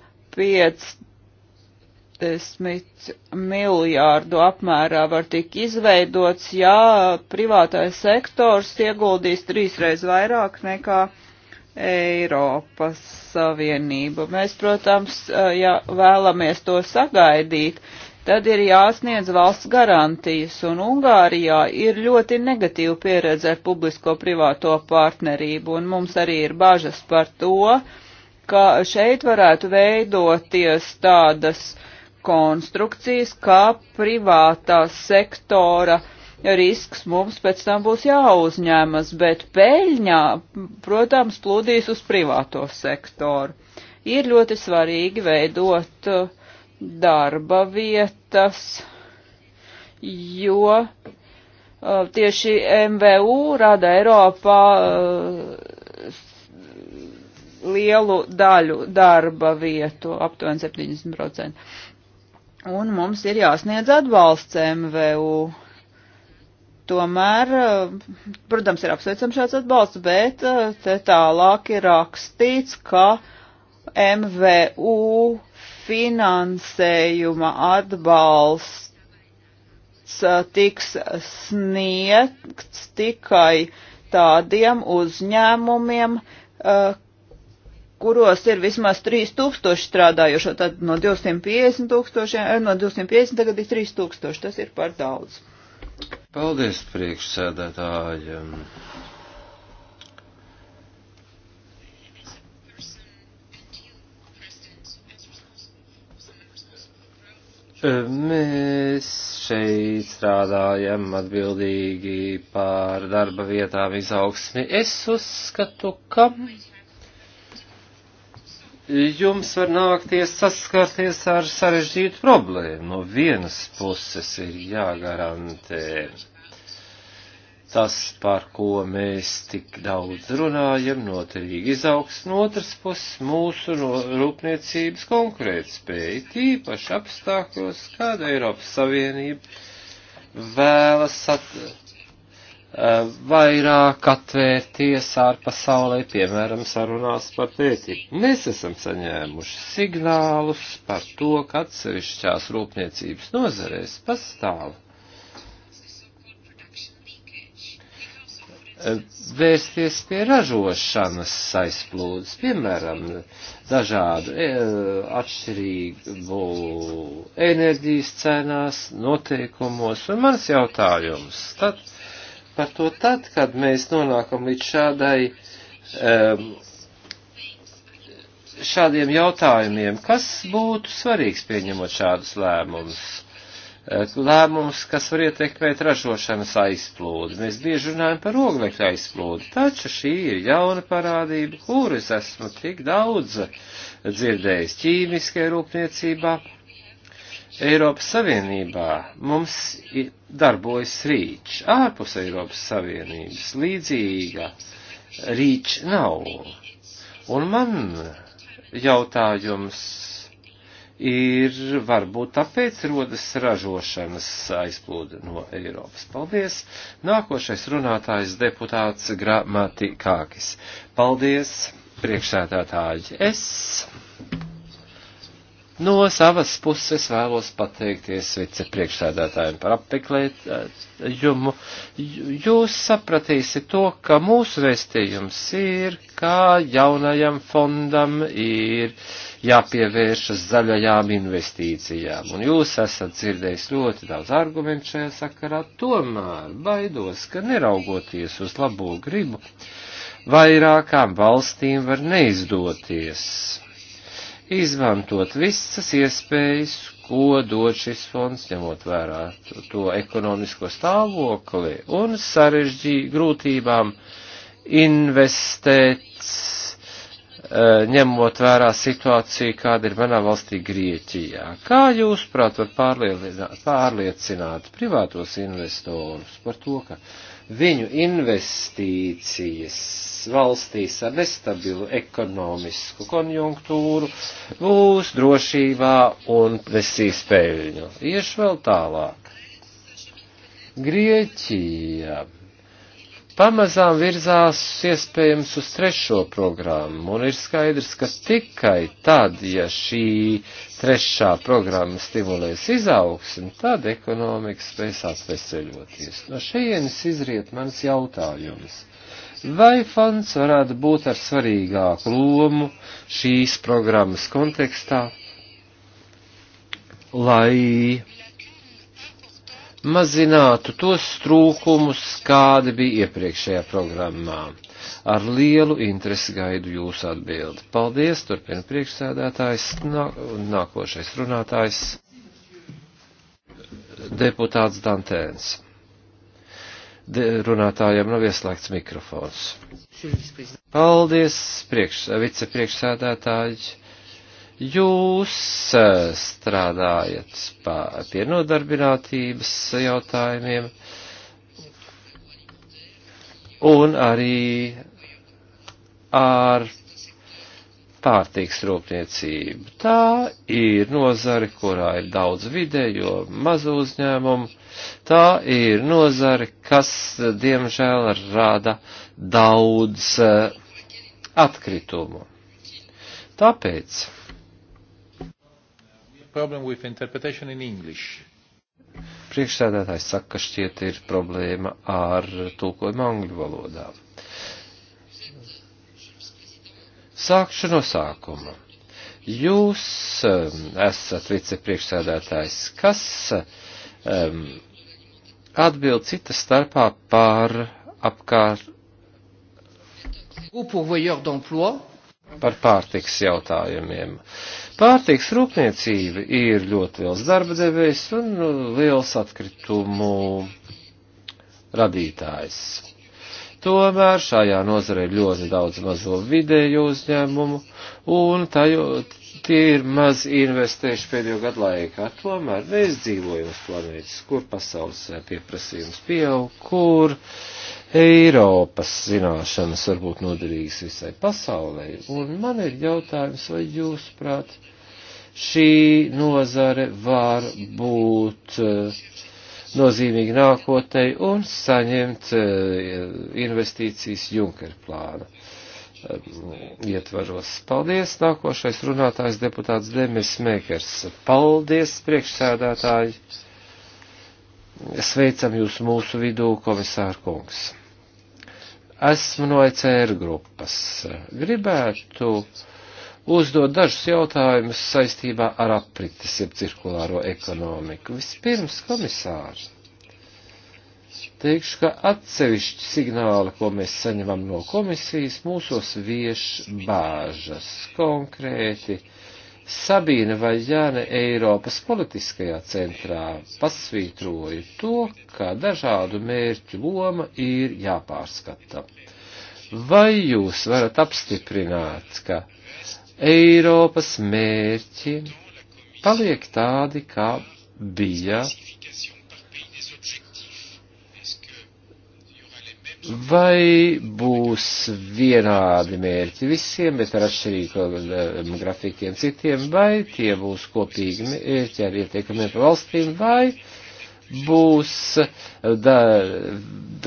miljārdu apmērā var tik izveidots, ja privātais sektors ieguldīs trīsreiz vairāk nekā Eiropas Savienība. Mēs, protams, uh, ja vēlamies to sagaidīt, tad ir jāsniedz valsts garantijas, un Ungārijā ir ļoti negatīva pieredze ar publisko-privāto partnerību, un mums arī ir bažas par to, ka šeit varētu veidoties tādas konstrukcijas, kā privātā sektora risks mums pēc tam būs jāuzņemas, bet peļņā, protams, plūdīs uz privāto sektoru. Ir ļoti svarīgi veidot uh, darba vietas, jo uh, tieši MVU rada Eiropā uh, lielu daļu darba vietu, aptuveni 70%. Un mums ir jāsniedz atbalsts MVU. Tomēr, uh, protams, ir apsveicams šāds atbalsts, bet te tālāk ir rakstīts, ka MVU finansējuma atbalsts uh, tiks sniegts tikai tādiem uzņēmumiem, uh, kuros ir vismaz 3000 strādājošo, tad no 250 tūkstošiem, eh, no 250 tagad ir 3000, tas ir par daudz. Paldies priekšsēdētājiem. Mēs šeit strādājam atbildīgi par darba vietām izaugsmi. Es uzskatu, ka jums var nākties saskarties ar sarežģītu problēmu. No vienas puses ir jāgarantē tas, par ko mēs tik daudz runājam, noturīgi izaugs no otras puses mūsu no rūpniecības konkurētspēja, tīpaši apstākļos, kāda Eiropas Savienība vēlas at, uh, vairāk atvērties ār pasaulē, piemēram, sarunās par pētību. Mēs esam saņēmuši signālus par to, ka atsevišķās rūpniecības nozarēs pastāv vērsties pie ražošanas aizplūdes, piemēram, dažādu e, atšķirību enerģijas cenās, noteikumos un mans jautājums. Tad, par to tad, kad mēs nonākam līdz šādai, e, šādiem jautājumiem, kas būtu svarīgs pieņemot šādus lēmumus? Eh, lēmums, kas var ietekmēt ražošanas aizplūdu. Mēs bieži runājam par oglekļa aizplūdu, taču šī ir jauna parādība, kuras esmu tik daudz dzirdējis ķīmiskajā rūpniecībā. Eiropas Savienībā mums darbojas rīč, ārpus Eiropas Savienības līdzīga rīč nav. Un man jautājums ir varbūt tāpēc rodas ražošanas aizplūda no Eiropas. Paldies! Nākošais runātājs deputāts Gramatikākis. Paldies, priekšsētātāji! Es No savas puses vēlos pateikties vicepriekšsēdētājiem par apmeklējumu. Jūs sapratīsiet to, ka mūsu vēstījums ir, kā jaunajam fondam ir jāpievēršas zaļajām investīcijām. Un jūs esat dzirdējis ļoti daudz argumentu šajā sakarā, tomēr baidos, ka neraugoties uz labo gribu, vairākām valstīm var neizdoties izmantot visas iespējas, ko dod šis fonds, ņemot vērā to, to ekonomisko stāvokli un sarežģīju grūtībām investēt, eh, ņemot vērā situāciju, kāda ir manā valstī Grieķijā. Kā jūs, prāt, var pārliecināt privātos investorus par to, ka viņu investīcijas valstīs ar nestabilu ekonomisku konjunktūru būs drošībā un nesīs peļņu. Iešu vēl tālāk. Grieķija pamazām virzās iespējams uz trešo programmu, un ir skaidrs, ka tikai tad, ja šī trešā programma stimulēs izaugsmi, tad ekonomika spēs atveseļoties. No šejienes izriet mans jautājums. Vai fonds varētu būt ar svarīgāku lomu šīs programmas kontekstā, lai mazinātu tos trūkumus, kādi bija iepriekšējā programmā. Ar lielu interesi gaidu jūsu atbildi. Paldies, turpina priekšsēdētājs, nā, nākošais runātājs, deputāts Dantēns. De, runātājiem nav ieslēgts mikrofons. Paldies, priekš, vicepriekšsēdētāji Jūs eh, strādājat pie nodarbinātības jautājumiem un arī ar pārtīks rūpniecību. Tā ir nozare, kurā ir daudz vidējo mazu uzņēmumu. Tā ir nozare, kas, diemžēl, rada daudz eh, atkritumu. Tāpēc problem with interpretation in English. Priekšsēdētājs saka, ka šķiet ir problēma ar tulkojumu angļu valodā. Sākšu no sākuma. Jūs um, esat vicepriekšsēdētājs, kas um, atbild citas starpā par apkārt. Par pārtiks jautājumiem. Pārtiks rūpniecība ir ļoti liels darba devējs un nu, liels atkritumu radītājs. Tomēr šajā nozarē ir ļoti daudz mazo vidēju uzņēmumu, un tajo, tie ir maz investējuši pēdējo gadu laikā. Tomēr mēs dzīvojam uz planētas, kur pasaules pieprasījums pieaug, kur uh, Eiropas zināšanas varbūt noderīgas visai pasaulē. Un man ir jautājums, vai jūs prāt, šī nozare var būt eh, nozīmīgi nākotnei un saņemt eh, investīcijas Junker plāna eh, ietvaros. Paldies, nākošais runātājs deputāts Demis Mēkers. Paldies, priekšsēdētāji! Sveicam jūs mūsu vidū, komisāra kungs! Esmu no ECR grupas. Gribētu uzdot dažus jautājumus saistībā ar aprites, jeb cirkulāro ekonomiku. Vispirms, komisārs, teikšu, ka atsevišķi signāli, ko mēs saņemam no komisijas, mūsos vieš bāžas konkrēti Sabīna vai Jāne Eiropas politiskajā centrā pasvītroja to, ka dažādu mērķu loma ir jāpārskata. Vai jūs varat apstiprināt, ka Eiropas mērķi paliek tādi, kā bija Vai būs vienādi mērķi visiem, bet ar atšķirīgiem um, grafikiem citiem, vai tie būs kopīgi mērķi ar ieteikumiem par valstīm, vai būs uh, da,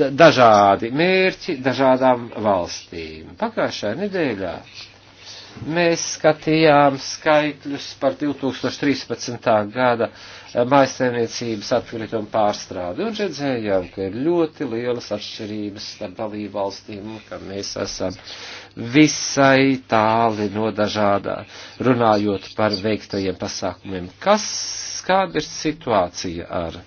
da, dažādi mērķi dažādām valstīm. Pagājušajā nedēļā Mēs skatījām skaitļus par 2013. gada eh, maisaimniecības atkritumu pārstrādi un redzējām, ka ir ļoti lielas atšķirības starp dalību valstīm, ka mēs esam visai tāli no dažādā, runājot par veiktajiem pasākumiem. Kas, kāda ir situācija ar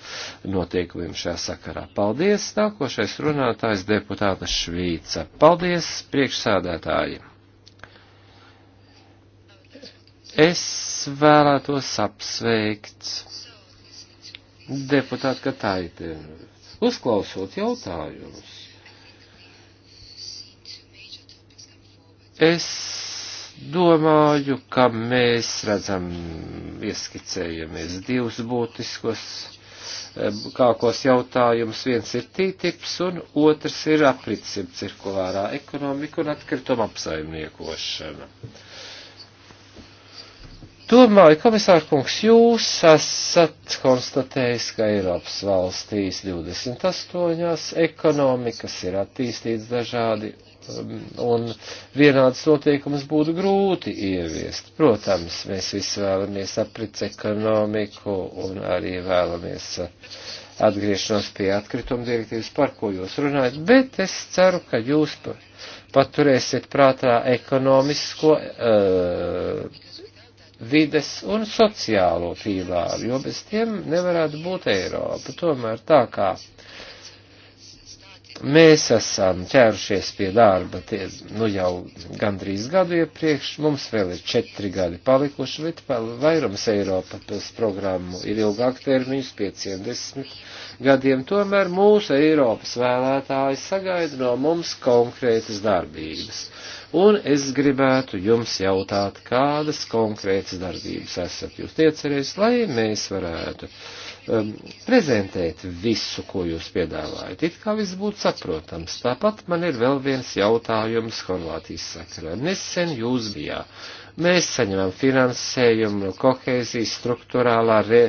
noteikumiem šajā sakarā? Paldies, nākošais runātājs deputāta Švīca. Paldies, priekšsādētāji! Es vēlētos apsveikt deputātu Kataitēnu, uzklausot jautājumus. Es domāju, ka mēs redzam, ieskicējamies divus būtiskos eh, kākos jautājumus. Viens ir tītips un otrs ir apritsība cirkulārā ekonomika un atkrituma apsaimniekošana. Uh, Domāju, komisārkungs, jūs esat konstatējis, ka Eiropas valstīs 28 ekonomikas ir attīstīts dažādi um, un vienādas notiekumas būtu grūti ieviest. Protams, mēs visi vēlamies aprits ekonomiku un arī vēlamies atgriešanos pie atkrituma direktīvas, par ko jūs runājat, bet es ceru, ka jūs paturēsiet prātā ekonomisko uh, vides un sociālo pīlāru, jo bez tiem nevarētu būt Eiropa. Tomēr tā kā Mēs esam ķērušies pie darba tie, nu jau gandrīz gadu iepriekš, mums vēl ir četri gadi palikuši, bet vairums Eiropas programmu ir ilgāk termiņus, pieciem desmit gadiem. Tomēr mūsu Eiropas vēlētāji sagaida no mums konkrētas darbības. Un es gribētu jums jautāt, kādas konkrētas darbības esat jūs iecerējis, lai mēs varētu um, prezentēt visu, ko jūs piedāvājat. It kā viss būtu saprotams. Tāpat man ir vēl viens jautājums Horvātijas sakarā. Nesen jūs bijā. Mēs saņemam finansējumu no kohēzijas struktūrālā re,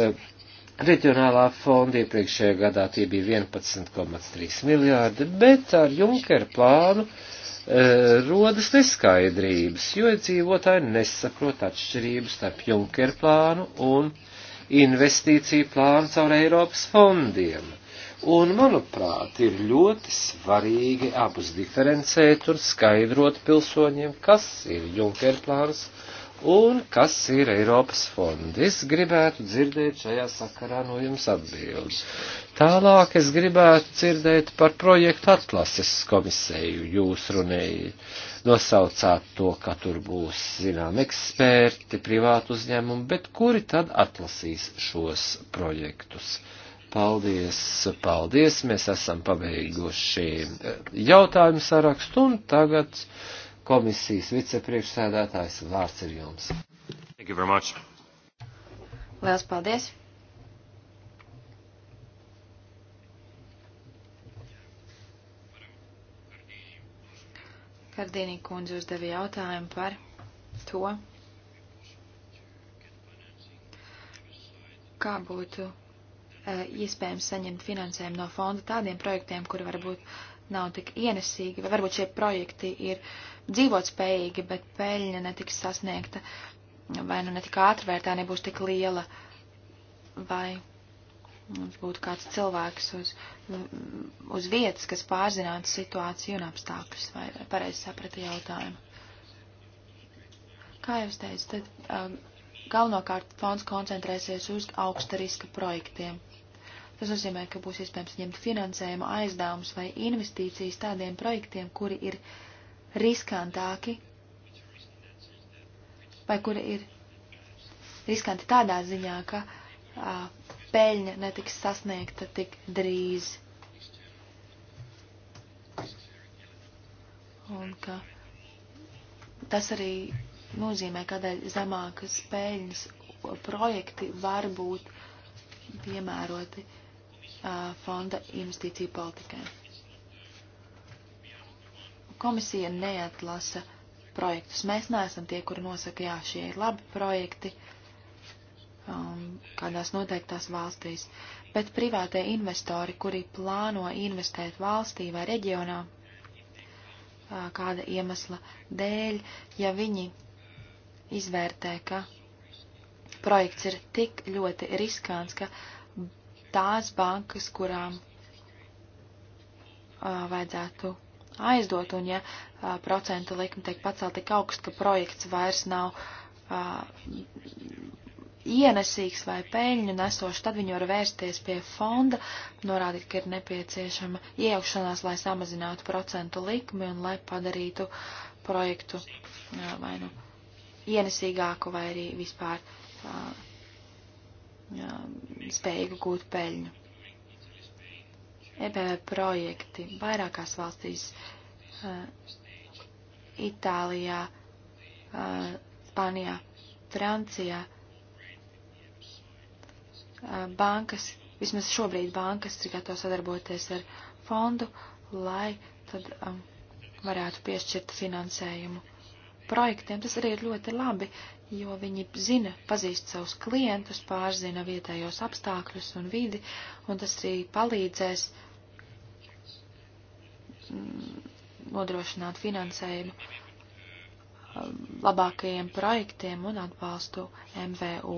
uh, reģionālā fonda. Iepriekšējā gadā tie bija 11,3 miljārdi, bet ar Junker plānu uh, rodas neskaidrības, jo iedzīvotāji nesaprot atšķirības starp Junker plānu un investīciju plānu caur Eiropas fondiem. Un, manuprāt, ir ļoti svarīgi abus diferencēt un skaidrot pilsoņiem, kas ir Junker plāns un kas ir Eiropas fondi. Es gribētu dzirdēt šajā sakarā no jums atbildes. Tālāk es gribētu dzirdēt par projektu atlases komisēju. Jūs runēji nosaucāt to, ka tur būs, zinām, eksperti, privātu uzņēmumi, bet kuri tad atlasīs šos projektus? Paldies, paldies, mēs esam pabeiguši jautājumu sarakstu un tagad komisijas vicepriekšsēdētājs. Vārds ir jums. Thank you very much. Liels paldies. Kardīnī kundze uzdeva jautājumu par to, kā būtu e, iespējams saņemt finansējumu no fonda tādiem projektiem, kuri varbūt nav tik ienesīgi, vai varbūt šie projekti ir dzīvot spējīgi, bet peļņa netiks sasniegta, vai nu netika ātrvērtā nebūs tik liela, vai mums būtu kāds cilvēks uz, uz vietas, kas pārzinātu situāciju un apstākļus, vai, vai pareizi saprata jautājumu. Kā jūs teicat, tad um, galvenokārt fonds koncentrēsies uz augsta riska projektiem. Tas nozīmē, ka būs iespējams ņemt finansējumu aizdevumus vai investīcijas tādiem projektiem, kuri ir uh, riskantāki vai kuri ir riskanti tādā ziņā, ka a, peļņa netiks sasniegta tik drīz. Un ka tas arī nozīmē, kādēļ zemākas peļņas projekti var būt piemēroti a, fonda investīciju politikai. Komisija neatlasa projektus. Mēs neesam tie, kuri nosaka, jā, šie ir labi projekti um, kādās noteiktās valstīs. Bet privātie investori, kuri plāno investēt valstī vai reģionā, uh, kāda iemesla dēļ, ja viņi izvērtē, ka projekts ir tik ļoti riskants, ka tās bankas, kurām uh, vajadzētu aizdot, un ja uh, procentu likme tiek pacelt tik augsts, ka projekts vairs nav uh, ienesīgs vai peļņu nesošs, tad viņi var vērsties pie fonda, norādīt, ka ir nepieciešama iejaukšanās, lai samazinātu procentu likmi un lai padarītu projektu uh, vai nu ienesīgāku vai arī vispār uh, uh, spējīgu gūt peļņu. EBV projekti vairākās valstīs e, - Itālijā, e, Spānijā, Francijā. E, bankas, vismaz šobrīd bankas ir gatavas sadarboties ar fondu, lai tad um, varētu piešķirt finansējumu projektiem. Tas arī ir ļoti labi, jo viņi zina, pazīst savus klientus, pārzina vietējos apstākļus un vidi, un tas arī palīdzēs uh, Mm, nodrošināt finansējumu um, labākajiem projektiem un atbalstu MVU.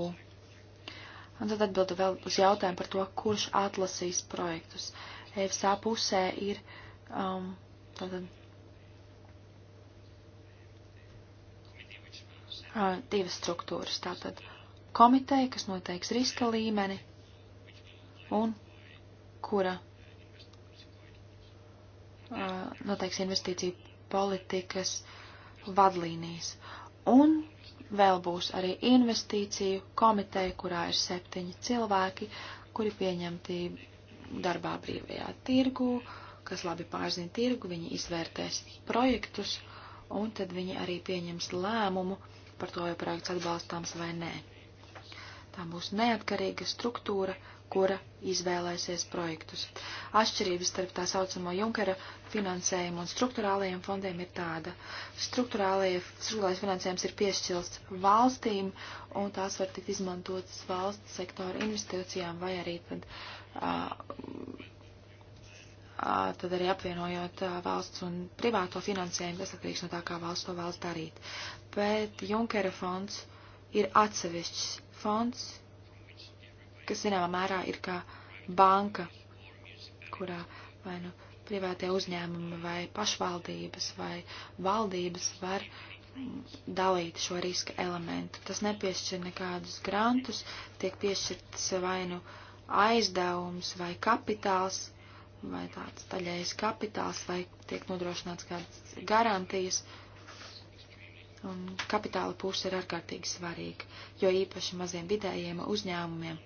Un tad atbildu vēl uz jautājumu par to, kurš atlasīs projektus. EFSA pusē ir um, tātad, uh, divas struktūras. Tātad komiteja, kas noteiks riska līmeni un kura noteiks nu, investīciju politikas vadlīnijas. Un vēl būs arī investīciju komiteja, kurā ir septiņi cilvēki, kuri pieņemti darbā brīvajā tirgu, kas labi pārzina tirgu, viņi izvērtēs projektus, un tad viņi arī pieņems lēmumu par to, vai projekts atbalstāms vai nē. Tā būs neatkarīga struktūra, kura izvēlēsies projektus. Atšķirības starp tā saucamo Junkera finansējumu un struktūrālajiem fondiem ir tāda. Struktūrālais finansējums ir piešķilts valstīm, un tās var tikt izmantotas valsts sektora investīcijām vai arī tad, tad arī apvienojot valsts un privāto finansējumu, tas atkarīgs no tā, kā valsts to vēlas darīt. Bet Junkera fonds ir atsevišķs fonds, kas zināmā mērā ir kā banka, kurā vai nu privātie uzņēmumi vai pašvaldības vai valdības var dalīt šo riska elementu. Tas nepiešķir nekādus grantus, tiek piešķirts vai nu aizdevums vai kapitāls, vai tāds taļais kapitāls, vai tiek nodrošināts kādas garantijas. Un kapitāla puse ir ārkārtīgi svarīga, jo īpaši maziem vidējiem uzņēmumiem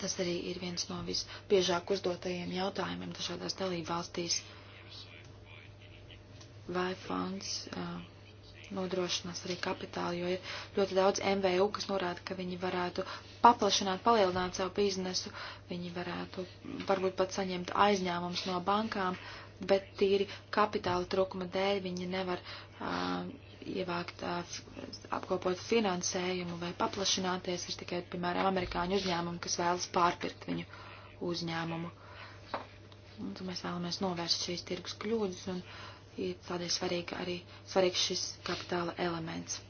Tas arī ir viens no visbiežāk uzdotajiem jautājumiem dažādās dalību valstīs. Vai fonds uh, nodrošinās arī kapitālu, jo ir ļoti daudz MVU, kas norāda, ka viņi varētu paplašināt, palielināt savu biznesu, viņi varētu varbūt pat saņemt aizņēmumus no bankām, bet tīri kapitāla trūkuma dēļ viņi nevar uh, ievākt apkopot finansējumu vai paplašināties. Ir tikai, piemēram, amerikāņu uzņēmumi, kas vēlas pārpirkt viņu uzņēmumu. Un, mēs vēlamies novērst šīs tirgus kļūdas un ir tādēļ svarīgi arī svarīgs šis kapitāla elements.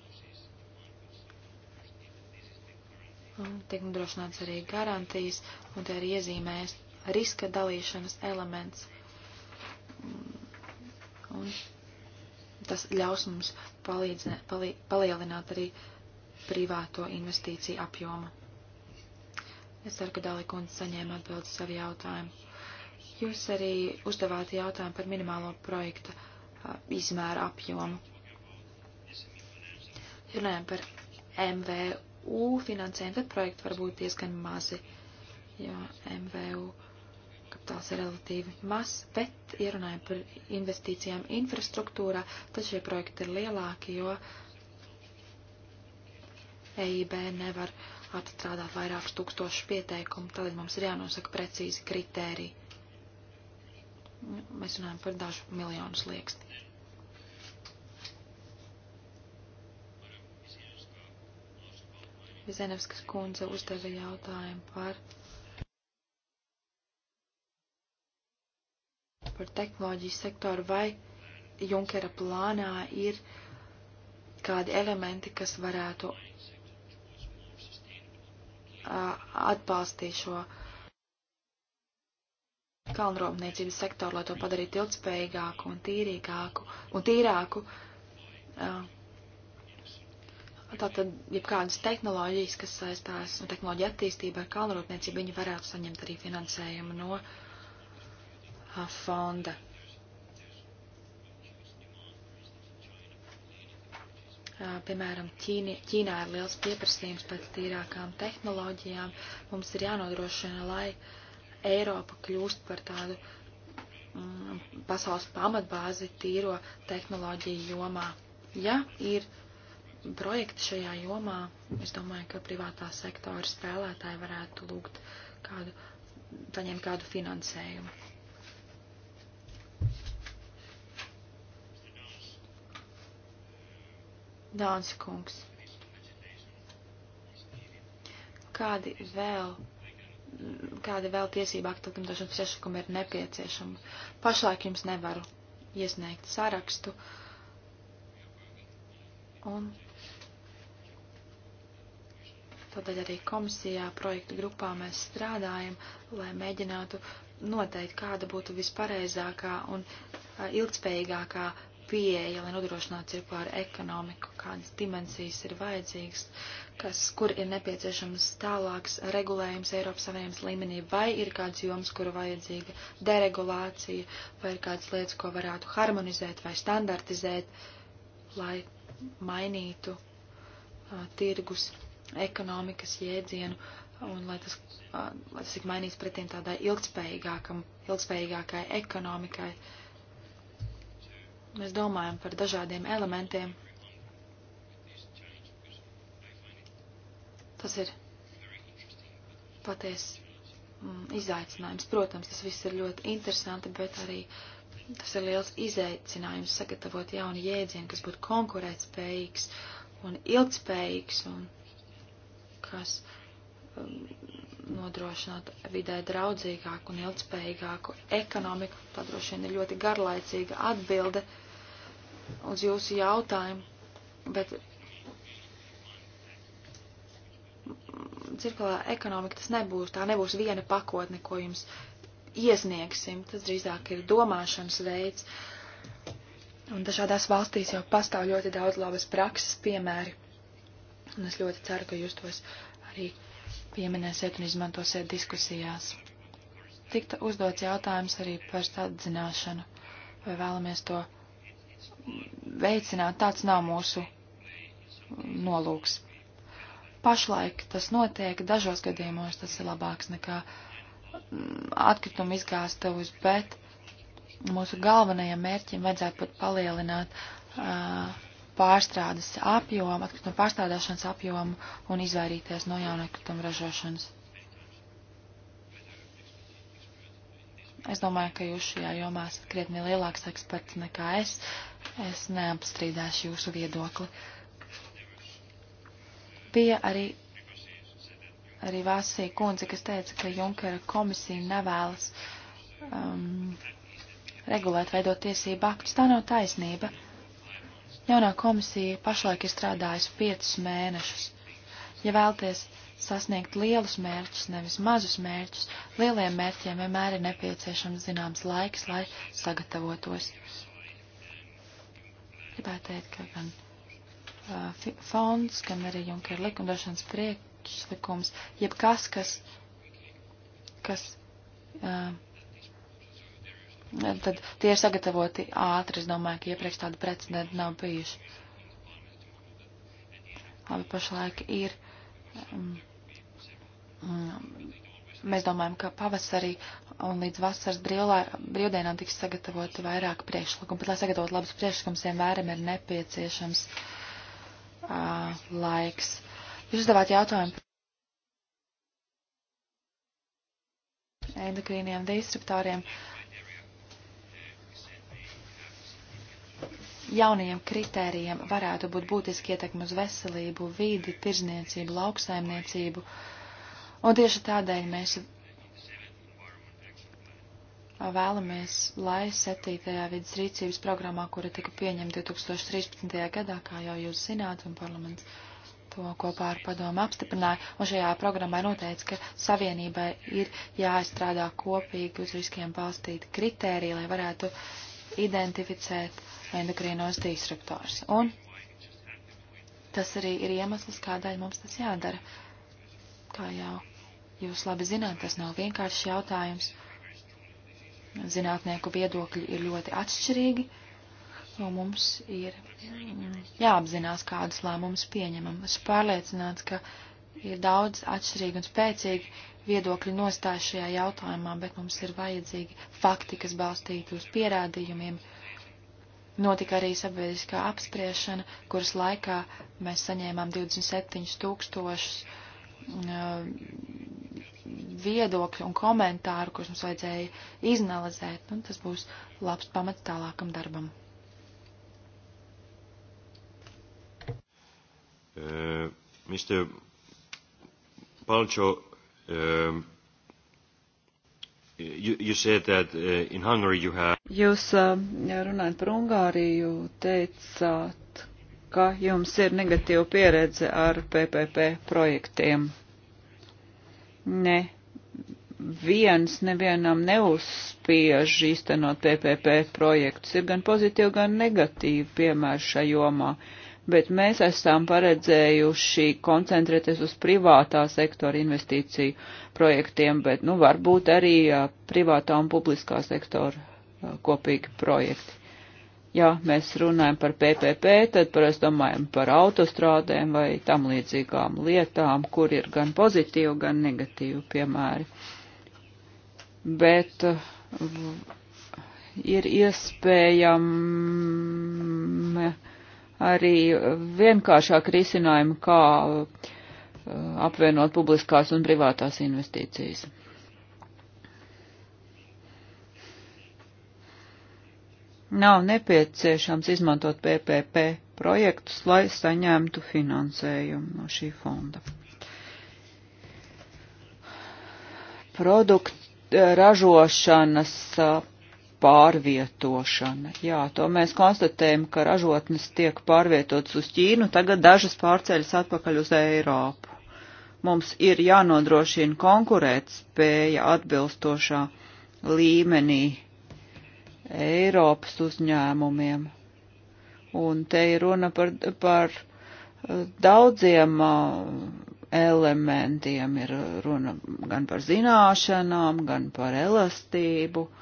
Un tiek nodrošināts arī garantijas un te arī iezīmējas riska dalīšanas elements. Un, un tas ļaus mums palīdz, palī, palielināt arī privāto investīciju apjomu. Es ceru, ka Dāli kundze saņēma atbildi savu jautājumu. Jūs arī uzdevāt jautājumu par minimālo projekta a, izmēru apjomu. Runājam par MVU finansējumu, tad projekti var būt diezgan mazi, jo MVU uh, tās ir relatīvi maz, bet ierunājam par investīcijām infrastruktūrā, tad šie projekti ir lielāki, jo EIB nevar atstrādāt vairākus tūkstošus pieteikumu, tādēļ mums ir jānosaka precīzi kritēriji. Mēs runājam par dažu miljonus lieksti. Vizenevskas kundze uzdeva jautājumu par par tehnoloģiju sektoru, vai Junkera plānā ir kādi elementi, kas varētu atbalstīt šo kalnrūpniecības sektoru, lai to padarītu ilgspējīgāku un tīrīgāku un tīrāku. Tātad, ja kādas tehnoloģijas, kas saistās un nu, tehnoloģija attīstība ar kalnrūpniecību, viņi varētu saņemt arī finansējumu no uh, fonda. Piemēram, Ķīni, Ķīnā ir liels pieprasījums pēc tīrākām tehnoloģijām. Mums ir jānodrošina, lai Eiropa kļūst par tādu mm, pasaules pamatbāzi tīro tehnoloģiju jomā. Ja ir projekti šajā jomā, es domāju, ka privātā sektora spēlētāji varētu lūgt kādu, saņemt kādu finansējumu. Dāns kungs. Kādi vēl, kādi vēl tiesība aktu likumdošanas priekšlikumi ir nepieciešami? Pašlaik jums nevaru iesniegt sarakstu. Un tādēļ arī komisijā projektu grupā mēs strādājam, lai mēģinātu noteikt, kāda būtu vispareizākā un ilgspējīgākā pieeja, lai nodrošinātu cirkulāru ekonomiku, kādas dimensijas ir vajadzīgas, kas, kur ir nepieciešams tālāks regulējums Eiropas Savienības līmenī, vai ir kāds joms, kur vajadzīga deregulācija, vai ir kādas lietas, ko varētu harmonizēt vai standartizēt, lai mainītu uh, tirgus ekonomikas jēdzienu un lai tas, uh, lai tas ir mainīts pretiem tādai ilgspējīgākam, ilgspējīgākai ekonomikai. Uh, Mēs domājam par dažādiem elementiem. Tas ir paties mm, izaicinājums. Protams, tas viss ir ļoti interesanti, bet arī tas ir liels izaicinājums sagatavot jaunu jēdzienu, kas būtu konkurētspējīgs un ilgspējīgs un kas um, nodrošināt vidē draudzīgāku un ilgspējīgāku ekonomiku. Tā droši vien ir ļoti garlaicīga atbilde uz jūsu jautājumu, bet cirkulārā ekonomika tas nebūs, tā nebūs viena pakotne, ko jums iesniegsim, tas drīzāk ir domāšanas veids. Un dažādās valstīs jau pastāv ļoti daudz labas prakses piemēri, un es ļoti ceru, ka jūs tos arī pieminēsiet un izmantosiet diskusijās. Tikta uzdots jautājums arī par atzināšanu, vai vēlamies to veicināt, tāds nav mūsu nolūks. Pašlaik tas notiek, dažos gadījumos tas ir labāks nekā mm, atkritumu izgāstavus, bet mūsu galvenajam mērķim vajadzētu pat palielināt uh, pārstrādes apjomu, atkritumu pārstrādāšanas apjomu un izvairīties no jaunu atkritumu ražošanas. Es domāju, ka jūs šajā jomā esat krietni lielāks eksperts nekā es. Es neapstrīdēšu jūsu viedokli. Bija arī, arī Vāsija kundze, kas teica, ka Junkera komisija nevēlas um, regulēt, veidot tiesību aktus. Tā nav taisnība. Uh, Jaunā komisija pašlaik ir strādājusi piecus mēnešus. Ja vēlties sasniegt lielus mērķus, nevis mazus mērķus, lieliem mērķiem vienmēr ir nepieciešams zināms laiks, lai sagatavotos. Gribētu teikt, ka gan uh, fonds, gan arī Junker likumdošanas priekšlikums, jebkas, kas, kas uh, Tad tie ir sagatavoti ātri, es domāju, ka iepriekš tādu precedentu nav bijuši. Abi pašlaik ir. Um, um, mēs domājam, ka pavasarī un līdz vasaras brīvlā, brīvdienām tiks sagatavoti vairāk priekšlikumu, bet, lai sagatavotu labus priekšlikumus, vienmēr ir nepieciešams uh, laiks. Jūs uzdevāt jautājumu. endokrīniem disruptoriem. Uh, jaunajiem kritērijiem varētu būt būtiski ietekmi uz veselību, vīdi, tirzniecību, lauksaimniecību. Un tieši tādēļ mēs vēlamies, lai 7. vidas rīcības programmā, kura tika pieņemta 2013. gadā, kā jau jūs zināt, un parlaments to kopā ar padomu apstiprināja, un šajā programmā noteica, ka savienībai ir jāizstrādā kopīgi uz riskiem balstīti kritēriji, lai varētu identificēt endokrīnos disruptors. Un tas arī ir iemesls, kādēļ mums tas jādara. Kā jau jūs labi zināt, tas nav vienkāršs jautājums. Zinātnieku viedokļi ir ļoti atšķirīgi, un mums ir mm, jāapzinās, kādus lēmumus pieņemam. Esmu pārliecināts, ka ir daudz atšķirīgi un spēcīgi viedokļi nostāju šajā jautājumā, bet mums ir vajadzīgi fakti, kas balstīti uz pierādījumiem, uh, Notika arī sabiedriskā apspriešana, kuras laikā mēs saņēmām 27 tūkstošus eh, viedokļu un komentāru, kurus mums vajadzēja izanalizēt. Nu, tas būs labs pamats tālākam darbam. Uh, eh, Mr. Palčo, um, Eh, you, you said that uh, in Hungary you have... Jūs ja eh, runājat par Ungāriju, teicāt, ka jums ir negatīva pieredze ar PPP projektiem. Ne, viens nevienam neuzspiež īstenot PPP projektus. Ir gan pozitīvi, gan negatīvi piemēri šajomā. jomā bet mēs esam paredzējuši koncentrēties uz privātā sektora investīciju projektiem, bet, nu, varbūt arī privātā un publiskā sektora kopīgi projekti. Ja mēs runājam par PPP, tad parasti domājam par autostrādēm vai tam līdzīgām lietām, kur ir gan pozitīvi, gan negatīvi piemēri. Bet ir iespējama arī vienkāršāk risinājumu, kā uh, apvienot publiskās un privātās investīcijas. Nav nepieciešams izmantot PPP projektus, lai saņemtu finansējumu no šī fonda. Produkt eh, ražošanas uh, pārvietošana. Jā, to mēs konstatējam, ka ražotnes tiek pārvietotas uz Ķīnu, tagad dažas pārceļas atpakaļ uz Eiropu. Mums ir jānodrošina konkurētspēja atbilstošā līmenī Eiropas uzņēmumiem. Un te ir runa par, par eh, daudziem eh, elementiem, ir runa gan par zināšanām, gan par elastību. Uh,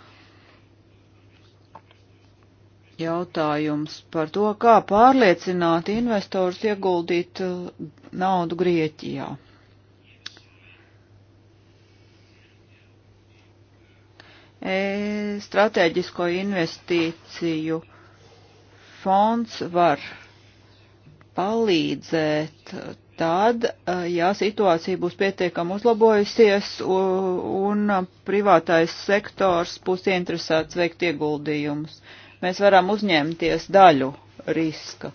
jautājums par to, kā pārliecināt investorus ieguldīt uh, naudu Grieķijā. E, Stratēģisko investīciju fonds var palīdzēt tad, uh, ja situācija būs pietiekami uzlabojusies un privātais sektors būs interesēts veikt ieguldījumus. Uh, mēs varam uzņemties daļu riska,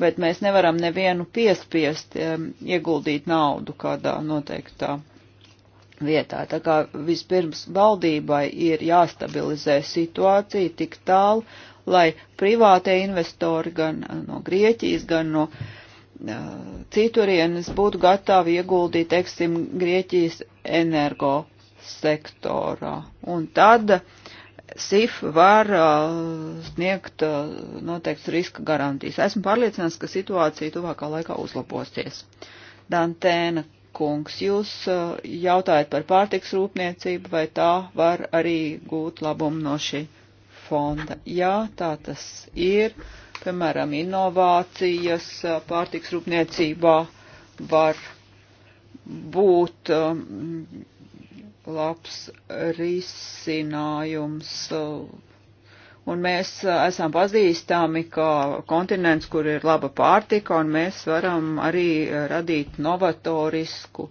bet mēs nevaram nevienu piespiest um, ieguldīt naudu kādā noteiktā vietā. Tā kā vispirms valdībai ir jāstabilizē situācija tik tālu, lai privātie investori gan no Grieķijas, gan no uh, citurienes būtu gatavi ieguldīt, teiksim, Grieķijas energo sektorā. Un tad uh, SIF var uh, sniegt uh, noteikts riska garantijas. Esmu pārliecināts, ka situācija tuvākā laikā uzlabosies. Dantēna kungs, jūs uh, jautājat par pārtiks rūpniecību, vai tā var arī gūt labumu no šī fonda? Jā, tā tas ir. Piemēram, inovācijas pārtiks rūpniecībā var būt. Um, labs risinājums. Un mēs esam pazīstami kā kontinents, kur ir laba pārtika, un mēs varam arī radīt novatorisku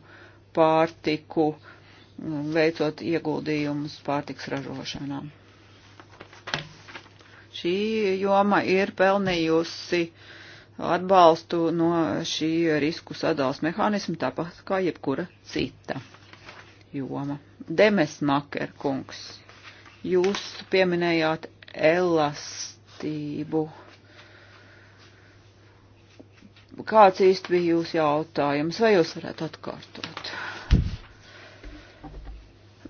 pārtiku, veicot ieguldījumus pārtiks ražošanā. Šī joma ir pelnījusi atbalstu no šī risku sadals mehānismu, tāpat kā jebkura cita joma. Demes Maker kungs, jūs pieminējāt elastību. Kāds īsti bija jūsu jautājums, vai jūs varētu atkārtot?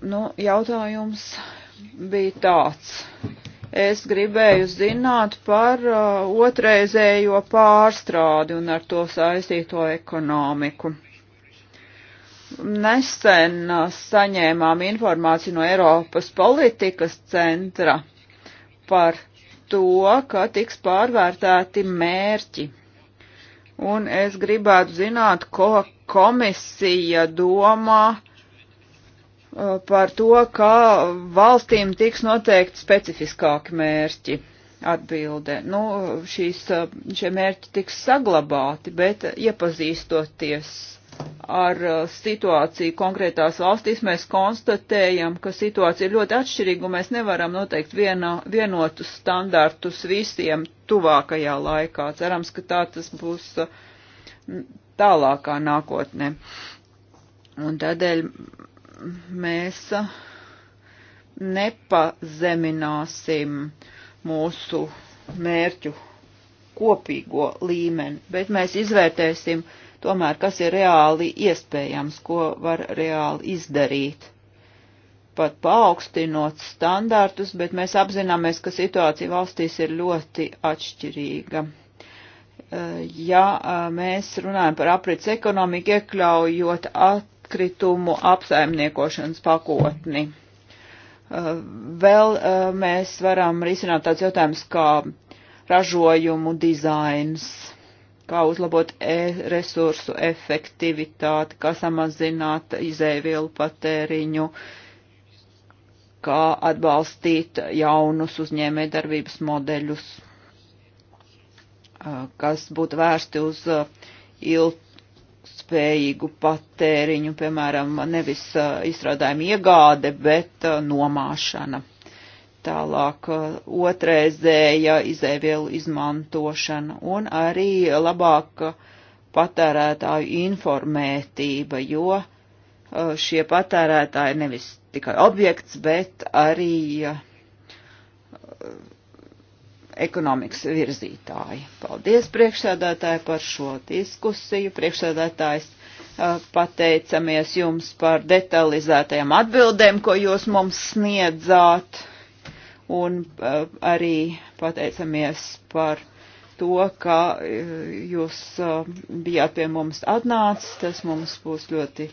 Nu, jautājums bija tāds. Es gribēju zināt par uh, otrreizējo pārstrādi un ar to saistīto ekonomiku Nesen uh, saņēmām informāciju no Eiropas politikas centra par to, ka tiks pārvērtēti mērķi. Un es gribētu zināt, ko komisija domā uh, par to, kā valstīm tiks noteikti specifiskāki mērķi atbilde. Nu, šīs, uh, šie mērķi tiks saglabāti, bet iepazīstoties ar uh, situāciju konkrētās valstīs, mēs konstatējam, ka situācija ir ļoti atšķirīga un mēs nevaram noteikt viena, vienotus standartus visiem tuvākajā laikā. Cerams, ka tā tas būs uh, tālākā nākotnē. Un tādēļ mēs uh, nepazemināsim mūsu mērķu kopīgo līmeni, bet mēs izvērtēsim, uh, tomēr, kas ir reāli iespējams, ko var reāli izdarīt. Pat paaugstinot standartus, bet mēs apzināmies, ka situācija valstīs ir ļoti atšķirīga. Eh, ja eh, mēs runājam par aprits ekonomiku, iekļaujot atkritumu apsaimniekošanas pakotni. Eh, vēl mēs varam risināt tāds jautājums kā ražojumu dizains kā uzlabot e resursu efektivitāti, kā samazināt izēvielu patēriņu, kā atbalstīt jaunus uzņēmē darbības modeļus, kas būtu vērsti uz ilgspējīgu patēriņu, piemēram, nevis izstrādājuma iegāde, bet nomāšana tālāk eh, otrēzēja izēvielu izmantošana un arī labāka patērētāju informētība, jo eh, šie patērētāji nevis tikai objekts, bet arī eh, ekonomikas virzītāji. Paldies priekšsēdētāji par šo diskusiju. Priekšsēdētājs pateicamies jums par detalizētajām atbildēm, ko jūs mums sniedzāt un eh, arī pateicamies par to, ka eh, jūs eh, bijāt pie mums atnācis, tas mums būs ļoti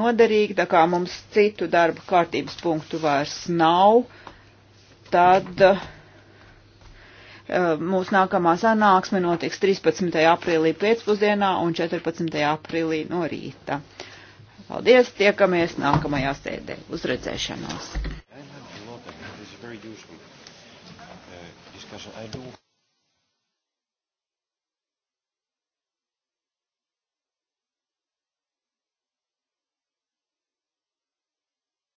noderīgi, tā kā mums citu darba kārtības punktu vairs nav, tad mūsu nākamā sanāksme notiks 13. aprīlī pēcpusdienā un 14. aprīlī no rīta. Paldies, tiekamies nākamajā sēdē. Uzredzēšanos! very useful discussion. I do